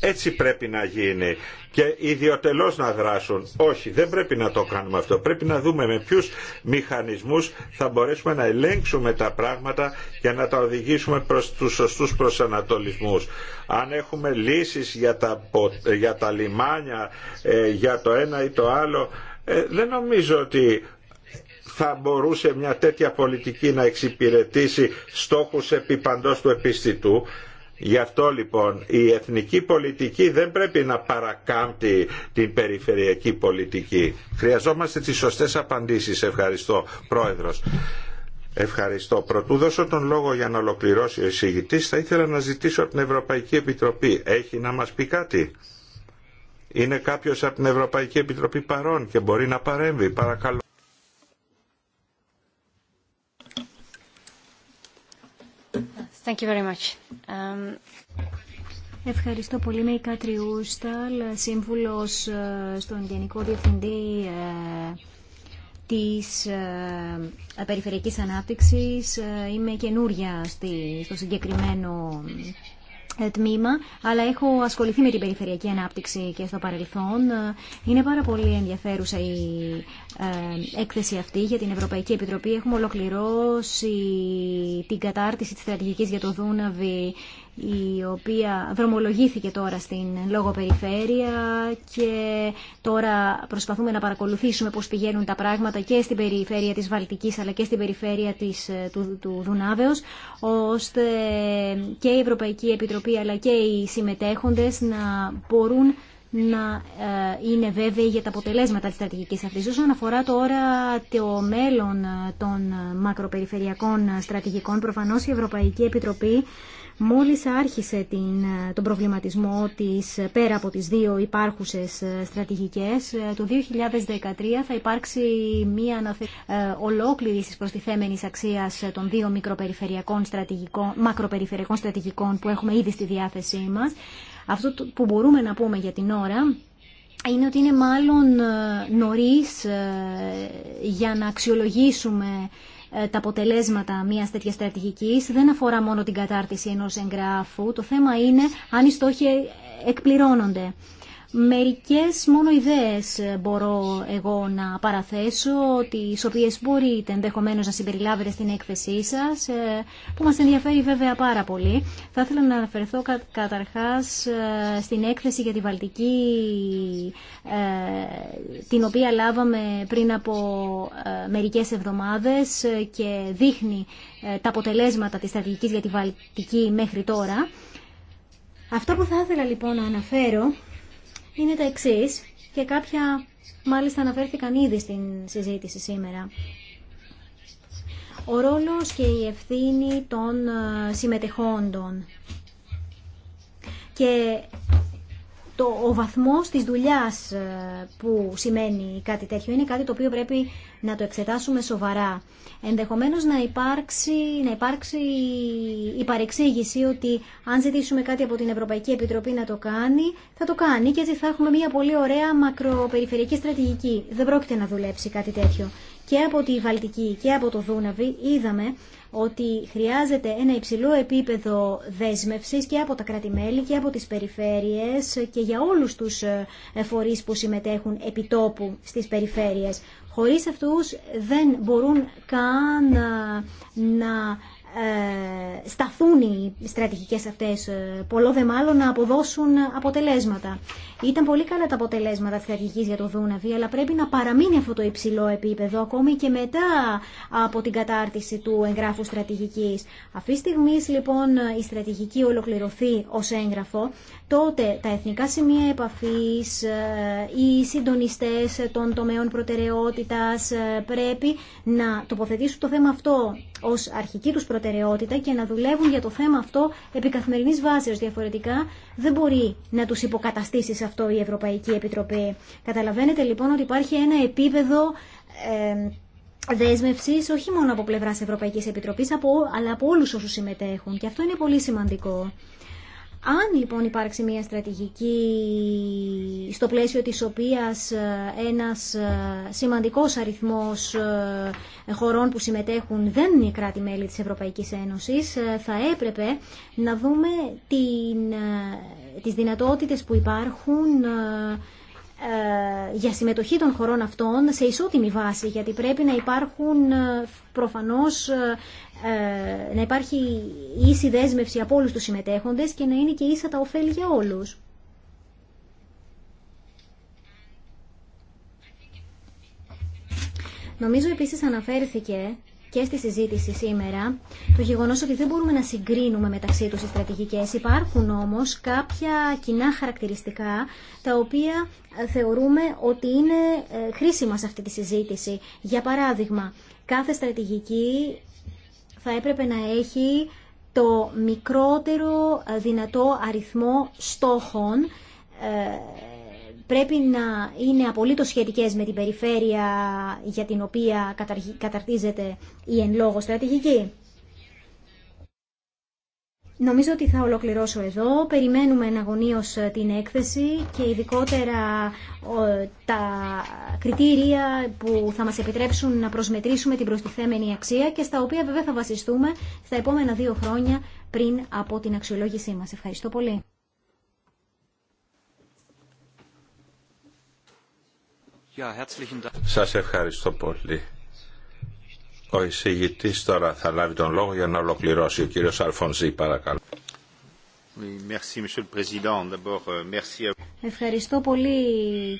S4: έτσι πρέπει να γίνει και ιδιωτελώς να δράσουν. Όχι, δεν πρέπει να το κάνουμε αυτό. Πρέπει να δούμε με ποιους μηχανισμούς θα μπορέσουμε να ελέγξουμε τα πράγματα και να τα οδηγήσουμε προς τους σωστούς προσανατολισμούς. Αν έχουμε λύσεις για τα, για λιμάνια, ε, για το ένα ή το άλλο, ε, δεν νομίζω ότι θα μπορούσε μια τέτοια πολιτική να εξυπηρετήσει στόχους επί του επιστητού. Γι' αυτό λοιπόν η εθνική πολιτική δεν πρέπει να παρακάμπτει την περιφερειακή πολιτική. Χρειαζόμαστε τις σωστές απαντήσεις. Ευχαριστώ Πρόεδρος. Ευχαριστώ. Πρωτού δώσω τον λόγο για να ολοκληρώσει ο εισηγητής. Θα ήθελα να ζητήσω από την Ευρωπαϊκή Επιτροπή. Έχει να μας πει κάτι. Είναι κάποιος από την Ευρωπαϊκή Επιτροπή παρόν και μπορεί να παρέμβει. Παρακαλώ.
S2: Um, Ευχαριστώ πολύ. Είμαι η Κάτρι Ούσταλ, σύμβουλος ε, στον Γενικό Διευθυντή ε, της ε, Περιφερειακής Ανάπτυξης. Είμαι καινούρια στο συγκεκριμένο ε, τμήμα, αλλά έχω ασχοληθεί με την περιφερειακή ανάπτυξη και στο παρελθόν. Είναι πάρα πολύ ενδιαφέρουσα η ε, έκθεση αυτή για την Ευρωπαϊκή Επιτροπή. Έχουμε ολοκληρώσει την κατάρτιση της στρατηγικής για το Δούναβι η οποία δρομολογήθηκε τώρα στην Λόγο περιφέρεια και τώρα προσπαθούμε να παρακολουθήσουμε πώς πηγαίνουν τα πράγματα και στην περιφέρεια της Βαλτικής αλλά και στην περιφέρεια ε, του, του Δουνάβεως ώστε και η Ευρωπαϊκή Επιτροπή αλλά και οι συμμετέχοντες να μπορούν να ε, είναι βέβαιοι για τα αποτελέσματα της στρατηγικής αυτής. Όσον αφορά τώρα το μέλλον των μακροπεριφερειακών στρατηγικών, προφανώς η Ευρωπαϊκή Επιτροπή Μόλις άρχισε την, τον προβληματισμό της πέρα από τις δύο υπάρχουσες ε, στρατηγικές, ε, το 2013 θα υπάρξει μία αναθεώρηση ε, ολόκληρη της προστιθέμενης αξίας των δύο μικροπεριφερειακών στρατηγικών, μακροπεριφερειακών στρατηγικών που έχουμε ήδη στη διάθεσή μας. Αυτό που μπορούμε να πούμε για την ώρα είναι ότι είναι μάλλον νωρίς για να αξιολογήσουμε ε, τα αποτελέσματα μια τέτοια στρατηγικής. Δεν αφορά μόνο την κατάρτιση ενός εγγράφου. Το θέμα είναι αν οι στόχοι ε, εκπληρώνονται. Μερικές μόνο ιδέες μπορώ εγώ να παραθέσω, ότι τις οποίες μπορείτε ενδεχομένως να συμπεριλάβετε στην έκθεσή σας, ε, που μας ενδιαφέρει βέβαια πάρα πολύ. Θα ήθελα να αναφερθώ καταρχάς ε, στην έκθεση για τη Βαλτική, ε, την οποία λάβαμε πριν από μερικές εβδομάδες και δείχνει τα αποτελέσματα της στρατηγικής για τη Βαλτική μέχρι τώρα. Αυτό που θα ήθελα λοιπόν να αναφέρω είναι τα εξή. και κάποια μάλιστα αναφέρθηκαν ήδη στην συζήτηση σήμερα. Ο ρόλος και η ευθύνη των ε, συμμετεχόντων. Και το, ο βαθμός της δουλειάς ε, που σημαίνει κάτι τέτοιο είναι κάτι το οποίο πρέπει να το εξετάσουμε σοβαρά. Ενδεχομένως να υπάρξει, να υπάρξει η παρεξήγηση ότι αν ζητήσουμε κάτι από την Ευρωπαϊκή Επιτροπή να το κάνει, θα το κάνει και έτσι θα έχουμε μια πολύ ωραία μακροπεριφερειακή στρατηγική. Δεν πρόκειται να δουλέψει κάτι τέτοιο. Και από τη Βαλτική και από το Δούναβη είδαμε ότι χρειάζεται ένα υψηλό επίπεδο δέσμευσης και από τα κράτη-μέλη και από τις περιφέρειες και για όλους τους ε, φορείς που συμμετέχουν επιτόπου στις περιφέρειες. Χωρίς αυτούς δεν μπορούν καν ε, να ε, σταθούν οι στρατηγικές αυτές, ε, πολλό δε μάλλον να αποδώσουν αποτελέσματα. Ήταν πολύ καλά τα αποτελέσματα της στρατηγικής για το Δούναβι, αλλά πρέπει να παραμείνει αυτό το υψηλό επίπεδο ακόμη και μετά από την κατάρτιση του εγγράφου στρατηγικής. Αυτή τη στιγμή λοιπόν η στρατηγική ολοκληρωθεί ως έγγραφο, τότε τα εθνικά σημεία επαφής, ε, οι συντονιστές των τομέων προτεραιότητας πρέπει να τοποθετήσουν το θέμα αυτό ως αρχική τους προτεραιότητα προτεραιότητα και να δουλεύουν για το θέμα αυτό επί καθημερινής Διαφορετικά δεν μπορεί να τους υποκαταστήσει σε αυτό η Ευρωπαϊκή Επιτροπή. Καταλαβαίνετε λοιπόν ότι υπάρχει ένα επίπεδο ε, δέσμευση όχι μόνο από πλευρά Ευρωπαϊκή Επιτροπή, αλλά από όλου όσου συμμετέχουν. Και αυτό είναι πολύ σημαντικό. Αν λοιπόν υπάρξει μια στρατηγική στο πλαίσιο της οποίας ε, ένας ε, σημαντικός αριθμός ε, χωρών που συμμετέχουν δεν είναι κράτη-μέλη της Ευρωπαϊκής Ένωσης, θα έπρεπε να δούμε την, τις δυνατότητες που υπάρχουν ε, για συμμετοχή των χωρών αυτών σε ισότιμη βάση, γιατί πρέπει να υπάρχουν ε, προφανώς ε, να υπάρχει ίση δέσμευση από όλους τους συμμετέχοντες και να είναι και ίσα τα ωφέλη για όλους. Νομίζω επίσης αναφέρθηκε και στη συζήτηση σήμερα το γεγονός ότι δεν μπορούμε να συγκρίνουμε μεταξύ τους οι στρατηγικές. Υπάρχουν όμως κάποια κοινά χαρακτηριστικά τα οποία ε, θεωρούμε ότι είναι ε, χρήσιμα σε αυτή τη συζήτηση. Για παράδειγμα, κάθε στρατηγική θα έπρεπε να έχει το μικρότερο ε, δυνατό αριθμό στόχων πρέπει να είναι απολύτως σχετικές με την περιφέρεια για την οποία καταρτίζεται η εν λόγω στρατηγική. Νομίζω ότι θα ολοκληρώσω εδώ. Περιμένουμε εναγωνίως ε, την έκθεση και ειδικότερα τα κριτήρια που θα μας επιτρέψουν να προσμετρήσουμε την προστιθέμενη αξία και στα οποία βέβαια θα βασιστούμε στα επόμενα δύο χρόνια πριν από την αξιολόγησή μας. Ευχαριστώ πολύ.
S4: Σας ευχαριστώ πολύ. Ο εισηγητής τώρα θα λάβει τον λόγο για να ολοκληρώσει. Ο κύριος Αλφονζή παρακαλώ. Euh,
S2: ευχαριστώ πολύ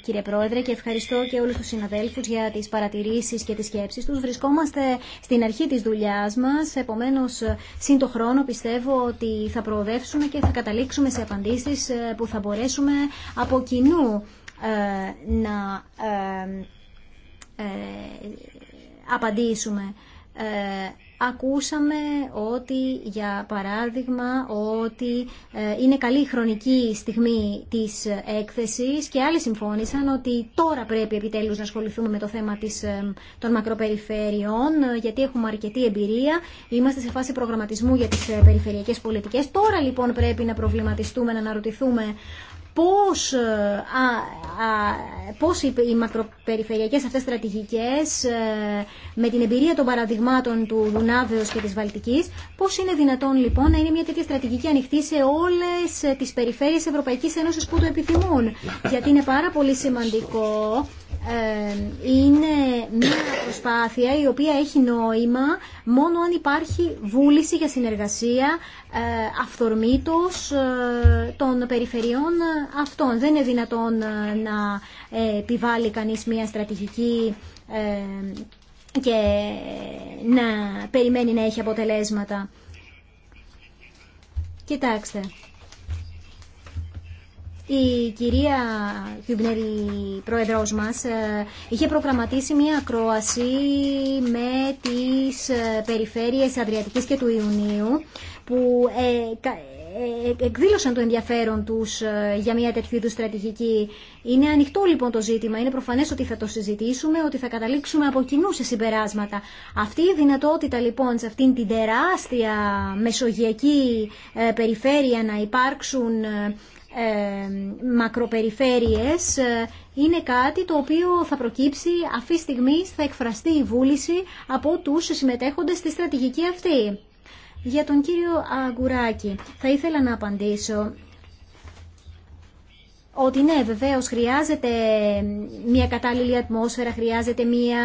S2: κύριε Πρόεδρε και ευχαριστώ και όλους τους συναδέλφους για τις παρατηρήσεις και τις σκέψεις τους. Βρισκόμαστε στην αρχή της δουλειάς μας, επομένως σύν χρόνο πιστεύω ότι θα προοδεύσουμε και θα καταλήξουμε σε απαντήσεις ε, που θα μπορέσουμε από κοινού ε, να ε, ε, απαντήσουμε. Ακούσαμε ότι, για παράδειγμα, ότι είναι καλή χρονική στιγμή της έκθεσης και άλλοι συμφώνησαν ότι τώρα πρέπει επιτέλους να ασχοληθούμε με το θέμα της, των μακροπεριφερειών γιατί έχουμε αρκετή εμπειρία, είμαστε σε φάση προγραμματισμού για τις περιφερειακές πολιτικές. Τώρα λοιπόν πρέπει να προβληματιστούμε, να αναρωτηθούμε πώς, ε, πώς οι, οι μακροπεριφερειακές αυτές στρατηγικές ε, με την εμπειρία των παραδειγμάτων του Δουνάβεως και της Βαλτικής πώς είναι δυνατόν λοιπόν να είναι μια τέτοια στρατηγική ανοιχτή σε όλες τις περιφέρειες Ευρωπαϊκής Ένωσης που το επιθυμούν γιατί είναι πάρα πολύ σημαντικό ε, είναι μια προσπάθεια η οποία έχει νόημα μόνο αν υπάρχει βούληση για συνεργασία ε, αυθορμήτως ε, των περιφερειών αυτών. Δεν είναι δυνατόν να επιβάλλει κανείς μια στρατηγική και να περιμένει να έχει αποτελέσματα. Κοιτάξτε, η κυρία Χιουμπνερή η πρόεδρός μας, ε, είχε προγραμματίσει μία ακρόαση με τις ε, περιφέρειες Αδριατικής και του Ιουνίου που ε, εκδήλωσαν το ενδιαφέρον τους για μια τέτοιου είδους στρατηγική. Είναι ανοιχτό λοιπόν το ζήτημα. Είναι προφανές ότι θα το συζητήσουμε, ότι θα καταλήξουμε από κοινού σε συμπεράσματα. Αυτή η δυνατότητα λοιπόν σε αυτήν την τεράστια μεσογειακή περιφέρεια να υπάρξουν ε, μακροπεριφέρειες ε, είναι κάτι το οποίο θα προκύψει αυτή τη στιγμή θα εκφραστεί η βούληση από τους συμμετέχοντες στη στρατηγική αυτή. Για τον κύριο Αγκουράκη θα ήθελα να απαντήσω ότι ναι, βεβαίως χρειάζεται μια κατάλληλη ατμόσφαιρα, χρειάζεται μια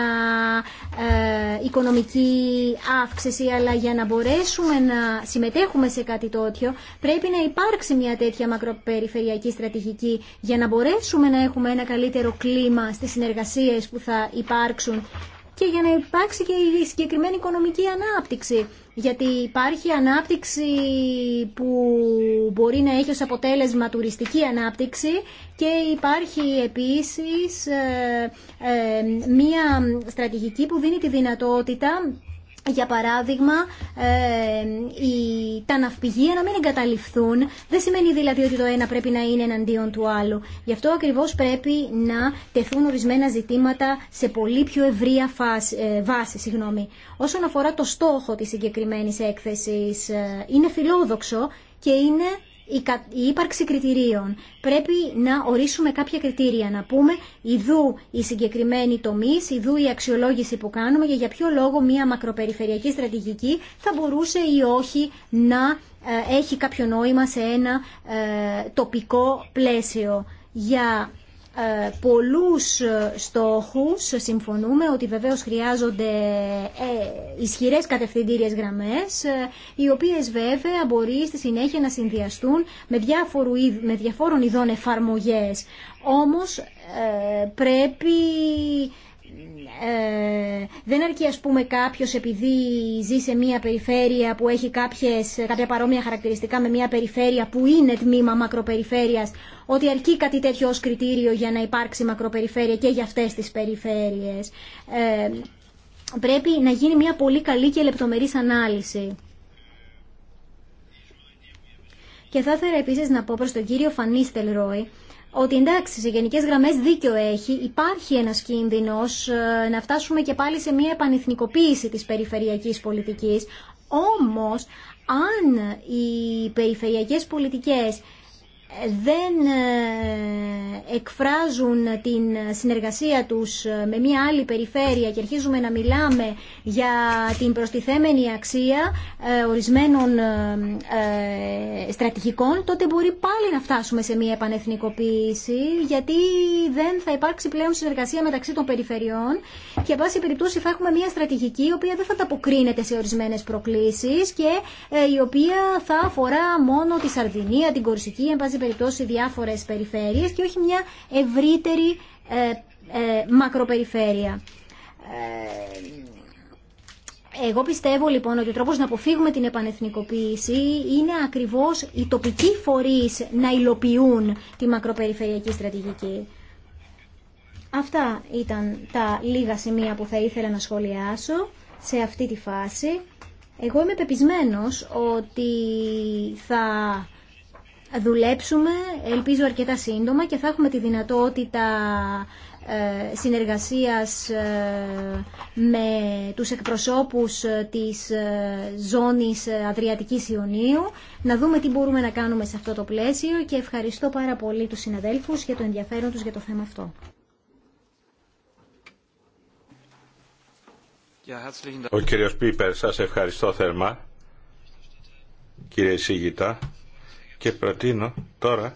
S2: ε, οικονομική αύξηση, αλλά για να μπορέσουμε να συμμετέχουμε σε κάτι τέτοιο, πρέπει να υπάρξει μια τέτοια μακροπεριφερειακή στρατηγική, για να μπορέσουμε να έχουμε ένα καλύτερο κλίμα στις συνεργασίες που θα υπάρξουν και για να υπάρξει και η συγκεκριμένη οικονομική ανάπτυξη. Γιατί υπάρχει ανάπτυξη που μπορεί να έχει ως αποτέλεσμα τουριστική ανάπτυξη και υπάρχει επίσης ε, ε, μία στρατηγική που δίνει τη δυνατότητα για παράδειγμα, ε, τα ναυπηγεία να μην εγκαταληφθούν. Δεν σημαίνει δηλαδή ότι το ένα πρέπει να είναι εναντίον του άλλου. Γι' αυτό ακριβώς πρέπει να τεθούν ορισμένα ζητήματα σε πολύ πιο ευρία ε, βάση. Συγγνώμη. Όσον αφορά το στόχο της συγκεκριμένης έκθεσης, ε, είναι φιλόδοξο και είναι η ύπαρξη κριτηρίων. Πρέπει να ορίσουμε κάποια κριτήρια, να πούμε ιδού η συγκεκριμένη τομής, ιδού η αξιολόγηση που κάνουμε και για ποιο λόγο μια μακροπεριφερειακή στρατηγική θα μπορούσε ή όχι να ε, έχει κάποιο νόημα σε ένα ε, τοπικό πλαίσιο. Για ε, πολλούς ε, στόχους συμφωνούμε ότι βεβαίως χρειάζονται ε, ισχυρές κατευθυντήριες γραμμές οι οποίες βέβαια μπορεί στη συνέχεια να συνδυαστούν με, διάφορου, με διαφόρων ειδών εφαρμογές όμως πρέπει ε, δεν αρκεί ας πούμε κάποιος επειδή ζει σε μια περιφέρεια που έχει κάποιες, κάποια παρόμοια χαρακτηριστικά με μια περιφέρεια που είναι τμήμα μακροπεριφέρειας ότι αρκεί κάτι τέτοιο ως κριτήριο για να υπάρξει μακροπεριφέρεια και για αυτές τις περιφέρειες ε, πρέπει να γίνει μια πολύ καλή και λεπτομερής ανάλυση και θα ήθελα επίσης να πω προς τον κύριο Φανίστελ Ρόι ότι εντάξει, σε γενικέ γραμμέ δίκιο έχει. Υπάρχει ένα κίνδυνο ε, να φτάσουμε και πάλι σε μια επανεθνικοποίηση τη περιφερειακή πολιτική. Όμω, αν οι περιφερειακές πολιτικές δεν ε, εκφράζουν την συνεργασία τους ε, με μια άλλη περιφέρεια και αρχίζουμε να μιλάμε για την προστιθέμενη αξία ε, ορισμένων στρατηγικών, τότε μπορεί πάλι να φτάσουμε σε μια επανεθνικοποίηση γιατί δεν θα υπάρξει πλέον συνεργασία μεταξύ των περιφερειών και πάση περιπτώσει θα έχουμε μια στρατηγική η οποία δεν θα ταποκρίνεται σε ορισμένες προκλήσεις και η οποία θα αφορά μόνο τη Σαρδινία, την Κορσική, εν πάση περιπτώσει διάφορες περιφέρειες και όχι μια ευρύτερη ε, ε, μακροπεριφέρεια. Ε, εγώ πιστεύω λοιπόν ότι ο τρόπος να αποφύγουμε την επανεθνικοποίηση είναι ακριβώς οι τοπικοί φορείς να υλοποιούν τη μακροπεριφερειακή στρατηγική. Αυτά ήταν τα λίγα σημεία που θα ήθελα να σχολιάσω σε αυτή τη φάση. Εγώ είμαι πεπισμένος ότι θα δουλέψουμε, ελπίζω αρκετά σύντομα και θα έχουμε τη δυνατότητα ε, συνεργασίας ε, με τους εκπροσώπους ε, της ζώνης Αδριατικής Ιωνίου να δούμε τι μπορούμε να κάνουμε σε αυτό το πλαίσιο και ευχαριστώ πάρα πολύ τους συναδέλφους για το ενδιαφέρον τους για το θέμα αυτό.
S4: Ο κύριος Πίπερ, σας ευχαριστώ θερμά. Κύριε Σίγητα και προτείνω τώρα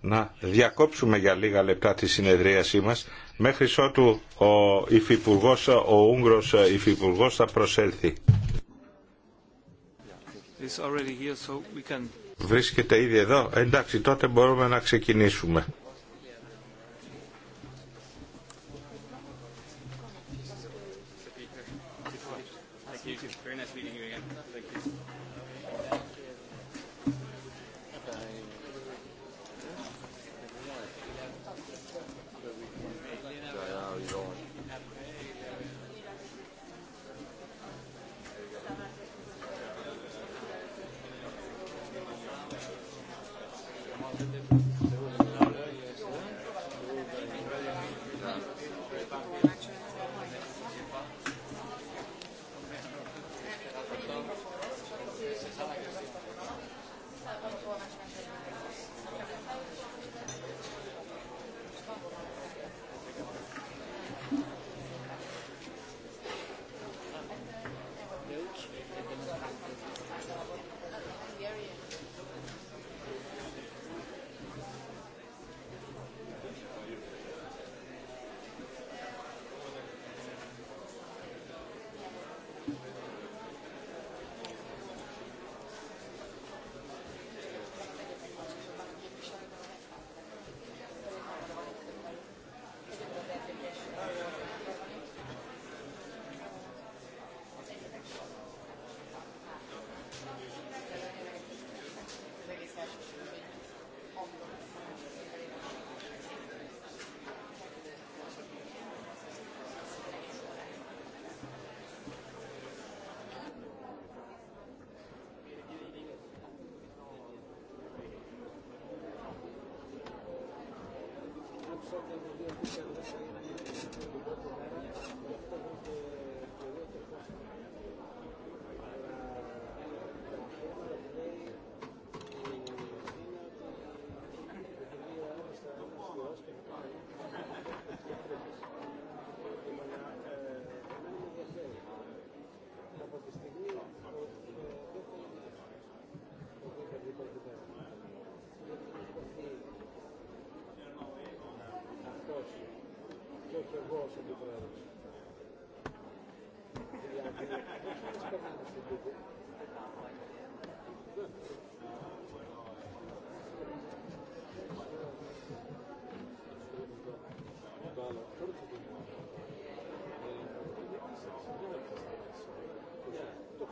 S4: να διακόψουμε για λίγα λεπτά τη συνεδρίασή μας μέχρι ότου ο υφυπουργός, ο Ούγγρος υφυπουργός θα προσέλθει. Βρίσκεται ήδη εδώ. Ε, εντάξει, τότε μπορούμε να ξεκινήσουμε.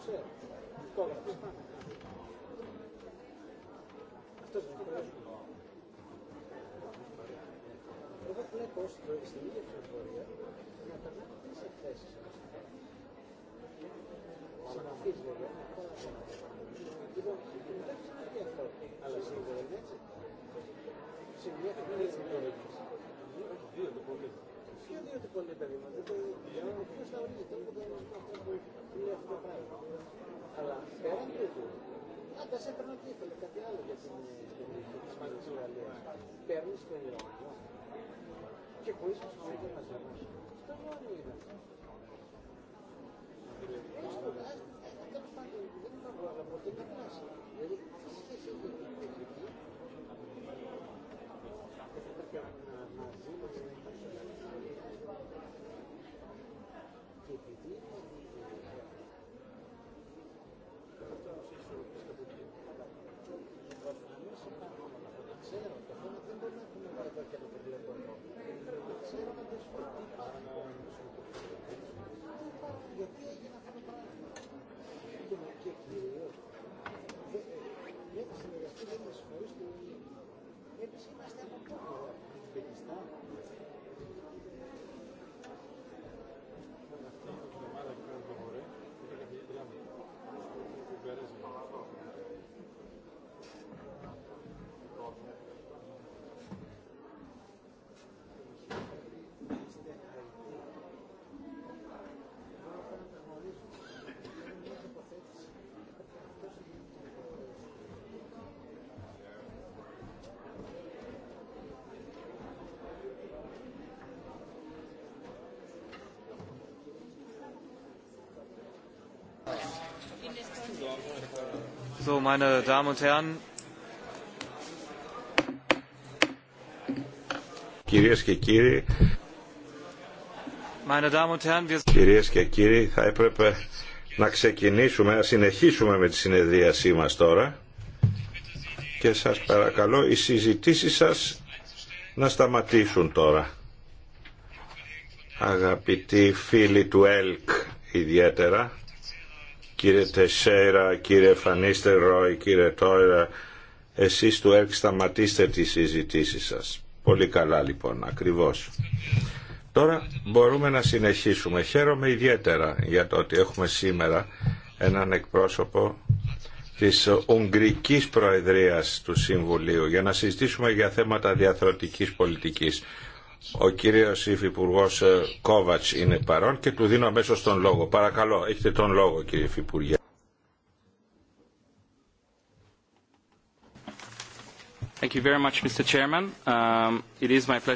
S6: Εγώ βλέπω στην
S3: ίδια ψηφοφορία να περνάμε τι εκθέσει σε βέβαια, είναι πολλά Λοιπόν, μετά ξαναρχεί Αλλά σίγουρα είναι έτσι. Σε μια εκθέση είναι Δύο το πολύ. Ποιο δύο το πολύ, παιδί μου. θα ορίζει αλλά πέραν του εδώ, άντα σε έπαιρνα και ήθελε κάτι άλλο για την εξασφάλιση της Ουαλίας. Παίρνει στο Ιρλανδό και χωρίς να σου φύγει ένα ζώμα. Αυτό μόνο είδα. πάντων, δεν είναι να βγάλω ποτέ Δηλαδή,
S6: τι σχέση έχει.
S4: So,
S3: και
S4: κύριοι, Κυρίες και κύριοι, θα έπρεπε να ξεκινήσουμε, να συνεχίσουμε με τη συνεδρίασή μας τώρα και σας παρακαλώ οι συζητήσεις σας να σταματήσουν τώρα. Αγαπητοί φίλοι του ΕΛΚ ιδιαίτερα, Κύριε Τεσέρα, κύριε Φανίστερ Ρόι, κύριε Τόιρα, εσείς του ΕΡΚ σταματήστε τις συζητήσεις σας. Πολύ καλά λοιπόν, ακριβώς. Τώρα μπορούμε να συνεχίσουμε. Χαίρομαι ιδιαίτερα για το ότι έχουμε σήμερα έναν εκπρόσωπο της Ουγγρικής Προεδρίας του Συμβουλίου για να συζητήσουμε για θέματα διαθροτικής πολιτικής. Ο κύριος Υφυπουργό ε, Κόβατς είναι παρόν και του δίνω αμέσω τον λόγο. Παρακαλώ, έχετε τον λόγο κύριε Υφυπουργέ. Thank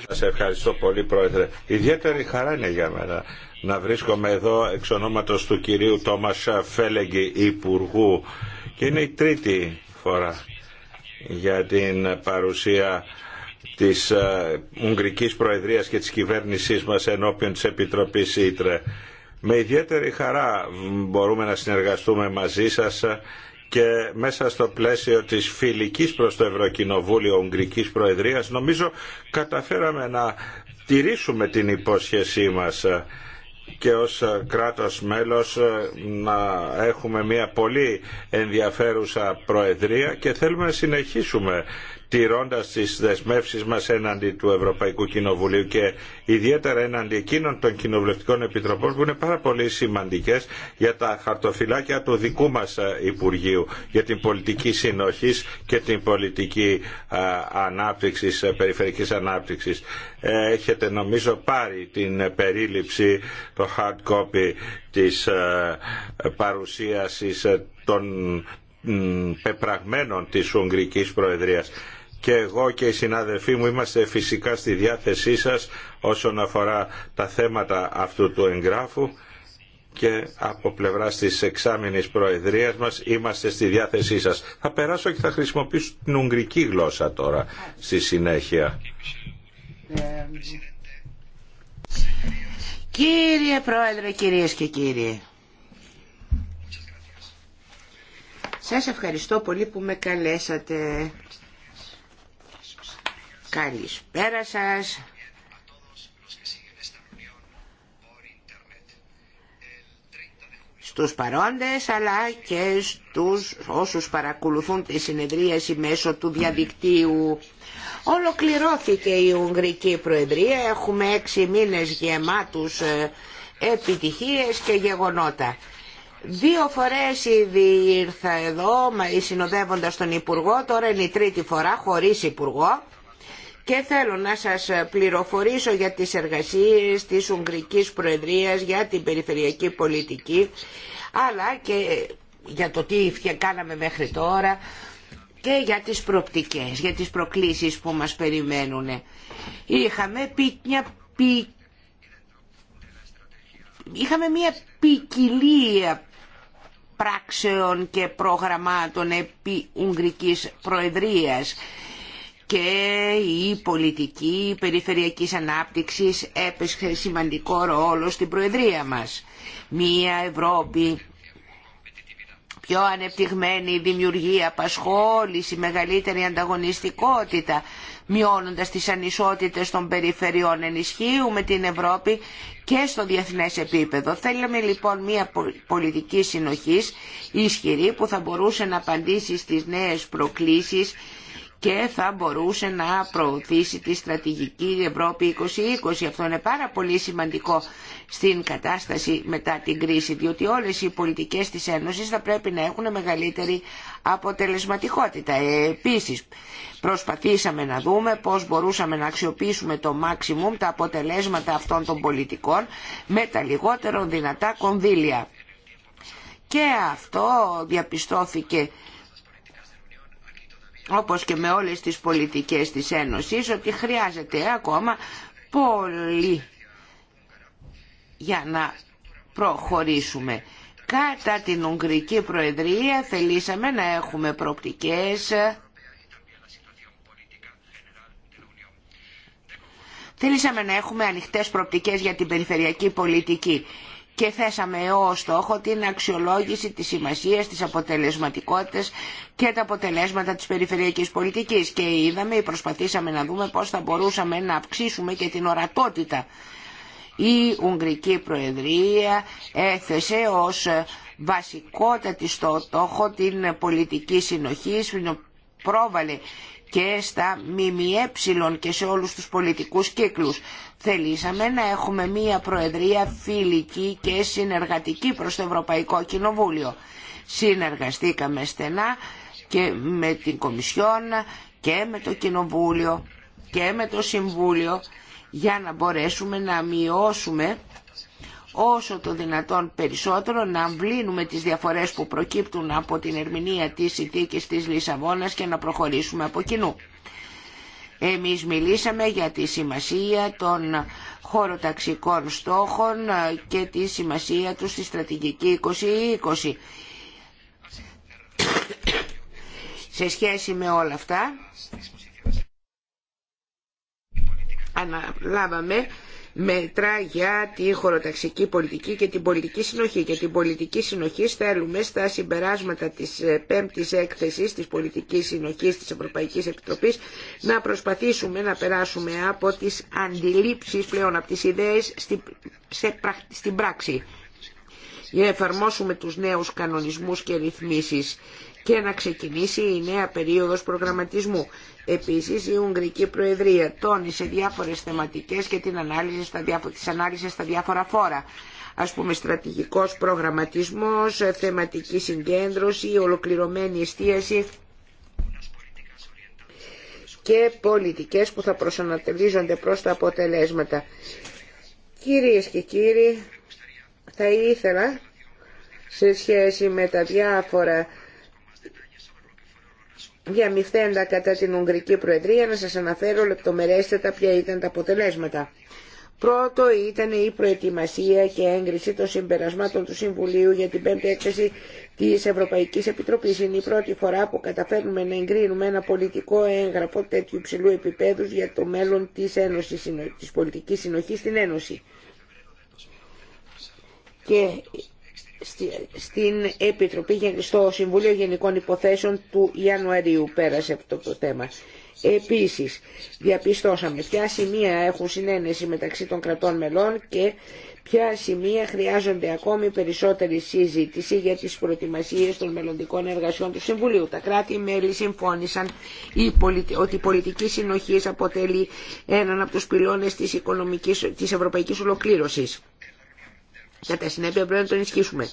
S4: Σας ευχαριστώ πολύ, Πρόεδρε. Ιδιαίτερη χαρά είναι για μένα να βρίσκομαι εδώ εξ ονόματος του κυρίου Τόμας Φέλεγγη Υπουργού. Και είναι η τρίτη φορά για την παρουσία της ε, Ουγγρικής Προεδρίας και της κυβέρνησής μας ενώπιον της Επιτροπή Ήτρε. Με ιδιαίτερη χαρά μπορούμε να συνεργαστούμε μαζί σας και μέσα στο πλαίσιο της φιλικής προς το Ευρωκοινοβούλιο Ουγγρικής Προεδρίας νομίζω καταφέραμε να τηρήσουμε την υπόσχεσή μας και ως κράτος μέλος να έχουμε μια πολύ ενδιαφέρουσα προεδρία και θέλουμε να συνεχίσουμε τηρώντας τι δεσμεύσεις μας έναντι του Ευρωπαϊκού Κοινοβουλίου και ιδιαίτερα έναντι εκείνων των κοινοβουλευτικών επιτροπών που είναι πάρα πολύ σημαντικές για τα χαρτοφυλάκια του δικού μας ε, Υπουργείου, για την πολιτική συνοχή και την πολιτική ε, ανάπτυξης, ε, περιφερικής ανάπτυξης. Έχετε νομίζω πάρει την περίληψη, το hard copy της παρουσίασης των πεπραγμένων της Ουγγρικής Προεδρίας και εγώ και οι συναδελφοί μου είμαστε φυσικά στη διάθεσή σας όσον αφορά τα θέματα αυτού του εγγράφου και από πλευρά τη εξάμεινη προεδρία μα είμαστε στη διάθεσή σα. Θα περάσω και θα χρησιμοποιήσω την ουγγρική γλώσσα τώρα στη συνέχεια.
S5: Κύριε Πρόεδρε, κυρίες και κύριοι, σας ευχαριστώ πολύ που με καλέσατε Καλησπέρα σας. Στους παρόντες αλλά και στους όσους παρακολουθούν τη συνεδρίαση μέσω του διαδικτύου. Ολοκληρώθηκε η Ουγγρική Προεδρία. Έχουμε έξι μήνες γεμάτους ε, επιτυχίες και γεγονότα. Δύο φορές ήδη ήρθα εδώ συνοδεύοντας τον Υπουργό, τώρα είναι η τρίτη φορά χωρίς Υπουργό και θέλω να σας πληροφορήσω για τις εργασίες της Ουγγρικής Προεδρίας, για την περιφερειακή πολιτική, αλλά και για το τι κάναμε μέχρι τώρα και για τις προπτικές, για τις προκλήσεις που μας περιμένουν. Είχαμε μια Είχαμε μια ποικιλία πράξεων και προγραμμάτων επί Ουγγρικής Προεδρίας και η πολιτική περιφερειακής ανάπτυξης έπαιξε σημαντικό ρόλο στην Προεδρία μας. Μία Ευρώπη πιο ανεπτυγμένη δημιουργεί απασχόληση, μεγαλύτερη ανταγωνιστικότητα, μειώνοντας τις ανισότητες των περιφερειών, με την Ευρώπη και στο διεθνές επίπεδο. Θέλαμε λοιπόν μια πολιτική συνοχής ισχυρή που θα μπορούσε να απαντήσει στις νέες προκλήσεις και θα μπορούσε να προωθήσει τη στρατηγική Ευρώπη 2020. Αυτό είναι πάρα πολύ σημαντικό στην κατάσταση μετά την κρίση, διότι όλες οι πολιτικές της Ένωσης θα πρέπει να έχουν μεγαλύτερη αποτελεσματικότητα. Επίσης, προσπαθήσαμε να δούμε πώς μπορούσαμε να αξιοποιήσουμε το maximum τα αποτελέσματα αυτών των πολιτικών με τα λιγότερο δυνατά κονδύλια. Και αυτό διαπιστώθηκε όπως και με όλες τις πολιτικές της Ένωσης ότι χρειάζεται ακόμα πολύ για να προχωρήσουμε. Κατά την Ουγγρική Προεδρία θελήσαμε να έχουμε προοπτικές Θέλησαμε να έχουμε ανοιχτές προοπτικές για την περιφερειακή πολιτική και θέσαμε ω στόχο την αξιολόγηση της σημασίας, της αποτελεσματικότητας και τα αποτελέσματα της περιφερειακής πολιτικής και είδαμε ή προσπαθήσαμε να δούμε πώς θα μπορούσαμε να αυξήσουμε και την ορατότητα. Η Ουγγρική Προεδρία έθεσε ως βασικότατη στόχο την πολιτική συνοχή, πρόβαλε και στα ΜΜΕ και σε όλους τους πολιτικούς κύκλους θελήσαμε να έχουμε μία προεδρία φιλική και συνεργατική προς το Ευρωπαϊκό Κοινοβούλιο. Συνεργαστήκαμε στενά και με την Κομισιόν και με το Κοινοβούλιο και με το Συμβούλιο για να μπορέσουμε να μειώσουμε όσο το δυνατόν περισσότερο να βλύνουμε τις διαφορές που προκύπτουν από την ερμηνεία της συνθήκης της Λισαβόνας και να προχωρήσουμε από κοινού. Εμείς μιλήσαμε για τη σημασία των χωροταξικών στόχων και τη σημασία του στη στρατηγική 2020. Σε σχέση με όλα αυτά, αναλάβαμε μέτρα για τη χωροταξική πολιτική και την πολιτική συνοχή. Και την πολιτική συνοχή στέλνουμε στα συμπεράσματα της πέμπτης έκθεσης της πολιτικής συνοχής της Ευρωπαϊκής Επιτροπής να προσπαθήσουμε να περάσουμε από τις αντιλήψεις πλέον, από τις ιδέες στην, στην πράξη για να εφαρμόσουμε τους νέους κανονισμούς και ρυθμίσεις και να ξεκινήσει η νέα περίοδος προγραμματισμού. Επίσης η Ουγγρική Προεδρία τόνισε διάφορες θεματικές και την ανάλυση στα διάφορα, τις ανάλυσης στα διάφορα φόρα. Ας πούμε στρατηγικός προγραμματισμός, θεματική συγκέντρωση, ολοκληρωμένη εστίαση και πολιτικές που θα προσανατολίζονται προς τα αποτελέσματα. Κυρίες και κύριοι, θα ήθελα σε σχέση με τα διάφορα διαμειφθέντα κατά την Ουγγρική Προεδρία να σας αναφέρω λεπτομερέστατα ποια ήταν τα αποτελέσματα. Πρώτο ήταν η προετοιμασία και έγκριση των συμπερασμάτων του Συμβουλίου για την πέμπτη έκθεση της Ευρωπαϊκής Επιτροπής. Είναι η πρώτη φορά που καταφέρνουμε να εγκρίνουμε ένα πολιτικό έγγραφο τέτοιου υψηλού επίπεδου για το μέλλον της, Ένωσης, της πολιτικής συνοχής στην Ένωση. Και στην Επιτροπή, στο Συμβούλιο Γενικών Υποθέσεων του Ιανουαρίου πέρασε αυτό το θέμα. Επίσης, διαπιστώσαμε ποια σημεία έχουν συνένεση μεταξύ των κρατών μελών και ποια σημεία χρειάζονται ακόμη περισσότερη συζήτηση για τις προετοιμασίες των μελλοντικών εργασιών του Συμβουλίου. Τα κράτη-μέλη συμφώνησαν ότι η πολιτική συνοχή αποτελεί έναν από τους πυλώνες της, οικονομικής, της ευρωπαϊκής ολοκλήρωσης. Κατά συνέπεια πρέπει να τον ισχύσουμε.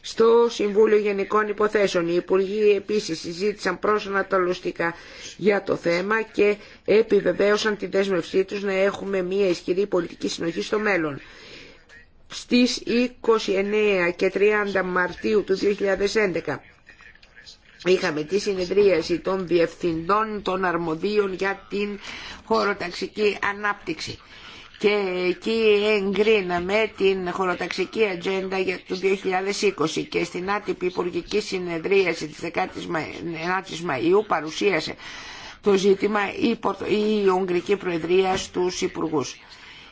S5: Στο Συμβούλιο Γενικών Υποθέσεων οι Υπουργοί επίσης συζήτησαν προσανατολιστικά για το θέμα και επιβεβαίωσαν τη δέσμευσή τους να έχουμε μια ισχυρή πολιτική συνοχή στο μέλλον. Στις 29 και 30 Μαρτίου του 2011 είχαμε τη συνεδρίαση των διευθυντών των αρμοδίων για την χωροταξική ανάπτυξη και εκεί εγκρίναμε την χωροταξική ατζέντα για το 2020 και στην άτυπη υπουργική συνεδρίαση της 19ης Μαΐου παρουσίασε το ζήτημα η Ουγγρική Προεδρία στους Υπουργούς.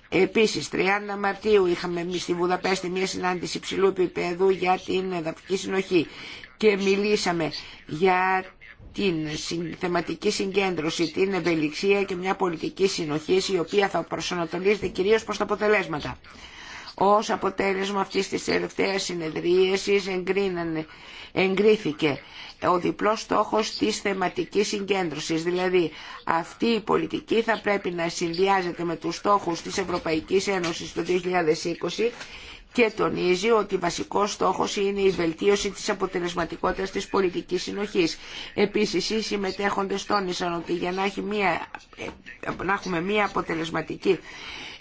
S5: Επίσης, 30 Μαρτίου είχαμε στη Βουδαπέστη μια συνάντηση υψηλού επίπεδου για την εδαφική συνοχή και μιλήσαμε για την θεματική συγκέντρωση, την ευελιξία και μια πολιτική συνοχή η οποία θα προσανατολίζεται κυρίως προς τα αποτελέσματα. Ως αποτέλεσμα αυτής της τελευταίας συνεδρίασης εγκρίθηκε ο διπλός στόχος της θεματικής συγκέντρωσης. Δηλαδή αυτή η πολιτική θα πρέπει να συνδυάζεται με τους στόχους της Ευρωπαϊκής Ένωσης το 2020 και τονίζει ότι βασικό στόχο είναι η βελτίωση της αποτελεσματικότητας της πολιτικής συνοχής. Επίσης, οι συμμετέχοντες τόνισαν ότι για να, μία, ε, να έχουμε μία αποτελεσματική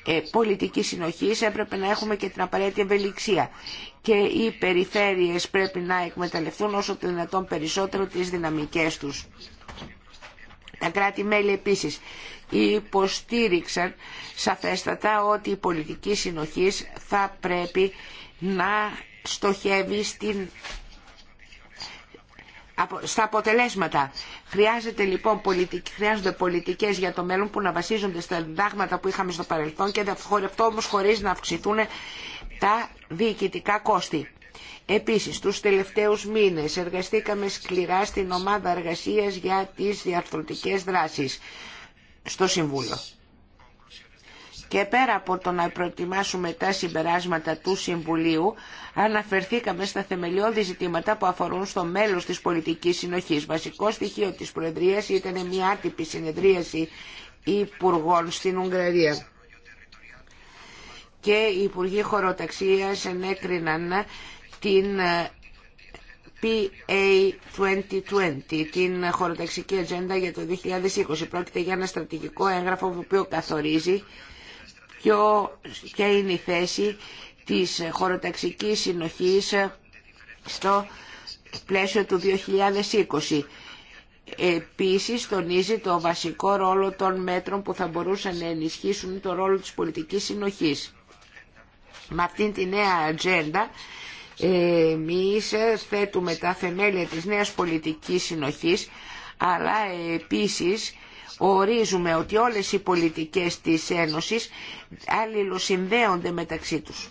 S5: ε, πολιτική συνοχή έπρεπε να έχουμε και την απαραίτητη ευελιξία και οι περιφέρειες πρέπει να εκμεταλλευτούν όσο το δυνατόν περισσότερο τις δυναμικές τους. Τα κράτη-μέλη επίσης υποστήριξαν σαφέστατα ότι η πολιτική συνοχής θα πρέπει να στοχεύει στην... στα αποτελέσματα. Χρειάζεται, λοιπόν, πολιτικ... Χρειάζονται πολιτικές για το μέλλον που να βασίζονται στα διδάγματα που είχαμε στο παρελθόν και αυτό όμως χωρίς να αυξηθούν τα διοικητικά κόστη. Επίσης, τους τελευταίους μήνες εργαστήκαμε σκληρά στην ομάδα εργασίας για τις διαρθρωτικές δράσεις στο Συμβούλιο. Και πέρα από το να προετοιμάσουμε τα συμπεράσματα του Συμβουλίου, αναφερθήκαμε στα θεμελιώδη ζητήματα που αφορούν στο μέλος της πολιτικής συνοχής. Βασικό στοιχείο της Προεδρίας ήταν μια άτυπη συνεδρίαση υπουργών στην Ουγγαρία. Και οι Υπουργοί Χωροταξίας ενέκριναν την ε, PA 2020, την χωροταξική ατζέντα για το 2020. Πρόκειται για ένα στρατηγικό έγγραφο που οποίο καθορίζει ποιο, ποια είναι η θέση της χωροταξικής συνοχής στο πλαίσιο του 2020. Επίσης τονίζει το βασικό ρόλο των μέτρων που θα μπορούσαν να ενισχύσουν το ρόλο της πολιτικής συνοχής. Με αυτήν τη νέα ατζέντα εμείς θέτουμε τα θεμέλια της νέας πολιτικής συνοχής, αλλά επίσης ορίζουμε ότι όλες οι πολιτικές της Ένωσης αλληλοσυνδέονται μεταξύ τους.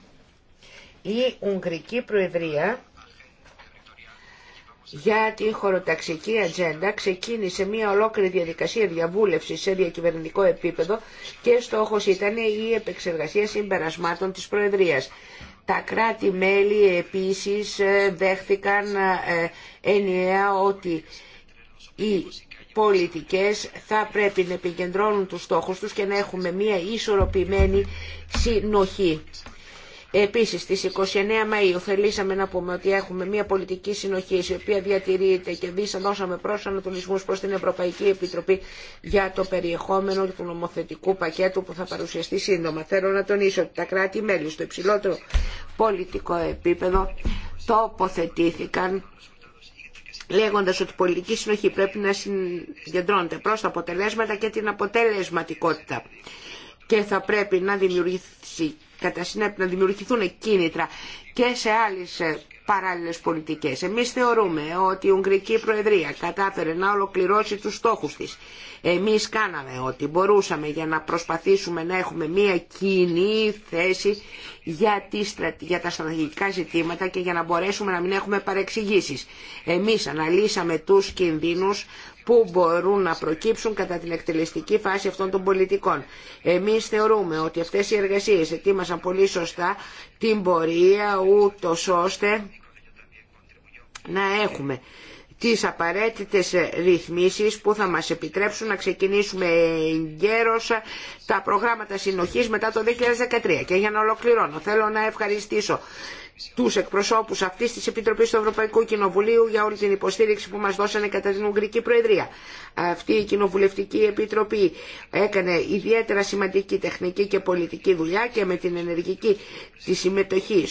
S5: Η Ουγγρική Προεδρία για την χωροταξική ατζέντα ξεκίνησε μια ολόκληρη διαδικασία διαβούλευση σε διακυβερνητικό επίπεδο και στόχος ήταν η επεξεργασία συμπερασμάτων της Προεδρίας. Τα κράτη-μέλη επίσης ε, δέχθηκαν ε, ενιαία ότι οι πολιτικές θα πρέπει να επικεντρώνουν τους στόχους τους και να έχουμε μία ισορροπημένη συνοχή. Επίσης, στις 29 Μαΐου θελήσαμε να πούμε ότι έχουμε μια πολιτική συνοχή η οποία διατηρείται και εμείς δώσαμε προσανατολισμούς προς την Ευρωπαϊκή Επιτροπή για το περιεχόμενο του νομοθετικού πακέτου που θα παρουσιαστεί σύντομα. Θέλω να τονίσω ότι τα κράτη-μέλη στο υψηλότερο πολιτικό επίπεδο τοποθετήθηκαν λέγοντας ότι η πολιτική συνοχή πρέπει να συγκεντρώνεται προς τα αποτελέσματα και την αποτελεσματικότητα και θα πρέπει να δημιουργηθεί κατά συνέπεια να δημιουργηθούν κίνητρα και σε άλλες ε, παράλληλες πολιτικές. Εμείς θεωρούμε ότι η Ουγγρική Προεδρία κατάφερε να ολοκληρώσει τους στόχους της. Εμείς κάναμε ό,τι μπορούσαμε για να προσπαθήσουμε να έχουμε μία κοινή θέση για, για τα στρατηγικά ζητήματα και για να μπορέσουμε να μην έχουμε παρεξηγήσεις. Εμείς αναλύσαμε τους κινδύνους που μπορούν να προκύψουν κατά την εκτελεστική φάση αυτών των πολιτικών. Εμείς θεωρούμε ότι αυτές οι εργασίες ετοίμασαν πολύ σωστά την πορεία ούτω ώστε να έχουμε τις απαραίτητες ρυθμίσεις που θα μας επιτρέψουν να ξεκινήσουμε γέρος τα προγράμματα συνοχής μετά το 2013. Και για να ολοκληρώνω θέλω να ευχαριστήσω τους εκπροσώπους αυτή της Επιτροπής του Ευρωπαϊκού Κοινοβουλίου για όλη την υποστήριξη που μας δώσανε κατά την Ουγγρική Προεδρία. Αυτή η Κοινοβουλευτική Επιτροπή έκανε ιδιαίτερα σημαντική τεχνική και πολιτική δουλειά και με την ενεργική τη συμμετοχή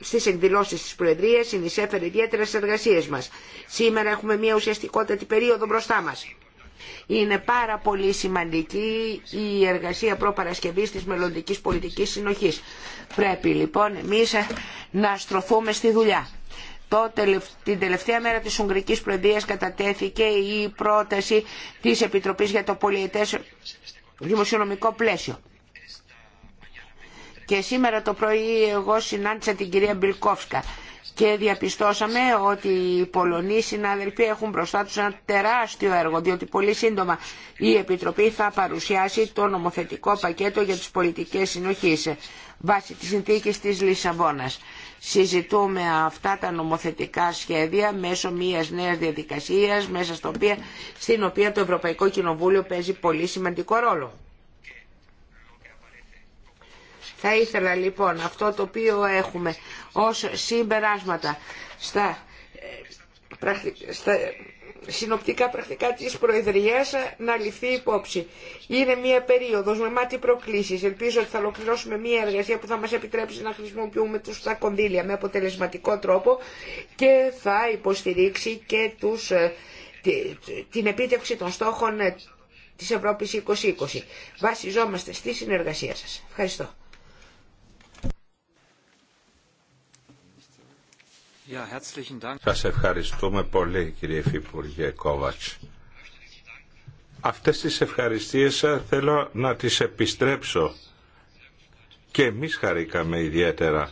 S5: στις εκδηλώσεις της Προεδρίας συνεισέφερε ιδιαίτερα στις εργασίες μας. Σήμερα έχουμε μια ουσιαστικότητα περίοδο μπροστά μας είναι πάρα πολύ σημαντική η εργασία προπαρασκευής της μελλοντική πολιτικής συνοχής. Πρέπει λοιπόν εμείς να στροφούμε στη δουλειά. τότε την τελευταία μέρα της Ουγγρικής Προεδρίας κατατέθηκε η πρόταση της Επιτροπής για το Πολιετές Δημοσιονομικό Πλαίσιο. Και σήμερα το πρωί εγώ συνάντησα την κυρία Μπιλκόφσκα και διαπιστώσαμε ότι οι Πολωνοί συναδελφοί έχουν μπροστά τους ένα τεράστιο έργο, διότι πολύ σύντομα η Επιτροπή θα παρουσιάσει το νομοθετικό πακέτο για τις πολιτικές συνοχής βάσει της συνθήκης της Λισαβόνας. Συζητούμε αυτά τα νομοθετικά σχέδια μέσω μιας νέας διαδικασίας μέσα στην οποία το Ευρωπαϊκό Κοινοβούλιο παίζει πολύ σημαντικό ρόλο. Θα ήθελα λοιπόν αυτό το οποίο έχουμε ως συμπεράσματα στα, στα συνοπτικά πρακτικά της Προεδρίας να ληφθεί υπόψη. Είναι μια περίοδος με μάτι προκλήσεις. Ελπίζω ότι θα ολοκληρώσουμε μια εργασία που θα μας επιτρέψει να χρησιμοποιούμε τους τα κονδύλια με αποτελεσματικό τρόπο και θα υποστηρίξει και τους, ε, την επίτευξη των στόχων ε, της Ευρώπης 2020. Βασιζόμαστε στη συνεργασία σας. Ευχαριστώ.
S4: Σας ευχαριστούμε πολύ κύριε Υφυπουργέ Κόβατς. Αυτές τις ευχαριστίες ε, θέλω να τις επιστρέψω. Και εμείς χαρήκαμε ιδιαίτερα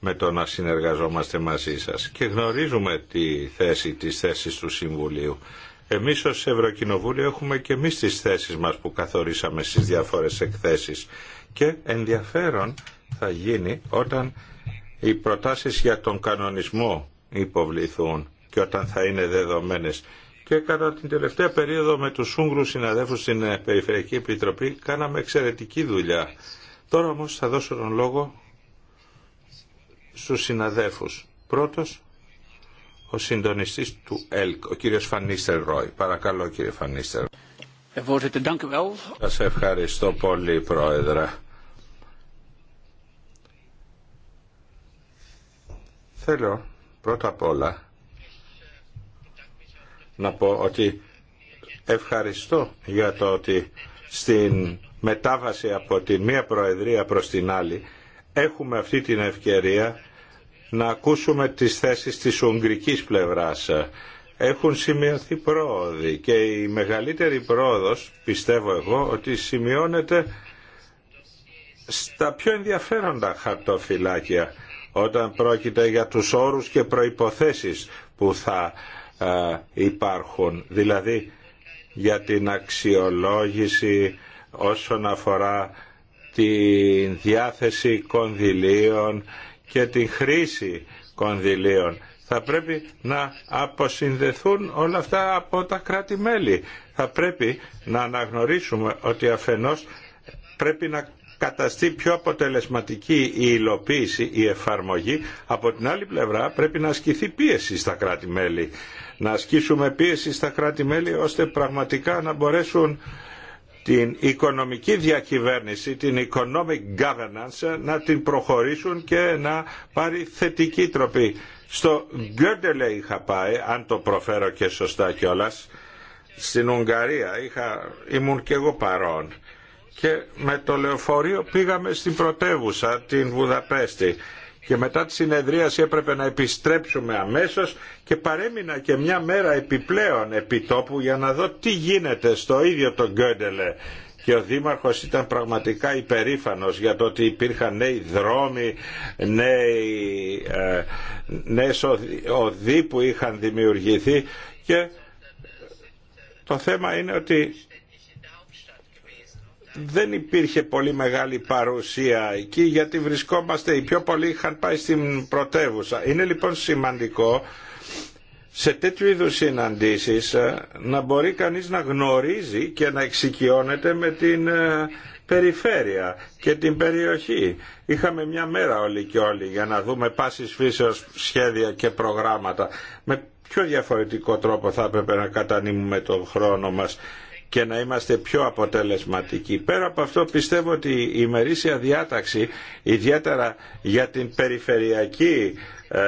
S4: με το να συνεργαζόμαστε μαζί σας και γνωρίζουμε τη θέση της θέσης του Συμβουλίου. Εμείς ως Ευρωκοινοβούλιο έχουμε και εμείς τις θέσεις μας που καθορίσαμε στις διάφορες εκθέσεις και ενδιαφέρον θα γίνει όταν οι προτάσεις για τον κανονισμό υποβληθούν και όταν θα είναι δεδομένες. Και κατά την τελευταία περίοδο με τους Ούγγρους συναδέλφους στην Περιφερειακή Επιτροπή κάναμε εξαιρετική δουλειά. Τώρα όμως θα δώσω τον λόγο στους συναδέφους. Πρώτος, ο συντονιστής του ΕΛΚ, ο κύριος Φανίστερ Ρόι. Παρακαλώ κύριε Φανίστερ. Σας ευχαριστώ πολύ πρόεδρε. Θέλω πρώτα απ' όλα να πω ότι ευχαριστώ για το ότι στην μετάβαση από την μία προεδρία προς την άλλη έχουμε αυτή την ευκαιρία να ακούσουμε τις θέσεις της ουγγρικής πλευράς. Έχουν σημειωθεί πρόοδοι και η μεγαλύτερη πρόοδος, πιστεύω εγώ, ότι σημειώνεται στα πιο ενδιαφέροντα χαρτοφυλάκια όταν πρόκειται για τους όρους και προϋποθέσεις που θα υπάρχουν, δηλαδή για την αξιολόγηση όσον αφορά τη διάθεση κονδυλίων και τη χρήση κονδυλίων. Θα πρέπει να αποσυνδεθούν όλα αυτά από τα κράτη-μέλη. Θα πρέπει να αναγνωρίσουμε ότι αφενός πρέπει να καταστεί πιο αποτελεσματική η υλοποίηση, η εφαρμογή. Από την άλλη πλευρά πρέπει να ασκηθεί πίεση στα κράτη-μέλη. Να ασκήσουμε πίεση στα κράτη-μέλη ώστε πραγματικά να μπορέσουν την οικονομική διακυβέρνηση, την economic governance, να την προχωρήσουν και να πάρει θετική τροπή. Στο Γκέρντελε είχα πάει, αν το προφέρω και σωστά κιόλας, στην Ουγγαρία είχα, ήμουν και εγώ παρόν και με το λεωφορείο πήγαμε στην πρωτεύουσα, την Βουδαπέστη. Και μετά τη συνεδρίαση έπρεπε να επιστρέψουμε αμέσως και παρέμεινα και μια μέρα επιπλέον επιτόπου για να δω τι γίνεται στο ίδιο το Γκέντελε και ο Δήμαρχος ήταν πραγματικά υπερήφανος για το ότι υπήρχαν νέοι δρόμοι, νέοι, ε, νέες οδοί που είχαν δημιουργηθεί και το θέμα είναι ότι δεν υπήρχε πολύ μεγάλη παρουσία εκεί γιατί βρισκόμαστε, οι πιο πολλοί είχαν πάει στην πρωτεύουσα. Είναι λοιπόν σημαντικό σε τέτοιου είδους συναντήσεις ε, να μπορεί κανείς να γνωρίζει και να εξοικειώνεται με την ε, περιφέρεια και την περιοχή. Είχαμε μια μέρα όλοι και όλοι για να δούμε πάσης φύσεως σχέδια και προγράμματα. Με πιο διαφορετικό τρόπο θα έπρεπε να κατανείμουμε τον χρόνο μας και να είμαστε πιο αποτελεσματικοί. Πέρα από αυτό πιστεύω ότι η ημερήσια διάταξη, ιδιαίτερα για την περιφερειακή ε,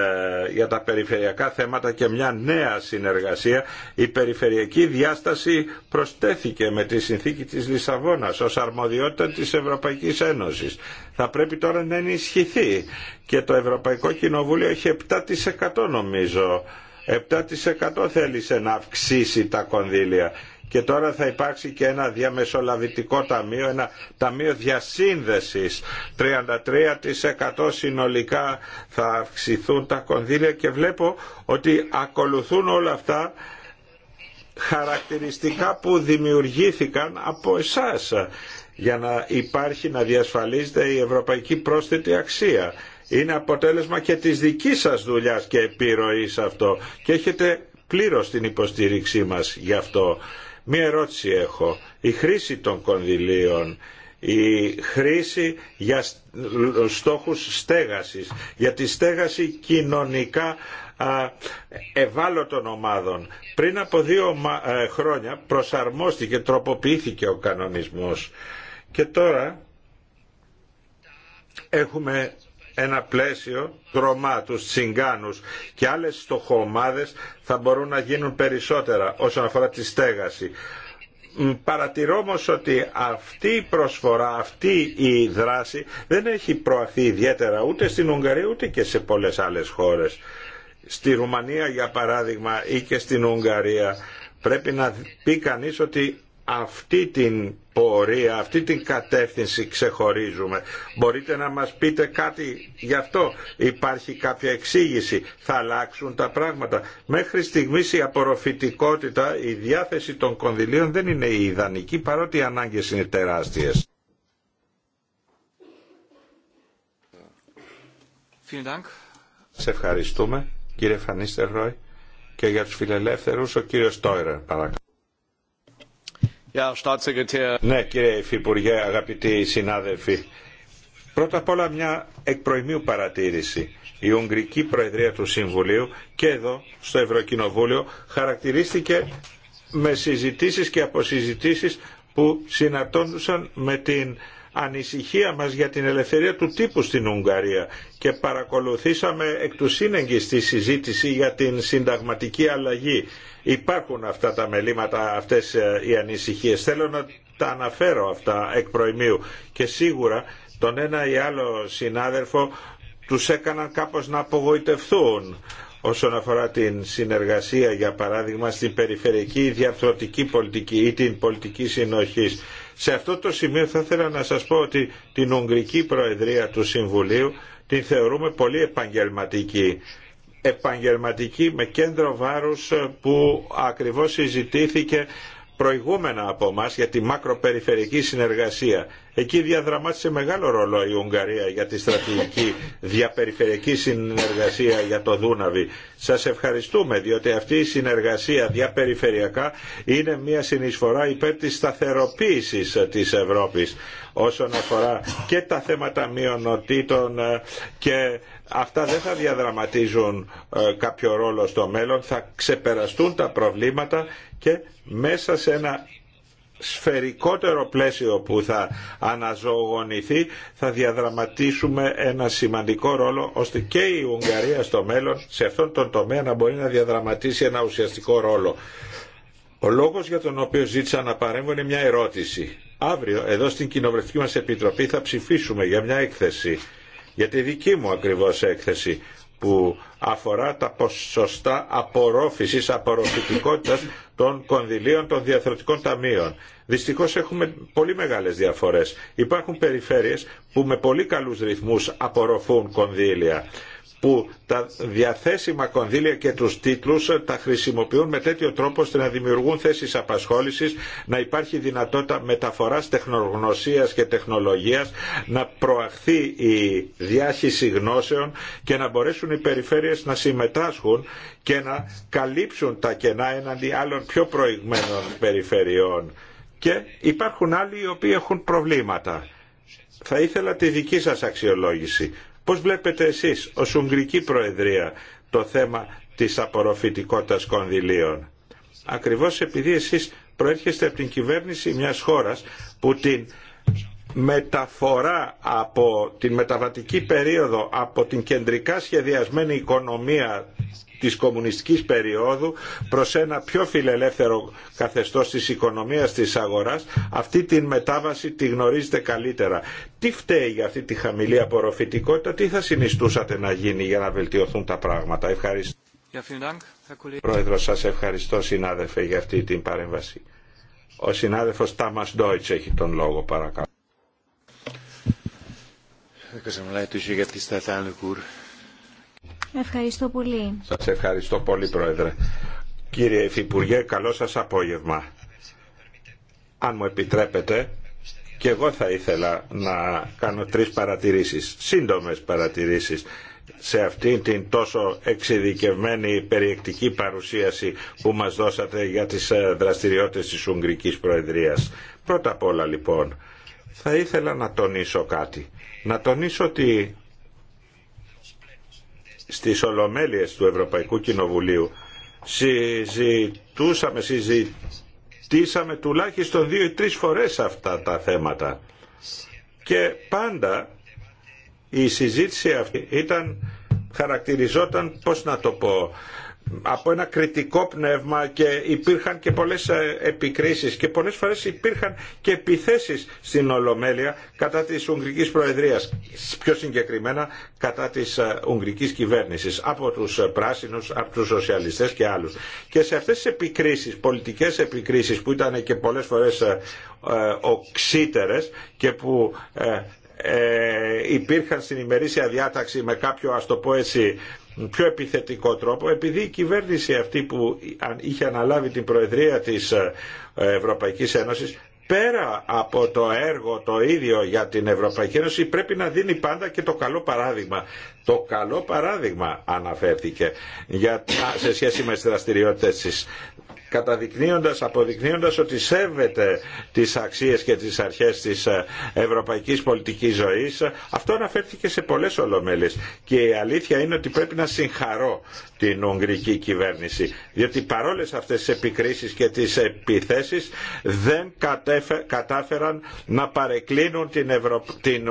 S4: για τα περιφερειακά θέματα και μια νέα συνεργασία. Η περιφερειακή διάσταση προστέθηκε με τη συνθήκη της Λισαβόνας ως αρμοδιότητα της Ευρωπαϊκής Ένωσης. Θα πρέπει τώρα να ενισχυθεί και το Ευρωπαϊκό Κοινοβούλιο έχει 7% νομίζω. 7% θέλησε να αυξήσει τα κονδύλια και τώρα θα υπάρξει και ένα διαμεσολαβητικό ταμείο, ένα ταμείο διασύνδεσης. 33% συνολικά θα αυξηθούν τα κονδύλια και βλέπω ότι ακολουθούν όλα αυτά χαρακτηριστικά που δημιουργήθηκαν από εσάς για να υπάρχει να διασφαλίζεται η ευρωπαϊκή πρόσθετη αξία. Είναι αποτέλεσμα και της δικής σας δουλειάς και επιρροής αυτό και έχετε πλήρως την υποστήριξή μας γι' αυτό. Μία ερώτηση έχω. Η χρήση των κονδυλίων, η χρήση για στόχους στέγασης, για τη στέγαση κοινωνικά ευάλωτων ομάδων. Πριν από δύο ε, χρόνια προσαρμόστηκε, τροποποιήθηκε ο κανονισμός. Και τώρα έχουμε ένα πλαίσιο τρομά τους τσιγκάνους και άλλες στοχομάδες θα μπορούν να γίνουν περισσότερα όσον αφορά τη στέγαση. Παρατηρώ όμω ότι αυτή η προσφορά, αυτή η δράση δεν έχει προαθεί ιδιαίτερα ούτε στην Ουγγαρία ούτε και σε πολλές άλλες χώρες. Στη Ρουμανία για παράδειγμα ή και στην Ουγγαρία πρέπει να πει κανείς ότι αυτή την πορεία, αυτή την κατεύθυνση ξεχωρίζουμε. Μπορείτε να μας πείτε κάτι γι' αυτό. Υπάρχει κάποια εξήγηση. Θα αλλάξουν τα πράγματα. Μέχρι στιγμής η απορροφητικότητα, η διάθεση των κονδυλίων δεν είναι η ιδανική παρότι οι ανάγκες είναι τεράστιες. Σε ευχαριστούμε κύριε Φανίστερ Ρόι και για τους φιλελεύθερους ο κύριος Τόιρα παρακαλώ. Ναι κύριε Υφυπουργέ, αγαπητοί συνάδελφοι. Πρώτα απ' όλα μια εκπροημίου παρατήρηση. Η Ουγγρική Προεδρία του Συμβουλίου και εδώ στο Ευρωκοινοβούλιο χαρακτηρίστηκε με συζητήσεις και αποσυζητήσεις που συναρτώντουσαν με την ανησυχία μας για την ελευθερία του τύπου στην Ουγγαρία και παρακολουθήσαμε εκ του σύνεγγυς τη συζήτηση για την συνταγματική αλλαγή. Υπάρχουν αυτά τα μελήματα, αυτές ε, οι ανησυχίες. Θέλω να τα αναφέρω αυτά εκ προημίου και σίγουρα τον ένα ή άλλο συνάδελφο τους έκαναν κάπως να απογοητευθούν όσον αφορά την συνεργασία για παράδειγμα στην περιφερειακή διαρθρωτική πολιτική ή την πολιτική συνοχής σε αυτό το σημείο θα ήθελα να σας πω ότι την Ουγγρική Προεδρία του Συμβουλίου την θεωρούμε πολύ επαγγελματική επαγγελματική με κέντρο βάρους ε, που ακριβώς συζητήθηκε προηγούμενα από μας για τη μακροπεριφερική συνεργασία Εκεί διαδραμάτισε μεγάλο ρόλο η Ουγγαρία για τη στρατηγική διαπεριφερειακή συνεργασία για το Δούναβι. Σας ευχαριστούμε διότι αυτή η συνεργασία διαπεριφερειακά είναι μια συνεισφορά υπέρ της σταθεροποίησης της Ευρώπης όσον αφορά και τα θέματα μειονοτήτων ε, και αυτά δεν θα διαδραματίζουν ε, κάποιο ρόλο στο μέλλον, θα ξεπεραστούν τα προβλήματα και μέσα σε ένα σφαιρικότερο πλαίσιο που θα αναζωογονηθεί θα διαδραματίσουμε ένα σημαντικό ρόλο ώστε και η Ουγγαρία στο μέλλον σε αυτόν τον τομέα να μπορεί να διαδραματίσει ένα ουσιαστικό ρόλο. Ο λόγος για τον οποίο ζήτησα να παρέμβω είναι μια ερώτηση. Αύριο εδώ στην Κοινοβουλευτική μας Επιτροπή θα ψηφίσουμε για μια έκθεση για τη δική μου ακριβώς έκθεση που αφορά τα ποσοστά απορρόφησης, απορροφητικότητας των κονδυλίων των διαθροτικών ταμείων. Δυστυχώς έχουμε πολύ μεγάλες διαφορές. Υπάρχουν περιφέρειες που με πολύ καλούς ρυθμούς απορροφούν κονδύλια που τα διαθέσιμα κονδύλια και τους τίτλους ε, τα χρησιμοποιούν με τέτοιο τρόπο ώστε να δημιουργούν θέσεις απασχόλησης, να υπάρχει δυνατότητα μεταφοράς τεχνογνωσίας και τεχνολογίας, να προαχθεί η διάχυση γνώσεων και να μπορέσουν οι περιφέρειες να συμμετάσχουν και να καλύψουν τα κενά έναντι άλλων πιο προηγμένων περιφερειών. Και υπάρχουν άλλοι οι οποίοι έχουν προβλήματα. Θα ήθελα τη δική σας αξιολόγηση. Πώς βλέπετε εσείς ως Ουγγρική Προεδρία το θέμα της απορροφητικότητας κονδυλίων. Ακριβώς επειδή εσείς προέρχεστε από την κυβέρνηση μιας χώρας που την μεταφορά από την μεταβατική περίοδο από την κεντρικά σχεδιασμένη οικονομία της κομμουνιστικής περίοδου προς ένα πιο φιλελεύθερο καθεστώς της οικονομίας της αγοράς αυτή την μετάβαση τη γνωρίζετε καλύτερα. Τι φταίει για αυτή τη χαμηλή απορροφητικότητα, τι θα συνιστούσατε να γίνει για να βελτιωθούν τα πράγματα. Ευχαριστώ. Πρόεδρο, σας ευχαριστώ συνάδελφε για αυτή την παρέμβαση. Ο συνάδελφο Τάμας Ντόιτς έχει τον λόγο παρακαλώ.
S2: Ευχαριστώ πολύ.
S4: Σας ευχαριστώ πολύ Πρόεδρε. Κύριε Υφυπουργέ, καλό σας απόγευμα. Αν μου επιτρέπετε, και εγώ θα ήθελα να κάνω τρεις παρατηρήσεις, σύντομες παρατηρήσεις σε αυτήν την τόσο εξειδικευμένη περιεκτική παρουσίαση που μας δώσατε για τις ε, δραστηριότητες της Ουγγρικής Προεδρίας. Πρώτα απ' όλα λοιπόν, θα ήθελα να τονίσω κάτι. Να τονίσω ότι στις Ολομέλειες του Ευρωπαϊκού Κοινοβουλίου συζητούσαμε, συζητήσαμε τουλάχιστον δύο ή τρεις φορές αυτά τα θέματα και πάντα η συζήτηση αυτή ήταν χαρακτηριζόταν, πώς να το πω, από ένα κριτικό πνεύμα και υπήρχαν και πολλές ε, επικρίσεις και πολλές φορές υπήρχαν και επιθέσεις στην Ολομέλεια κατά της Ουγγρικής Προεδρίας, πιο συγκεκριμένα κατά της ε, Ουγγρικής Κυβέρνησης, από τους πράσινους, από τους σοσιαλιστές και άλλους. Και σε αυτές τις επικρίσεις, πολιτικές επικρίσεις που ήταν και πολλές φορές ε, οξύτερες και που υπήρχαν στην ημερήσια διάταξη με κάποιο ας το πω έτσι πιο επιθετικό τρόπο επειδή η κυβέρνηση αυτή που είχε αναλάβει την Προεδρία της ε, Ευρωπαϊκής Ένωσης πέρα από το έργο το ίδιο για την Ευρωπαϊκή Ένωση πρέπει να δίνει πάντα και το καλό παράδειγμα. Το καλό παράδειγμα αναφέρθηκε για, σε σχέση με τις δραστηριότητες της καταδεικνύοντας, αποδεικνύοντας ότι σέβεται τις αξίες και τις αρχές της ε, ευρωπαϊκής πολιτικής ζωής. Αυτό αναφέρθηκε σε πολλές ολομέλειες και η αλήθεια είναι ότι πρέπει να συγχαρώ την Ουγγρική κυβέρνηση διότι παρόλες αυτές τις επικρίσεις και τις επιθέσεις δεν κατάφεραν να παρεκκλίνουν την, Ευρω...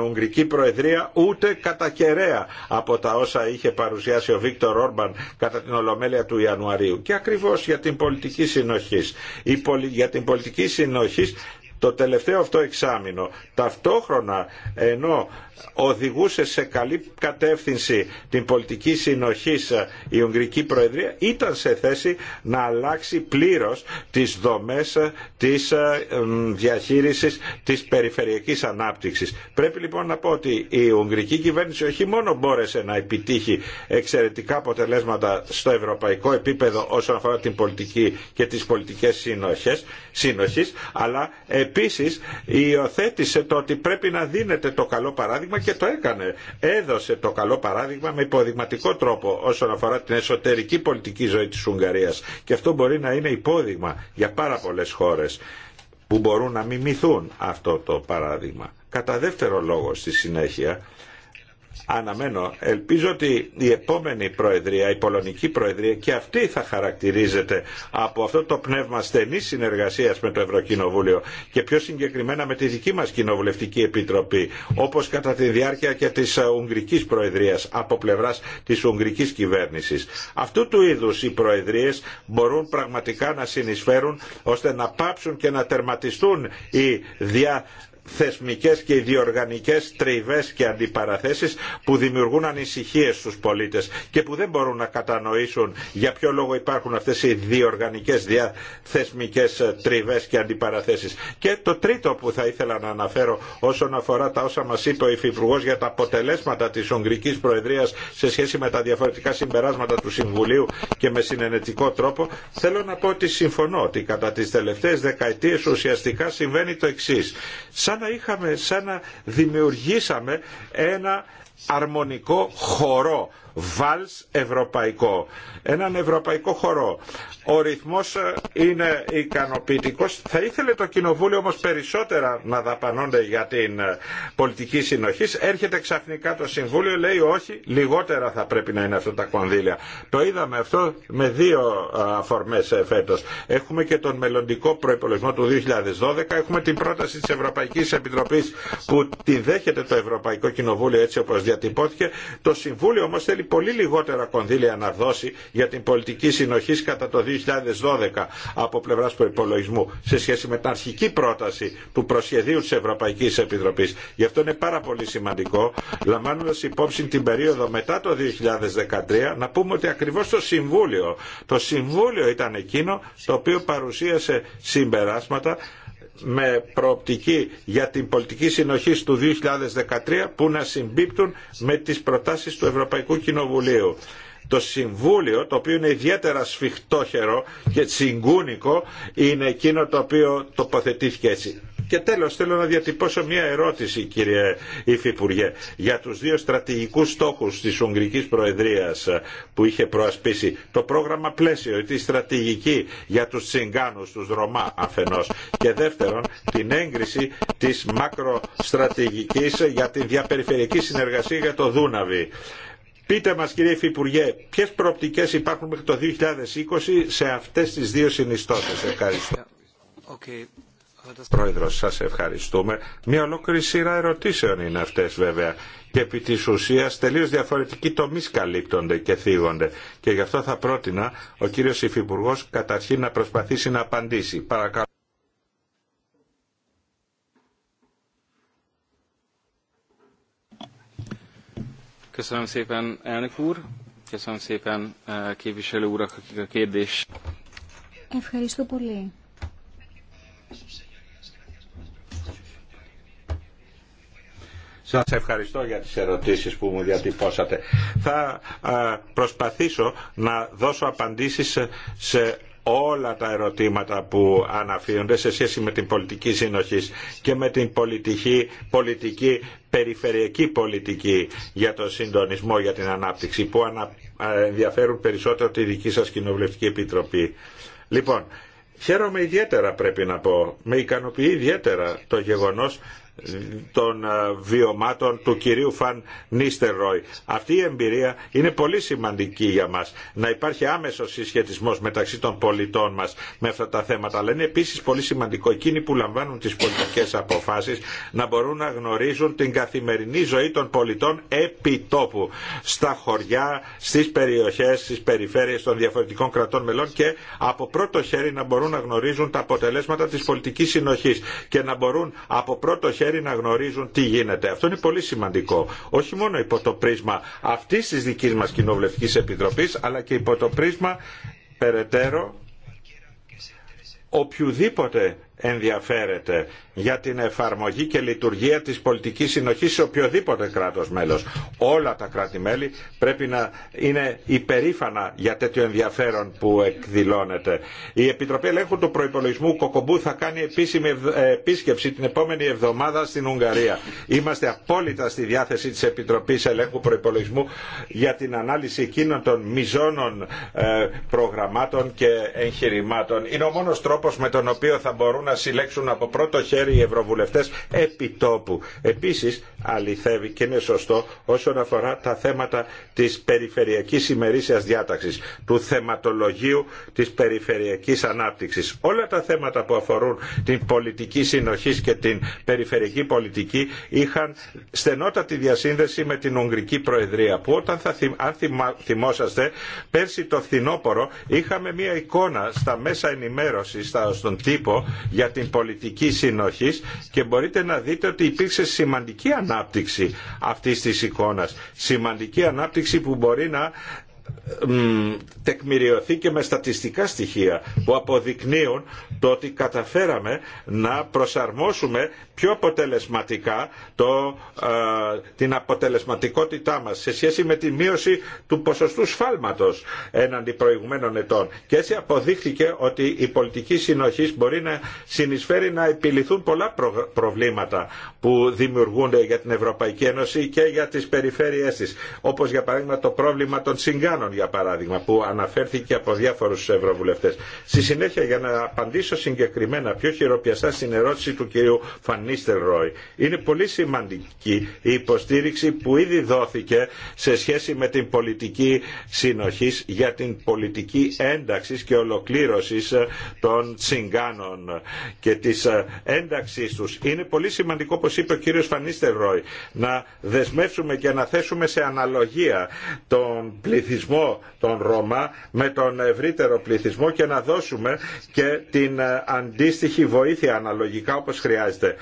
S4: Ουγγρική Προεδρία ούτε κατά κεραία από τα όσα είχε παρουσιάσει ο Βίκτορ Όρμπαν κατά την Ολομέλεια του Ιανουαρίου. Και ακριβώς για την πολιτική πολιτικής συνοχής. Για την πολιτική συνοχής το τελευταίο αυτό εξάμεινο ταυτόχρονα ενώ οδηγούσε σε καλή κατεύθυνση την πολιτική συνοχή ε, η Ουγγρική Προεδρία ήταν σε θέση να αλλάξει πλήρως τις δομές ε, της ε, διαχείρισης της περιφερειακής ανάπτυξης. Πρέπει λοιπόν να πω ότι η Ουγγρική κυβέρνηση όχι μόνο μπόρεσε να επιτύχει εξαιρετικά αποτελέσματα στο ευρωπαϊκό επίπεδο όσον αφορά την πολιτική και τις πολιτικές συνοχές, αλλά επίσης υιοθέτησε το ότι πρέπει να δίνεται το καλό παράδειγμα παράδειγμα και το έκανε. Έδωσε το καλό παράδειγμα με υποδειγματικό τρόπο όσον αφορά την εσωτερική πολιτική ζωή της Ουγγαρίας. Και αυτό μπορεί να είναι υπόδειγμα για πάρα πολλές χώρες που μπορούν να μιμηθούν αυτό το παράδειγμα. Κατά δεύτερο λόγο στη συνέχεια αναμένω, ελπίζω ότι η επόμενη Προεδρία, η Πολωνική Προεδρία και αυτή θα χαρακτηρίζεται από αυτό το πνεύμα στενής συνεργασίας με το Ευρωκοινοβούλιο και πιο συγκεκριμένα με τη δική μας Κοινοβουλευτική Επιτροπή όπως κατά τη διάρκεια και της Ουγγρικής Προεδρίας από πλευράς της Ουγγρικής Κυβέρνησης. Αυτού του είδους οι Προεδρίες μπορούν πραγματικά να συνεισφέρουν ώστε να πάψουν και να τερματιστούν οι δια θεσμικές και ιδιοργανικές τριβές και αντιπαραθέσεις που δημιουργούν ανησυχίες στους πολίτες και που δεν μπορούν να κατανοήσουν για ποιο λόγο υπάρχουν αυτές οι ιδιοργανικές θεσμικές ε, τριβές και αντιπαραθέσεις. Και το τρίτο που θα ήθελα να αναφέρω όσον αφορά τα όσα μας είπε ο Υφυπουργός για τα αποτελέσματα της Ουγγρικής Προεδρίας σε σχέση με τα διαφορετικά συμπεράσματα του Συμβουλίου και με συνενετικό τρόπο, θέλω να πω ότι συμφωνώ ότι κατά τις τελευταίες δεκαετίες ουσιαστικά συμβαίνει το εξή σαν να, είχαμε, σαν να δημιουργήσαμε ένα αρμονικό χορό βάλς ευρωπαϊκό, έναν ευρωπαϊκό χορό. Ο ρυθμός ε, είναι ικανοποιητικός. Θα ήθελε το Κοινοβούλιο όμως περισσότερα να δαπανώνται για την ε, πολιτική συνοχή. Έρχεται ξαφνικά το Συμβούλιο, λέει όχι, λιγότερα θα πρέπει να είναι αυτά τα κονδύλια. Το είδαμε αυτό με δύο ε, αφορμές φέτος. Έχουμε και τον μελλοντικό προϋπολογισμό του 2012, έχουμε την πρόταση της Ευρωπαϊκής Επιτροπής που τη δέχεται το Ευρωπαϊκό Κοινοβούλιο έτσι όπως διατυπώθηκε. Το Συμβούλιο όμως θέλει πολύ λιγότερα κονδύλια να δώσει για την πολιτική συνοχή κατά το 2012 από πλευρά προπολογισμού σε σχέση με την αρχική πρόταση του προσχεδίου τη Ευρωπαϊκή Επιτροπή. Γι' αυτό είναι πάρα πολύ σημαντικό, λαμβάνοντα υπόψη την περίοδο μετά το 2013, να πούμε ότι ακριβώ το Συμβούλιο, το Συμβούλιο ήταν εκείνο το οποίο παρουσίασε συμπεράσματα με προοπτική για την πολιτική συνοχή του 2013 που να συμπίπτουν με τις προτάσεις του Ευρωπαϊκού Κοινοβουλίου. Το Συμβούλιο, το οποίο είναι ιδιαίτερα σφιχτόχερο και τσιγκούνικο, είναι εκείνο το οποίο τοποθετήθηκε έτσι. Και τέλος θέλω να διατυπώσω μια ερώτηση κύριε Υφυπουργέ για τους δύο στρατηγικούς στόχους της Ουγγρικής Προεδρίας που είχε προασπίσει το πρόγραμμα πλαίσιο, τη στρατηγική για τους Τσιγκάνους, τους Ρωμά αφενός και δεύτερον την έγκριση της μακροστρατηγικής για την διαπεριφερειακή συνεργασία για το Δούναβι. Πείτε μας κύριε Υφυπουργέ, ποιες προοπτικές υπάρχουν μέχρι το 2020 σε αυτές τις δύο συνιστώσεις. Ευχαριστώ. Okay. Πρόεδρος, σας ευχαριστούμε. Μια ολόκληρη σειρά ερωτήσεων είναι αυτές βέβαια και επί της ουσίας τελείως διαφορετικοί τομείς καλύπτονται και θίγονται. Και γι' αυτό θα πρότεινα ο κύριος Υφυπουργό καταρχήν να προσπαθήσει να απαντήσει. Παρακαλώ. Köszönöm szépen, elnök úr. Köszönöm szépen, eh, képviselő úrak, akik a kérdés.
S2: Ευχαριστώ πολύ.
S4: Σας ευχαριστώ για τις ερωτήσεις που μου διατυπώσατε. Θα ε, προσπαθήσω να δώσω απαντήσεις σε όλα τα ερωτήματα που αναφύονται σε σχέση με την πολιτική σύνοχη και με την πολιτική, πολιτική περιφερειακή πολιτική για τον συντονισμό για την ανάπτυξη που ανα, ε, ενδιαφέρουν περισσότερο τη δική σας κοινοβουλευτική επιτροπή. Λοιπόν, χαίρομαι ιδιαίτερα πρέπει να πω, με ικανοποιεί ιδιαίτερα το γεγονός των ε, βιωμάτων του κυρίου Φαν Νίστερρόι. Αυτή η εμπειρία είναι πολύ σημαντική για μας. Να υπάρχει άμεσος συσχετισμός μεταξύ των πολιτών μας με αυτά τα θέματα. Αλλά είναι επίσης πολύ σημαντικό εκείνοι που λαμβάνουν τις πολιτικές αποφάσεις να μπορούν να γνωρίζουν την καθημερινή ζωή των πολιτών επί τόπου, στα χωριά, στις περιοχές, στις περιφέρειες των διαφορετικών κρατών μελών και από πρώτο χέρι να μπορούν να γνωρίζουν τα αποτελέσματα της πολιτικής συνοχής και να μπορούν από πρώτο χέρι χέρι να γνωρίζουν τι γίνεται. Αυτό είναι πολύ σημαντικό. Όχι μόνο υπό το πρίσμα αυτή τη δική μα κοινοβουλευτική επιτροπή, αλλά και υπό το πρίσμα περαιτέρω οποιοδήποτε ενδιαφέρεται για την εφαρμογή και λειτουργία της πολιτικής συνοχής σε οποιοδήποτε κράτος μέλος. Όλα τα κράτη-μέλη πρέπει να είναι υπερήφανα για τέτοιο ενδιαφέρον που εκδηλώνεται. Η Επιτροπή Ελέγχου του Προϋπολογισμού Κοκομπού θα κάνει επίσημη ε, επίσκεψη την επόμενη εβδομάδα στην Ουγγαρία. Είμαστε απόλυτα στη διάθεση της Επιτροπής Ελέγχου Προϋπολογισμού για την ανάλυση εκείνων των μιζώνων ε, προγραμμάτων και εγχειρημάτων. Είναι ο μόνος τρόπος με τον οποίο θα μπορούν να συλλέξουν από πρώτο χέρι οι ευρωβουλευτές επί τόπου. Επίσης αληθεύει και είναι σωστό όσον αφορά τα θέματα της περιφερειακής ημερήσιας διάταξης, του θεματολογίου της περιφερειακής ανάπτυξης. Όλα τα θέματα που αφορούν την πολιτική συνοχή και την περιφερειακή πολιτική είχαν στενότατη διασύνδεση με την Ουγγρική Προεδρία που όταν θα θυμ, αν θυμόσαστε πέρσι το φθινόπωρο είχαμε μια εικόνα στα μέσα ενημέρωση στα, στον τύπο για την πολιτική συνοχή και μπορείτε να δείτε ότι υπήρξε σημαντική ανάπτυξη ανάπτυξη αυτής της εικόνας. Σημαντική ανάπτυξη που μπορεί να τεκμηριωθεί και με στατιστικά στοιχεία που αποδεικνύουν το ότι καταφέραμε να προσαρμόσουμε πιο αποτελεσματικά το, ε, την αποτελεσματικότητά μας σε σχέση με τη μείωση του ποσοστού σφάλματος έναντι προηγουμένων ετών. Και έτσι αποδείχθηκε ότι η πολιτική συνοχής μπορεί να συνεισφέρει να επιληθούν πολλά προβλήματα που δημιουργούνται για την Ευρωπαϊκή Ένωση και για τις περιφέρειές της, όπως για παράδειγμα το πρόβλημα των συγκάτων Αμερικάνων για παράδειγμα που αναφέρθηκε από διάφορους ευρωβουλευτές. Στη συνέχεια για να απαντήσω συγκεκριμένα πιο χειροπιαστά στην ερώτηση του κυρίου Φανίστερ Ρόι. Είναι πολύ σημαντική η υποστήριξη που ήδη δόθηκε σε σχέση με την πολιτική συνοχής για την πολιτική ένταξης και ολοκλήρωσης των τσιγκάνων και της ένταξής τους. Είναι πολύ σημαντικό όπως είπε ο κύριος Φανίστερ Ρόι να δεσμεύσουμε και να θέσουμε σε αναλογία τον πληθυσμό πληθυσμό των Ρώμα με τον ευρύτερο πληθυσμό και να δώσουμε και την ε, αντίστοιχη βοήθεια αναλογικά όπως χρειάζεται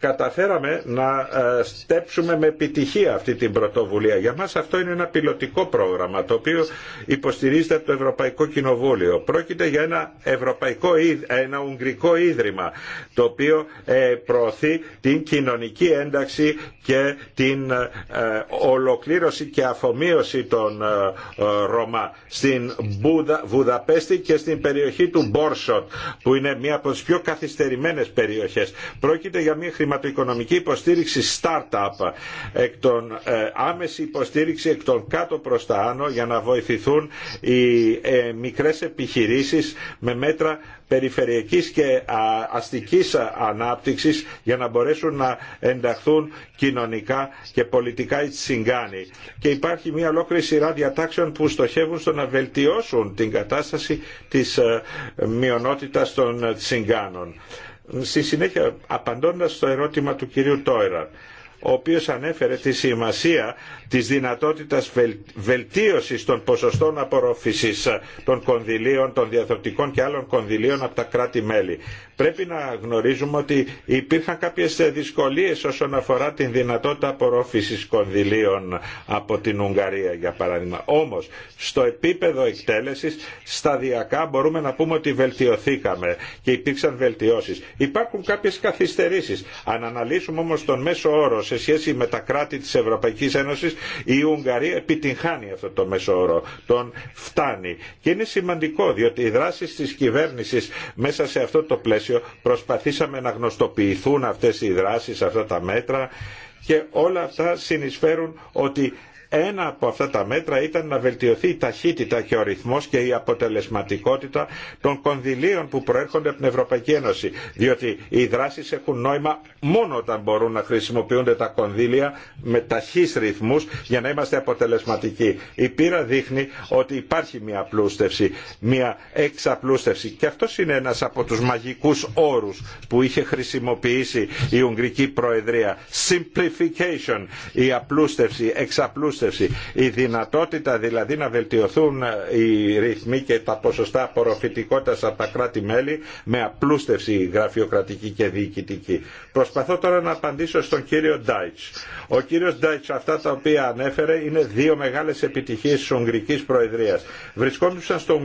S4: καταφέραμε να ε, στέψουμε με επιτυχία αυτή την πρωτοβουλία. Για μας αυτό είναι ένα πιλωτικό πρόγραμμα το οποίο υποστηρίζεται από το Ευρωπαϊκό Κοινοβούλιο. Πρόκειται για ένα, ευρωπαϊκό, ε, ένα ουγγρικό ίδρυμα το οποίο ε, προωθεί την κοινωνική ένταξη και την ολοκλήρωση και αφομοίωση των Ρωμά στην Βουδα, Βουδαπέστη και στην περιοχή του Μπόρσοτ που είναι μία από τις πιο καθυστερημένες περιοχές. Πρόκειται για μια χρηματοοικονομική υποστήριξη startup, εκ ε, άμεση υποστήριξη εκ των κάτω προς τα άνω για να βοηθηθούν οι μικρέ ε, μικρές επιχειρήσεις με μέτρα περιφερειακής και αστικής ανάπτυξης για να μπορέσουν να ενταχθούν κοινωνικά και πολιτικά οι Τσιγκάνοι. Και υπάρχει μια ολόκληρη σειρά διατάξεων που στοχεύουν στο να βελτιώσουν την κατάσταση της ε, μειονότητας των τσιγκάνων. Στη συνέχεια, απαντώντας στο ερώτημα του κυρίου Τόιρα, ο οποίος ανέφερε τη σημασία της δυνατότητας βελτίωσης των ποσοστών απορρόφησης των κονδυλίων, των διαδοτικών και άλλων κονδυλίων από τα κράτη-μέλη. Πρέπει να γνωρίζουμε ότι υπήρχαν κάποιες δυσκολίες όσον αφορά την δυνατότητα απορρόφησης κονδυλίων από την Ουγγαρία για παράδειγμα. Όμως στο επίπεδο εκτέλεσης σταδιακά μπορούμε να πούμε ότι βελτιωθήκαμε και υπήρξαν βελτιώσεις. Υπάρχουν κάποιες καθυστερήσεις. Αν αναλύσουμε όμως τον μέσο όρο σε σχέση με τα κράτη της Ευρωπαϊκής Ένωσης η Ουγγαρία επιτυγχάνει αυτό το μέσο όρο, τον φτάνει. Και είναι σημαντικό διότι οι δράσεις της κυβέρνησης μέσα σε αυτό το πλαίσιο προσπαθήσαμε να γνωστοποιηθούν αυτές οι δράσεις, αυτά τα μέτρα και όλα αυτά συνεισφέρουν ότι ένα από αυτά τα μέτρα ήταν να βελτιωθεί η ταχύτητα και ο ρυθμός και η αποτελεσματικότητα των κονδυλίων που προέρχονται από την Ευρωπαϊκή Ένωση. Διότι οι δράσεις έχουν νόημα μόνο όταν μπορούν να χρησιμοποιούνται τα κονδύλια με ταχύς ρυθμούς για να είμαστε αποτελεσματικοί. Η πείρα δείχνει ότι υπάρχει μια απλούστευση, μια εξαπλούστευση. Και αυτό είναι ένας από τους μαγικούς όρους που είχε χρησιμοποιήσει η Ουγγρική Προεδρία. Simplification, η απλούστευση, εξαπλούστευση η δυνατότητα δηλαδή να βελτιωθούν οι ρυθμοί και τα ποσοστά απορροφητικότητα από τα κράτη-μέλη με απλούστευση γραφειοκρατική και διοικητική. Προσπαθώ τώρα να απαντήσω στον κύριο Ντάιτ. Ο κύριος Ντάιτς αυτά τα οποία ανέφερε είναι δύο μεγάλες επιτυχίες της Ουγγρικής Προεδρίας. Βρισκόντουσαν στο,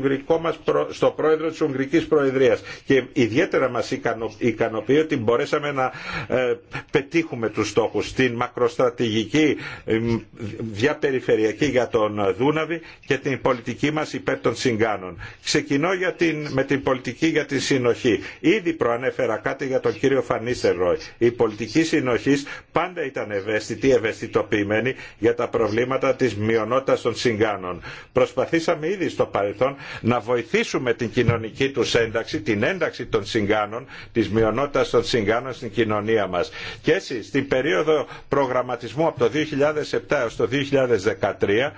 S4: στο πρόεδρο της Ουγγρικής Προεδρίας και ιδιαίτερα μας ικανοποιεί ότι μπορέσαμε να ε, πετύχουμε τους στόχους στην μακροστρατηγική διαπεριφερειακή για τον Δούναβη και την πολιτική μας υπέρ των συγκάνων. Ξεκινώ για την, με την πολιτική για τη συνοχή. Ήδη προανέφερα κάτι για τον κύριο Φανίστερ Η πολιτική συνοχής πάντα ήταν ευαίσθητη ευαισθητοί, ευαισθητοποιημένοι για τα προβλήματα της μειονότητας των συγκάνων. Προσπαθήσαμε ήδη στο παρελθόν να βοηθήσουμε την κοινωνική του ένταξη, την ένταξη των συγκάνων, της μειονότητας των συγκάνων στην κοινωνία μας. Και έτσι στην περίοδο προγραμματισμού από το 2007 έως το 2013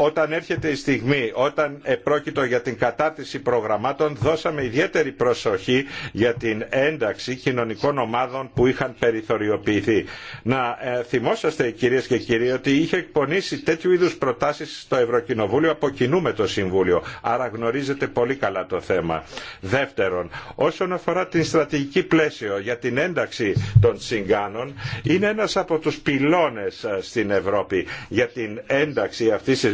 S4: όταν έρχεται η στιγμή όταν επρόκειτο για την κατάρτιση προγραμμάτων δώσαμε ιδιαίτερη προσοχή για την ένταξη κοινωνικών ομάδων που είχαν περιθωριοποιηθεί. να ε, θυμόσαστε κυρίες και κύριοι ότι είχε εκπονήσει τέτοιου είδους προτάσεις στο ευρωκοινοβούλιο από κοινού με το συμβούλιο άρα γνωρίζετε πολύ καλά το θέμα. δεύτερον όσον αφορά την στρατηγική πλαίσιο για την ένταξη των τσιγκάνων είναι ένας από τους πυλώνες ε, στην ευρώπη για την ένταξη αυτής της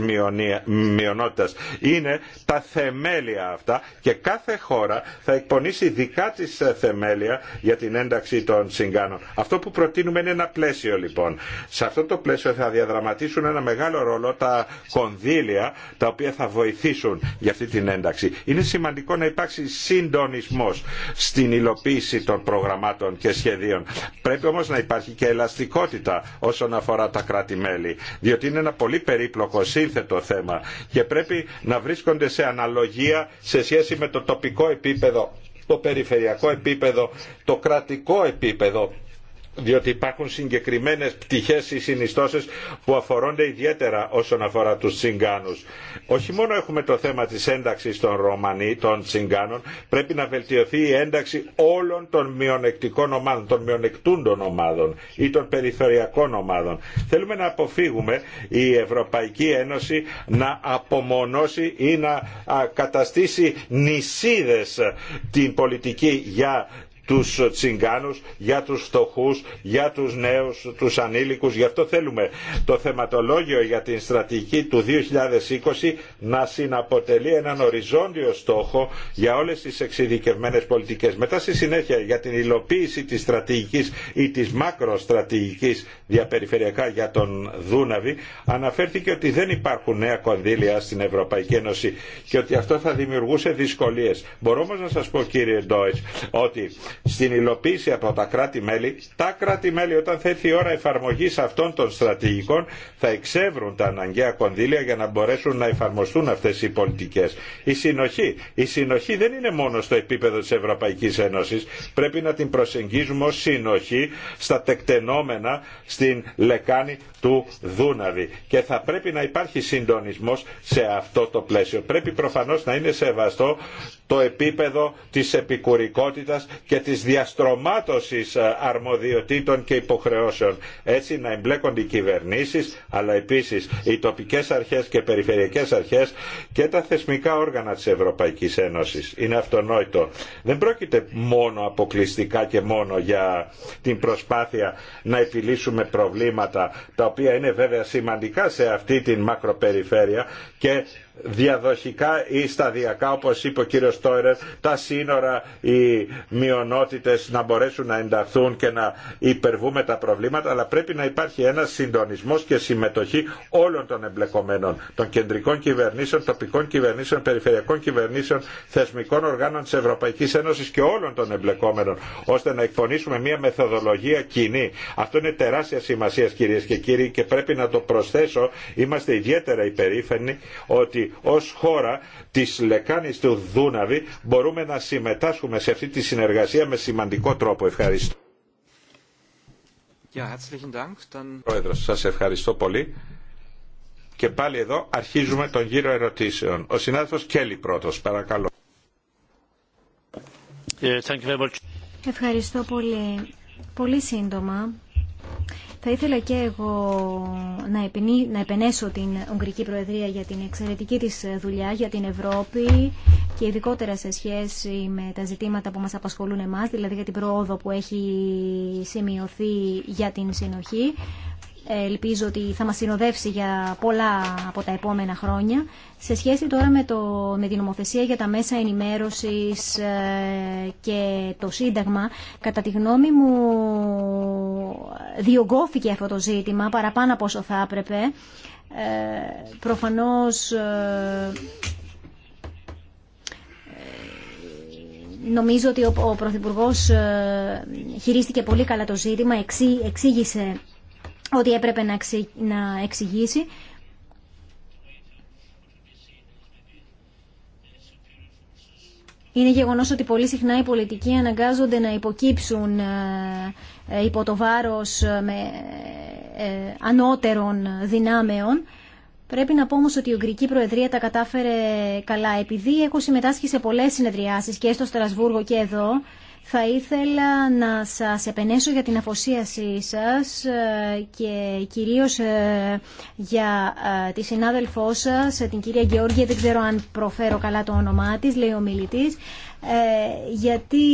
S4: μειονότητας. Είναι τα θεμέλια αυτά και κάθε χώρα θα εκπονήσει δικά της θεμέλια για την ένταξη των συγκάνων. Αυτό που προτείνουμε είναι ένα πλαίσιο λοιπόν. Σε αυτό το πλαίσιο θα διαδραματίσουν ένα μεγάλο ρόλο τα κονδύλια τα οποία θα βοηθήσουν για αυτή την ένταξη. Είναι σημαντικό να υπάρξει συντονισμός στην υλοποίηση των προγραμμάτων και σχεδίων. Πρέπει όμως να υπάρχει και ελαστικότητα όσον αφορά τα κράτη-μέλη, διότι είναι ένα πολύ περίπλοκο σύνθετο το θέμα και πρέπει να βρίσκονται σε αναλογία σε σχέση με το τοπικό επίπεδο το περιφερειακό επίπεδο, το κρατικό επίπεδο διότι υπάρχουν συγκεκριμένες πτυχές ή συνιστώσεις που αφορώνται ιδιαίτερα όσον αφορά τους Τσιγκάνους. Όχι μόνο έχουμε το θέμα της ένταξης των Ρωμανί, των Τσιγκάνων, πρέπει να βελτιωθεί η ένταξη όλων των μειονεκτικών ομάδων, των μειονεκτούντων ομάδων ή των περιθωριακών ομάδων. Θέλουμε να αποφύγουμε η Ευρωπαϊκή Ένωση να απομονώσει ή να καταστήσει νησίδες την πολιτική για τους τσιγκάνους, για τους φτωχούς, για τους νέους, τους ανήλικους. Γι' αυτό θέλουμε το θεματολόγιο για την στρατηγική του 2020 να συναποτελεί έναν οριζόντιο στόχο για όλες τις εξειδικευμένες πολιτικές. Μετά στη συνέχεια για την υλοποίηση της στρατηγικής ή της μακροστρατηγικής διαπεριφερειακά για τον Δούναβη αναφέρθηκε ότι δεν υπάρχουν νέα κονδύλια στην Ευρωπαϊκή Ένωση και ότι αυτό θα δημιουργούσε δυσκολίες. Μπορώ όμως να σας πω κύριε Ντόιτς ότι στην υλοποίηση από τα κράτη-μέλη, τα κράτη-μέλη όταν θα η ώρα εφαρμογής αυτών των στρατηγικών θα εξεύρουν τα αναγκαία κονδύλια για να μπορέσουν να εφαρμοστούν αυτές οι πολιτικές. Η συνοχή. Η συνοχή δεν είναι μόνο στο επίπεδο της Ευρωπαϊκής Ένωσης. Πρέπει να την προσεγγίζουμε ως συνοχή στα τεκτενόμενα στην λεκάνη του Δούναβη. Και θα πρέπει να υπάρχει συντονισμός σε αυτό το πλαίσιο. Πρέπει προφανώς να είναι σεβαστό το επίπεδο της επικουρικότητας και της διαστρωμάτωσης ε, αρμοδιοτήτων και υποχρεώσεων. Έτσι να εμπλέκονται οι κυβερνήσεις, αλλά επίσης οι τοπικές αρχές και περιφερειακές αρχές και τα θεσμικά όργανα της Ευρωπαϊκής Ένωσης. Είναι αυτονόητο. Δεν πρόκειται μόνο αποκλειστικά και μόνο για την προσπάθεια να επιλύσουμε προβλήματα, τα οποία είναι βέβαια σημαντικά σε αυτή την μακροπεριφέρεια και διαδοχικά ή σταδιακά όπως είπε ο κύριος Τόιρερ τα σύνορα οι μειονότητες να μπορέσουν να ενταχθούν και να υπερβούμε τα προβλήματα αλλά πρέπει να υπάρχει ένας συντονισμός και συμμετοχή όλων των εμπλεκομένων των κεντρικών κυβερνήσεων, τοπικών κυβερνήσεων, περιφερειακών κυβερνήσεων, θεσμικών οργάνων της Ευρωπαϊκής Ένωσης και όλων των εμπλεκόμενων ώστε να εκπονήσουμε μια μεθοδολογία κοινή. Αυτό είναι τεράστια σημασία κυρίες και κύριοι και πρέπει να το προσθέσω είμαστε ιδιαίτερα υπερήφανοι ότι Ω ως χώρα της λεκάνης του Δούναβη μπορούμε να συμμετάσχουμε σε αυτή τη συνεργασία με σημαντικό τρόπο. Ευχαριστώ. herzlichen Dank. ευχαριστώ πολύ. Και πάλι εδώ αρχίζουμε τον γύρο ερωτήσεων. Ο συνάδελφος Κέλλη πρώτος, παρακαλώ. Ε,
S2: ευχαριστώ πολύ. Πολύ σύντομα. Θα ήθελα και εγώ να, να επενέσω την Ουγγρική Προεδρία για την εξαιρετική της δουλειά για την Ευρώπη και ειδικότερα σε σχέση με τα ζητήματα που μας απασχολούν εμάς, δηλαδή για την πρόοδο που έχει σημειωθεί για την συνοχή ελπίζω ότι θα μας συνοδεύσει για πολλά από τα επόμενα χρόνια. Σε σχέση τώρα με, το, με την νομοθεσία για τα μέσα ενημέρωσης ε, και το Σύνταγμα, κατά τη γνώμη μου διωγγώθηκε αυτό το ζήτημα παραπάνω από όσο θα έπρεπε. Ε, προφανώς ε, νομίζω ότι ο, Πρωθυπουργός ε, χειρίστηκε πολύ καλά το ζήτημα, εξήγησε ότι έπρεπε να εξηγήσει Είναι γεγονός ότι πολύ συχνά οι πολιτικοί αναγκάζονται να υποκύψουν ε, ε, υπό το βάρος ε, με ανώτερων δυνάμεων. Πρέπει να πω όμως ότι η Ουγγρική Προεδρία τα κατάφερε καλά. Επειδή έχω συμμετάσχει σε πολλές συνεδριάσεις και στο Στρασβούργο και εδώ, θα ήθελα να σας επενέσω για την αφοσίασή σας ε, και κυρίως ε, για ε, τη συνάδελφό σας, την κυρία Γεώργια, δεν ξέρω αν προφέρω καλά το όνομά της, λέει ο μιλητής, γιατί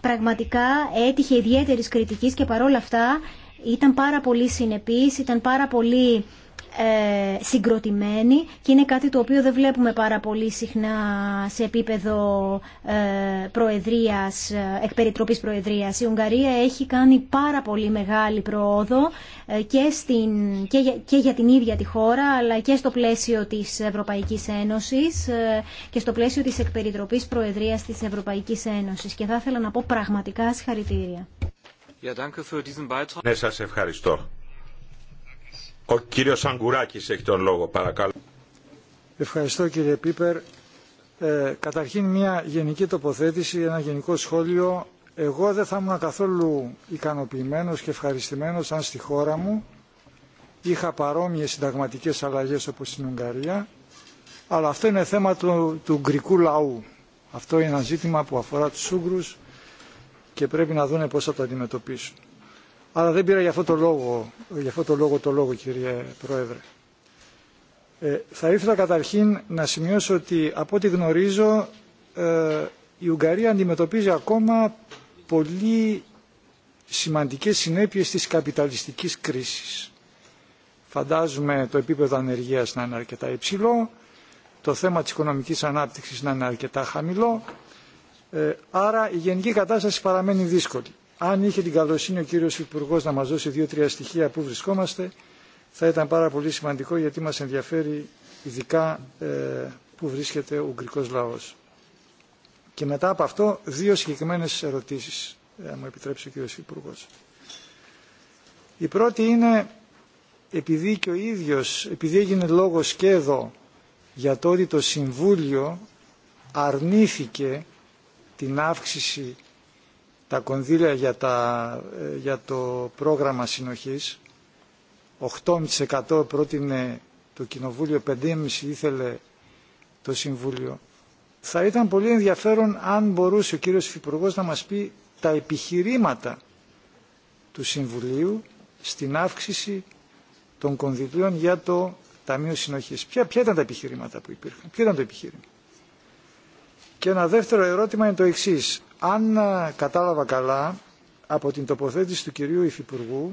S2: πραγματικά έτυχε ιδιαίτερη κριτικής και παρόλα αυτά ήταν πάρα πολύ συνεπής, ήταν πάρα πολύ ε, συγκροτημένη και είναι κάτι το οποίο δεν βλέπουμε πάρα πολύ συχνά σε επίπεδο ε, προεδρίας, ε, εκπεριτροπής προεδρίας. Η Ουγγαρία έχει κάνει πάρα πολύ μεγάλη προόδο και, στην, και, για, και για την ίδια τη χώρα αλλά και στο πλαίσιο της Ευρωπαϊκής Ένωσης και στο πλαίσιο της εκπεριτροπής προεδρίας της Ευρωπαϊκής Ένωσης και θα ήθελα να πω πραγματικά συγχαρητήρια.
S4: Ναι, ευχαριστώ ο κύριος Αγκουράκης έχει τον λόγο, παρακαλώ.
S3: Ευχαριστώ κύριε Πίπερ. Ε, καταρχήν μια γενική τοποθέτηση, ένα γενικό σχόλιο. Εγώ δεν θα ήμουν καθόλου ικανοποιημένος και ευχαριστημένος αν στη χώρα μου είχα παρόμοιες συνταγματικές αλλαγές όπως στην Ουγγαρία, αλλά αυτό είναι θέμα του, του γκρικού λαού. Αυτό είναι ένα ζήτημα που αφορά τους Ούγγρους και πρέπει να δούνε πώς θα το αντιμετωπίσουν αλλά δεν πήρα για αυτό το λόγο, για αυτό το, λόγο το λόγο κύριε Πρόεδρε. Ε, θα ήθελα καταρχήν να σημειώσω ότι από ό,τι γνωρίζω ε, η Ουγγαρία αντιμετωπίζει ακόμα πολύ σημαντικές συνέπειες της καπιταλιστικής κρίσης. Φαντάζουμε το επίπεδο ανεργίας να είναι αρκετά υψηλό, το θέμα της οικονομικής ανάπτυξης να είναι αρκετά χαμηλό, ε, άρα η γενική κατάσταση παραμένει δύσκολη αν είχε την καλοσύνη ο κύριος Υπουργό να μας δώσει δύο-τρία στοιχεία που βρισκόμαστε, θα ήταν πάρα πολύ σημαντικό γιατί μας ενδιαφέρει ειδικά ε, που βρίσκεται ο Ουγγρικός λαός. Και μετά από αυτό, δύο συγκεκριμένες ερωτήσεις, ε, αν μου επιτρέψει ο κύριος Υπουργό. Η πρώτη είναι, επειδή και ο ίδιος, επειδή έγινε λόγος και εδώ για το ότι το Συμβούλιο αρνήθηκε την αύξηση τα κονδύλια για, ε, για το πρόγραμμα συνοχής 8,5% πρότεινε το Κοινοβούλιο, 5,5% ήθελε το Συμβούλιο. Θα ήταν πολύ ενδιαφέρον αν μπορούσε ο κύριος Υφυπουργός να μας πει τα επιχειρήματα του Συμβουλίου στην αύξηση των κονδυλίων για το Ταμείο Συνοχής. Ποια, ποια ήταν τα επιχειρήματα που υπήρχαν, ποιο ήταν το επιχείρημα. Και ένα δεύτερο ερώτημα είναι το εξής αν ε, κατάλαβα καλά, από την τοποθέτηση του κυρίου Υφυπουργού,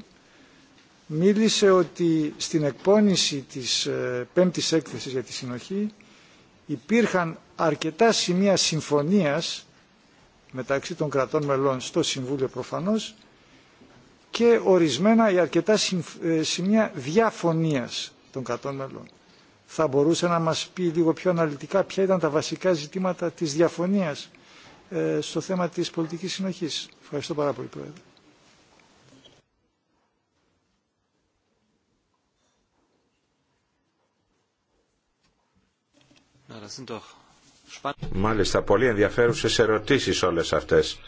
S3: μίλησε ότι στην εκπόνηση της ε, πέμπτης έκθεσης για τη συνοχή υπήρχαν αρκετά σημεία συμφωνίας μεταξύ των κρατών μελών στο Συμβούλιο προφανώς και ορισμένα ή αρκετά ε, σημεία διαφωνίας των κρατών μελών. Θα μπορούσε να μας πει λίγο πιο αναλυτικά ποια ήταν τα βασικά ζητήματα της διαφωνίας ε, στο θέμα της πολιτικής συνοχής. Ευχαριστώ πάρα πολύ, Πρόεδρε.
S4: Μάλιστα, πολύ ενδιαφέρουσες ερωτήσεις όλες αυτές.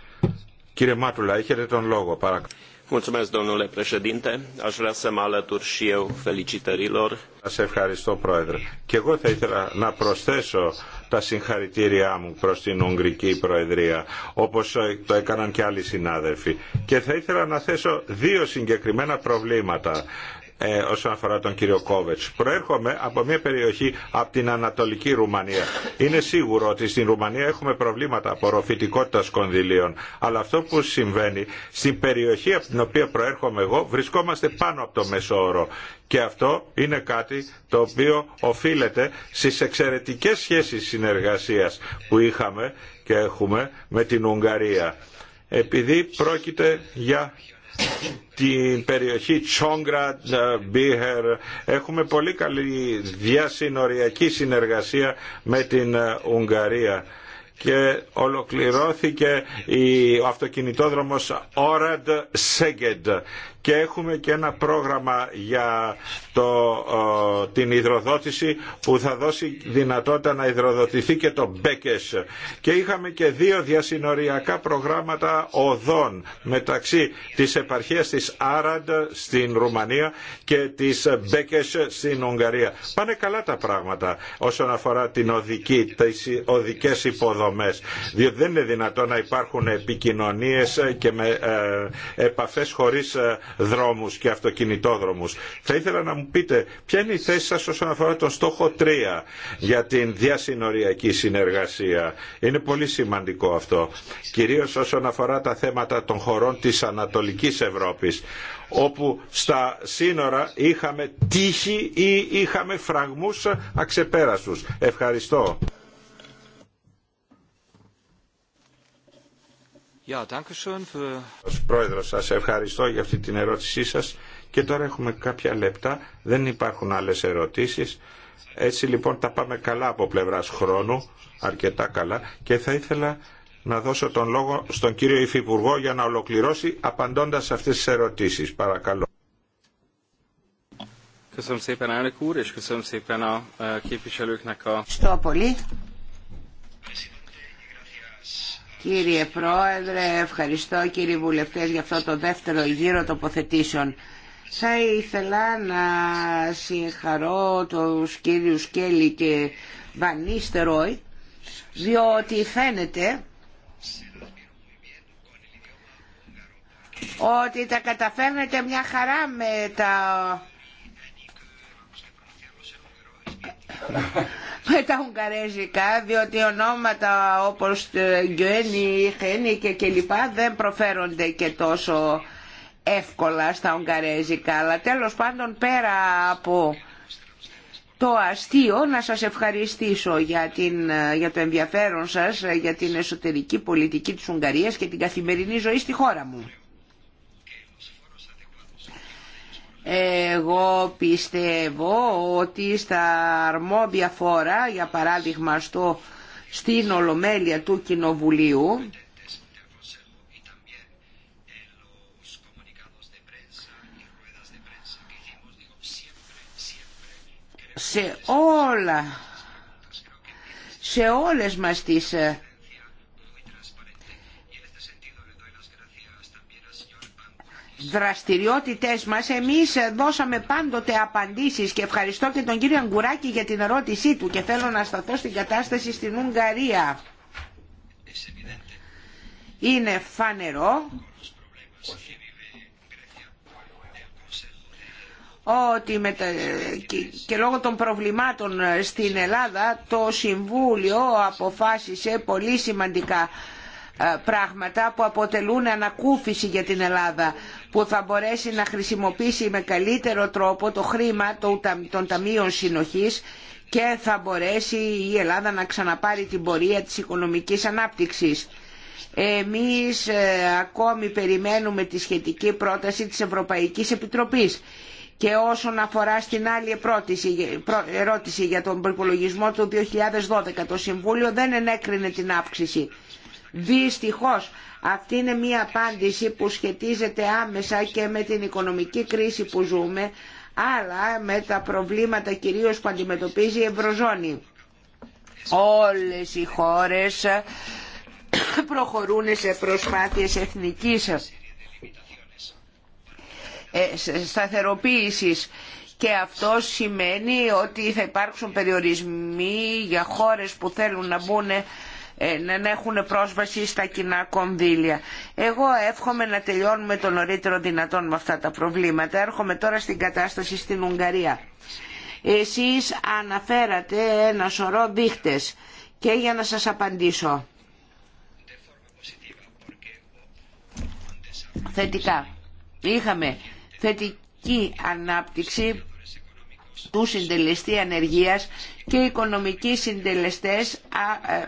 S4: Κύριε Μάτουλα, έχετε τον λόγο, παρακαλώ ευχαριστώ Πρόεδρε. Και εγώ θα ήθελα να προσθέσω τα συγχαρητήριά μου προς την Ουγγρική Προεδρία, όπως το έκαναν και άλλοι συνάδελφοι. Και θα ήθελα να θέσω δύο συγκεκριμένα προβλήματα ε, όσον αφορά τον κύριο Κόβετς. Προέρχομαι από μια περιοχή από την Ανατολική Ρουμανία. Είναι σίγουρο ότι στην Ρουμανία έχουμε προβλήματα απορροφητικότητα κονδυλίων. Αλλά αυτό που συμβαίνει στην περιοχή από την οποία προέρχομαι εγώ βρισκόμαστε πάνω από το μεσόωρο. Και αυτό είναι κάτι το οποίο οφείλεται στις εξαιρετικές σχέσεις συνεργασίας που είχαμε και έχουμε με την Ουγγαρία. Επειδή πρόκειται για την περιοχή Τσόγκρα ε, Μπίχερ έχουμε πολύ καλή διασυνοριακή συνεργασία με την ε, Ουγγαρία και ολοκληρώθηκε ο αυτοκινητόδρομος Όραντ Σέγκεντ και έχουμε και ένα πρόγραμμα για το, την υδροδότηση που θα δώσει δυνατότητα να υδροδοτηθεί και το Μπέκες. Και είχαμε και δύο διασυνοριακά προγράμματα οδών μεταξύ της επαρχίας της Άραντ στην Ρουμανία και της Μπέκες στην Ουγγαρία. Πάνε καλά τα πράγματα όσον αφορά την οδική, τις οδικές υποδομές. Διότι δεν είναι δυνατόν να υπάρχουν επικοινωνίες και με, ε, επαφές χωρίς ε, δρόμους και αυτοκινητόδρομους. Θα ήθελα να μου πείτε ποια είναι η θέση σας όσον αφορά τον στόχο 3 για την διασυνοριακή συνεργασία. Είναι πολύ σημαντικό αυτό, κυρίως όσον αφορά τα θέματα των χωρών της Ανατολικής Ευρώπης όπου στα σύνορα είχαμε τύχη ή είχαμε φραγμούς αξεπέραστους. Ευχαριστώ.
S3: Yeah,
S4: σας ευχαριστώ για αυτή την ερώτησή σας και τώρα έχουμε κάποια λεπτά, δεν υπάρχουν άλλες ερωτήσεις. Έτσι λοιπόν τα πάμε καλά από πλευράς χρόνου, αρκετά καλά και θα ήθελα να δώσω τον λόγο στον κύριο Υφυπουργό για να ολοκληρώσει απαντώντας σε αυτές τις ερωτήσεις. Παρακαλώ. Ευχαριστώ
S5: πολύ. Κύριε Πρόεδρε, ευχαριστώ κύριοι βουλευτές για αυτό το δεύτερο γύρο τοποθετήσεων. Θα ήθελα να συγχαρώ τους κύριους Κέλλη και Βανίστεροι, διότι φαίνεται ότι τα καταφέρνετε μια χαρά με τα με τα ουγγαρέζικα διότι ονόματα όπως ε, Γκένι, Χένι και κλπ δεν προφέρονται και τόσο εύκολα στα ουγγαρέζικα αλλά τέλος πάντων πέρα από το αστείο να σας ευχαριστήσω για, την, για το ενδιαφέρον σας για την εσωτερική πολιτική της Ουγγαρίας και την καθημερινή ζωή στη χώρα μου. Εγώ πιστεύω ότι στα αρμόδια φορά, για παράδειγμα στο, στην Ολομέλεια του Κοινοβουλίου, σε όλα, σε όλες μας τις δραστηριότητές μας εμείς δώσαμε πάντοτε απαντήσεις και ευχαριστώ και τον κύριο Αγκουράκη για την ερώτησή του και θέλω να σταθώ στην κατάσταση στην Ουγγαρία. Είναι φανερό ότι με και λόγω των προβλημάτων στην Ελλάδα το Συμβούλιο αποφάσισε πολύ σημαντικά ε, πράγματα που αποτελούν ανακούφιση για την Ελλάδα που θα μπορέσει να χρησιμοποιήσει με καλύτερο τρόπο το χρήμα των ταμείων συνοχής και θα μπορέσει η Ελλάδα να ξαναπάρει την πορεία της οικονομικής ανάπτυξης. Εμείς ε, ακόμη περιμένουμε τη σχετική πρόταση της Ευρωπαϊκής Επιτροπής και όσον αφορά στην άλλη ερώτηση για τον προπολογισμό του 2012 το Συμβούλιο δεν ενέκρινε την αύξηση Δυστυχώ, αυτή είναι μια απάντηση που σχετίζεται άμεσα και με την οικονομική κρίση που ζούμε αλλά με τα προβλήματα κυρίως που αντιμετωπίζει η Ευρωζώνη. Όλες οι χώρες προχωρούν σε προσπάθειες εθνικής ε, σταθεροποίησης και αυτό σημαίνει ότι θα υπάρξουν περιορισμοί για χώρες που θέλουν να μπουν ε, ναι, να έχουν πρόσβαση στα κοινά κονδύλια. Εγώ εύχομαι να τελειώνουμε το νωρίτερο δυνατόν με αυτά τα προβλήματα. Έρχομαι τώρα στην κατάσταση στην Ουγγαρία. Εσείς αναφέρατε ένα σωρό δείχτες και για να σας απαντήσω. Θετικά. Είχαμε θετική ανάπτυξη του συντελεστή ανεργίας και οικονομικοί συντελεστές ε,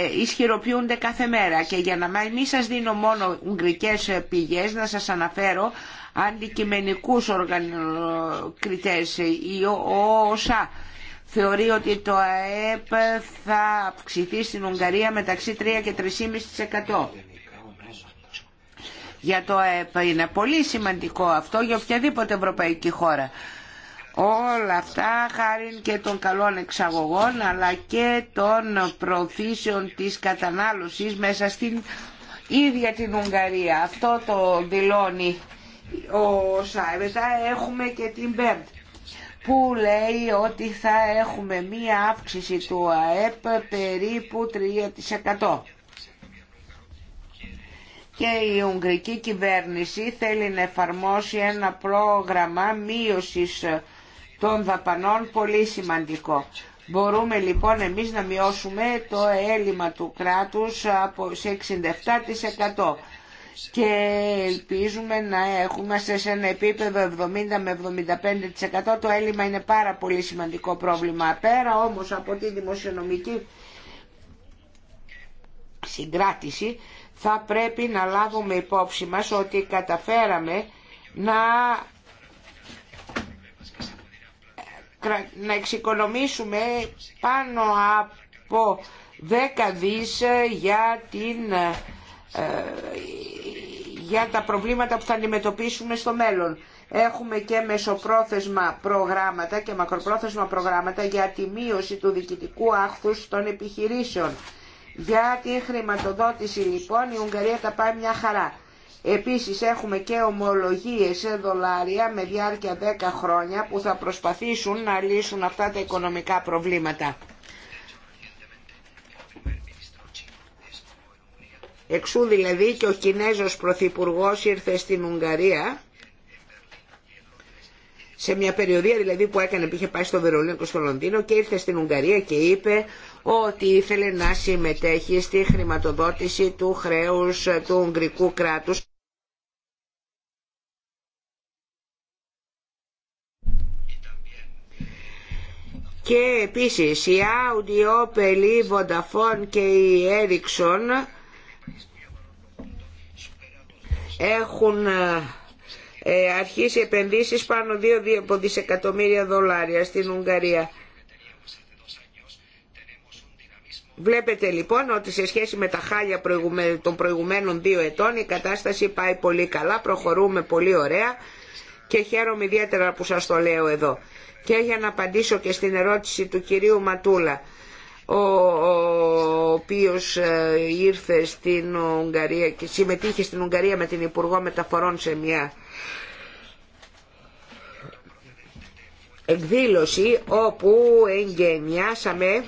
S5: ε, ισχυροποιούνται κάθε μέρα. Και για να μην σας δίνω μόνο ουγγρικές πηγές, να σας αναφέρω αντικειμενικούς κριτές ή όσα θεωρεί ότι το ΑΕΠ θα αυξηθεί στην Ουγγαρία μεταξύ 3 και 3,5% για το ΑΕΠ είναι πολύ σημαντικό αυτό για οποιαδήποτε ευρωπαϊκή χώρα. Όλα αυτά χάρη και των καλών εξαγωγών αλλά και των προωθήσεων της κατανάλωσης μέσα στην ίδια την Ουγγαρία. Αυτό το δηλώνει ο Σάιβετα. Έχουμε και την Μπέρντ που λέει ότι θα έχουμε μία αύξηση του ΑΕΠ περίπου 3% και η Ουγγρική κυβέρνηση θέλει να εφαρμόσει ένα πρόγραμμα μείωσης των δαπανών πολύ σημαντικό. Μπορούμε λοιπόν εμείς να μειώσουμε το έλλειμμα του κράτους από σε 67% και ελπίζουμε να έχουμε σε ένα επίπεδο 70 με 75% το έλλειμμα είναι πάρα πολύ σημαντικό πρόβλημα. Πέρα όμως από τη δημοσιονομική συγκράτηση θα πρέπει να λάβουμε υπόψη μας ότι καταφέραμε να, να εξοικονομήσουμε πάνω από 10 δις για, την, ε, για τα προβλήματα που θα αντιμετωπίσουμε στο μέλλον. Έχουμε και μεσοπρόθεσμα προγράμματα και μακροπρόθεσμα προγράμματα για τη μείωση του διοικητικού άχθους των επιχειρήσεων. Για τη χρηματοδότηση λοιπόν η Ουγγαρία θα πάει μια χαρά. Επίσης έχουμε και ομολογίες σε δολάρια με διάρκεια 10 χρόνια που θα προσπαθήσουν να λύσουν αυτά τα οικονομικά προβλήματα. Εξού δηλαδή και ο Κινέζος Πρωθυπουργό ήρθε στην Ουγγαρία σε μια περιοδία δηλαδή που έκανε που είχε πάει στο Βερολίνο και στο Λονδίνο και ήρθε στην Ουγγαρία και είπε ότι ήθελε να συμμετέχει στη χρηματοδότηση του χρέους του Ουγγρικού κράτους. Και επίσης η Audi, Opel, η Vodafone και η Ericsson έχουν ε, αρχίσει επενδύσεις πάνω 2 δισεκατομμύρια δολάρια στην Ουγγαρία. Βλέπετε λοιπόν ότι σε σχέση με τα χάλια των προηγουμένων δύο ετών η κατάσταση πάει πολύ καλά, προχωρούμε πολύ ωραία και χαίρομαι ιδιαίτερα που σας το λέω εδώ. Και για να απαντήσω και στην ερώτηση του κυρίου Ματούλα, ο, ο οποίος ε, ήρθε στην Ουγγαρία και συμμετείχε στην Ουγγαρία με την Υπουργό Μεταφορών σε μια εκδήλωση όπου εγγενιάσαμε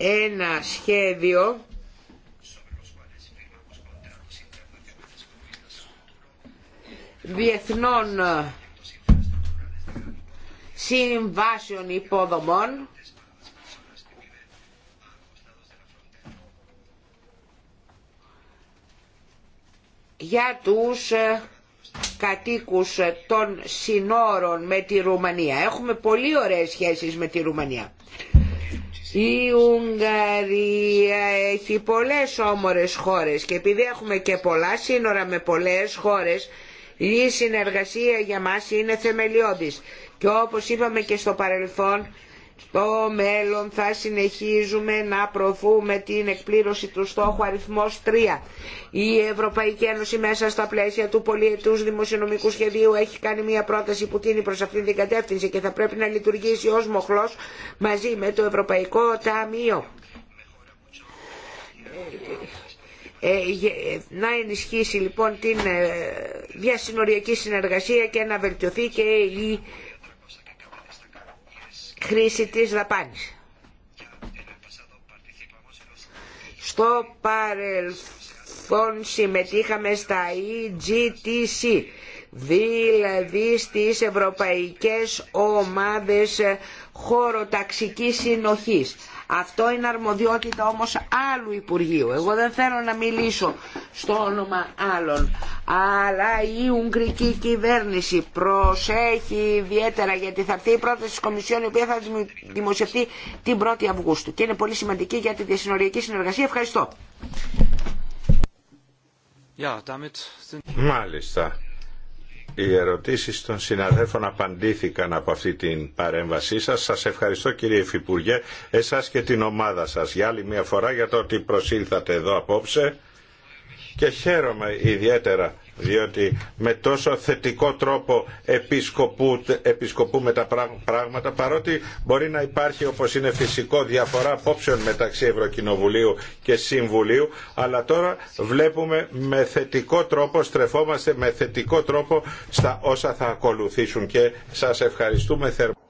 S5: ένα σχέδιο διεθνών συμβάσεων υποδομών για τους ε, κατοίκους των συνόρων με τη Ρουμανία. Έχουμε πολύ ωραίες σχέσεις με τη Ρουμανία. Η Ουγγαρία έχει πολλές όμορες χώρες και επειδή έχουμε και πολλά σύνορα με πολλές χώρες η συνεργασία για μας είναι θεμελιώδης και όπως είπαμε και στο παρελθόν στο μέλλον θα συνεχίζουμε να προωθούμε την εκπλήρωση του στόχου αριθμός 3. Η Ευρωπαϊκή Ένωση μέσα στα πλαίσια του πολιετούς δημοσιονομικού σχεδίου έχει κάνει μια πρόταση που τίνει προς αυτήν την κατεύθυνση και θα πρέπει να λειτουργήσει ως μοχλός μαζί με το Ευρωπαϊκό Ταμείο ε, ε, να ενισχύσει λοιπόν την ε, διασυνοριακή συνεργασία και να βελτιωθεί και η χρήση της δαπάνης. Στο παρελθόν συμμετείχαμε στα EGTC, δηλαδή στις Ευρωπαϊκές Ομάδες Χωροταξικής Συνοχής. Αυτό είναι αρμοδιότητα όμως άλλου Υπουργείου. Εγώ δεν θέλω να μιλήσω στο όνομα άλλων. Αλλά η Ουγγρική κυβέρνηση προσέχει ιδιαίτερα γιατί θα έρθει η πρόταση της Κομισιόν η οποία θα δημοσιευτεί την 1η Αυγούστου και είναι πολύ σημαντική για τη διασυνοριακή συνεργασία. Ευχαριστώ.
S4: Μάλιστα οι ερωτήσεις των συναδέλφων απαντήθηκαν από αυτή την παρέμβασή σας. Σας ευχαριστώ κύριε Υφυπουργέ, εσάς και την ομάδα σας για άλλη μια φορά για το ότι προσήλθατε εδώ απόψε και χαίρομαι ιδιαίτερα διότι με τόσο θετικό τρόπο επισκοπούμε τα πράγματα παρότι μπορεί να υπάρχει όπως είναι φυσικό διαφορά απόψεων μεταξύ Ευρωκοινοβουλίου και Συμβουλίου αλλά τώρα βλέπουμε με θετικό τρόπο, στρεφόμαστε με θετικό τρόπο στα όσα θα ακολουθήσουν και σας ευχαριστούμε θερμά.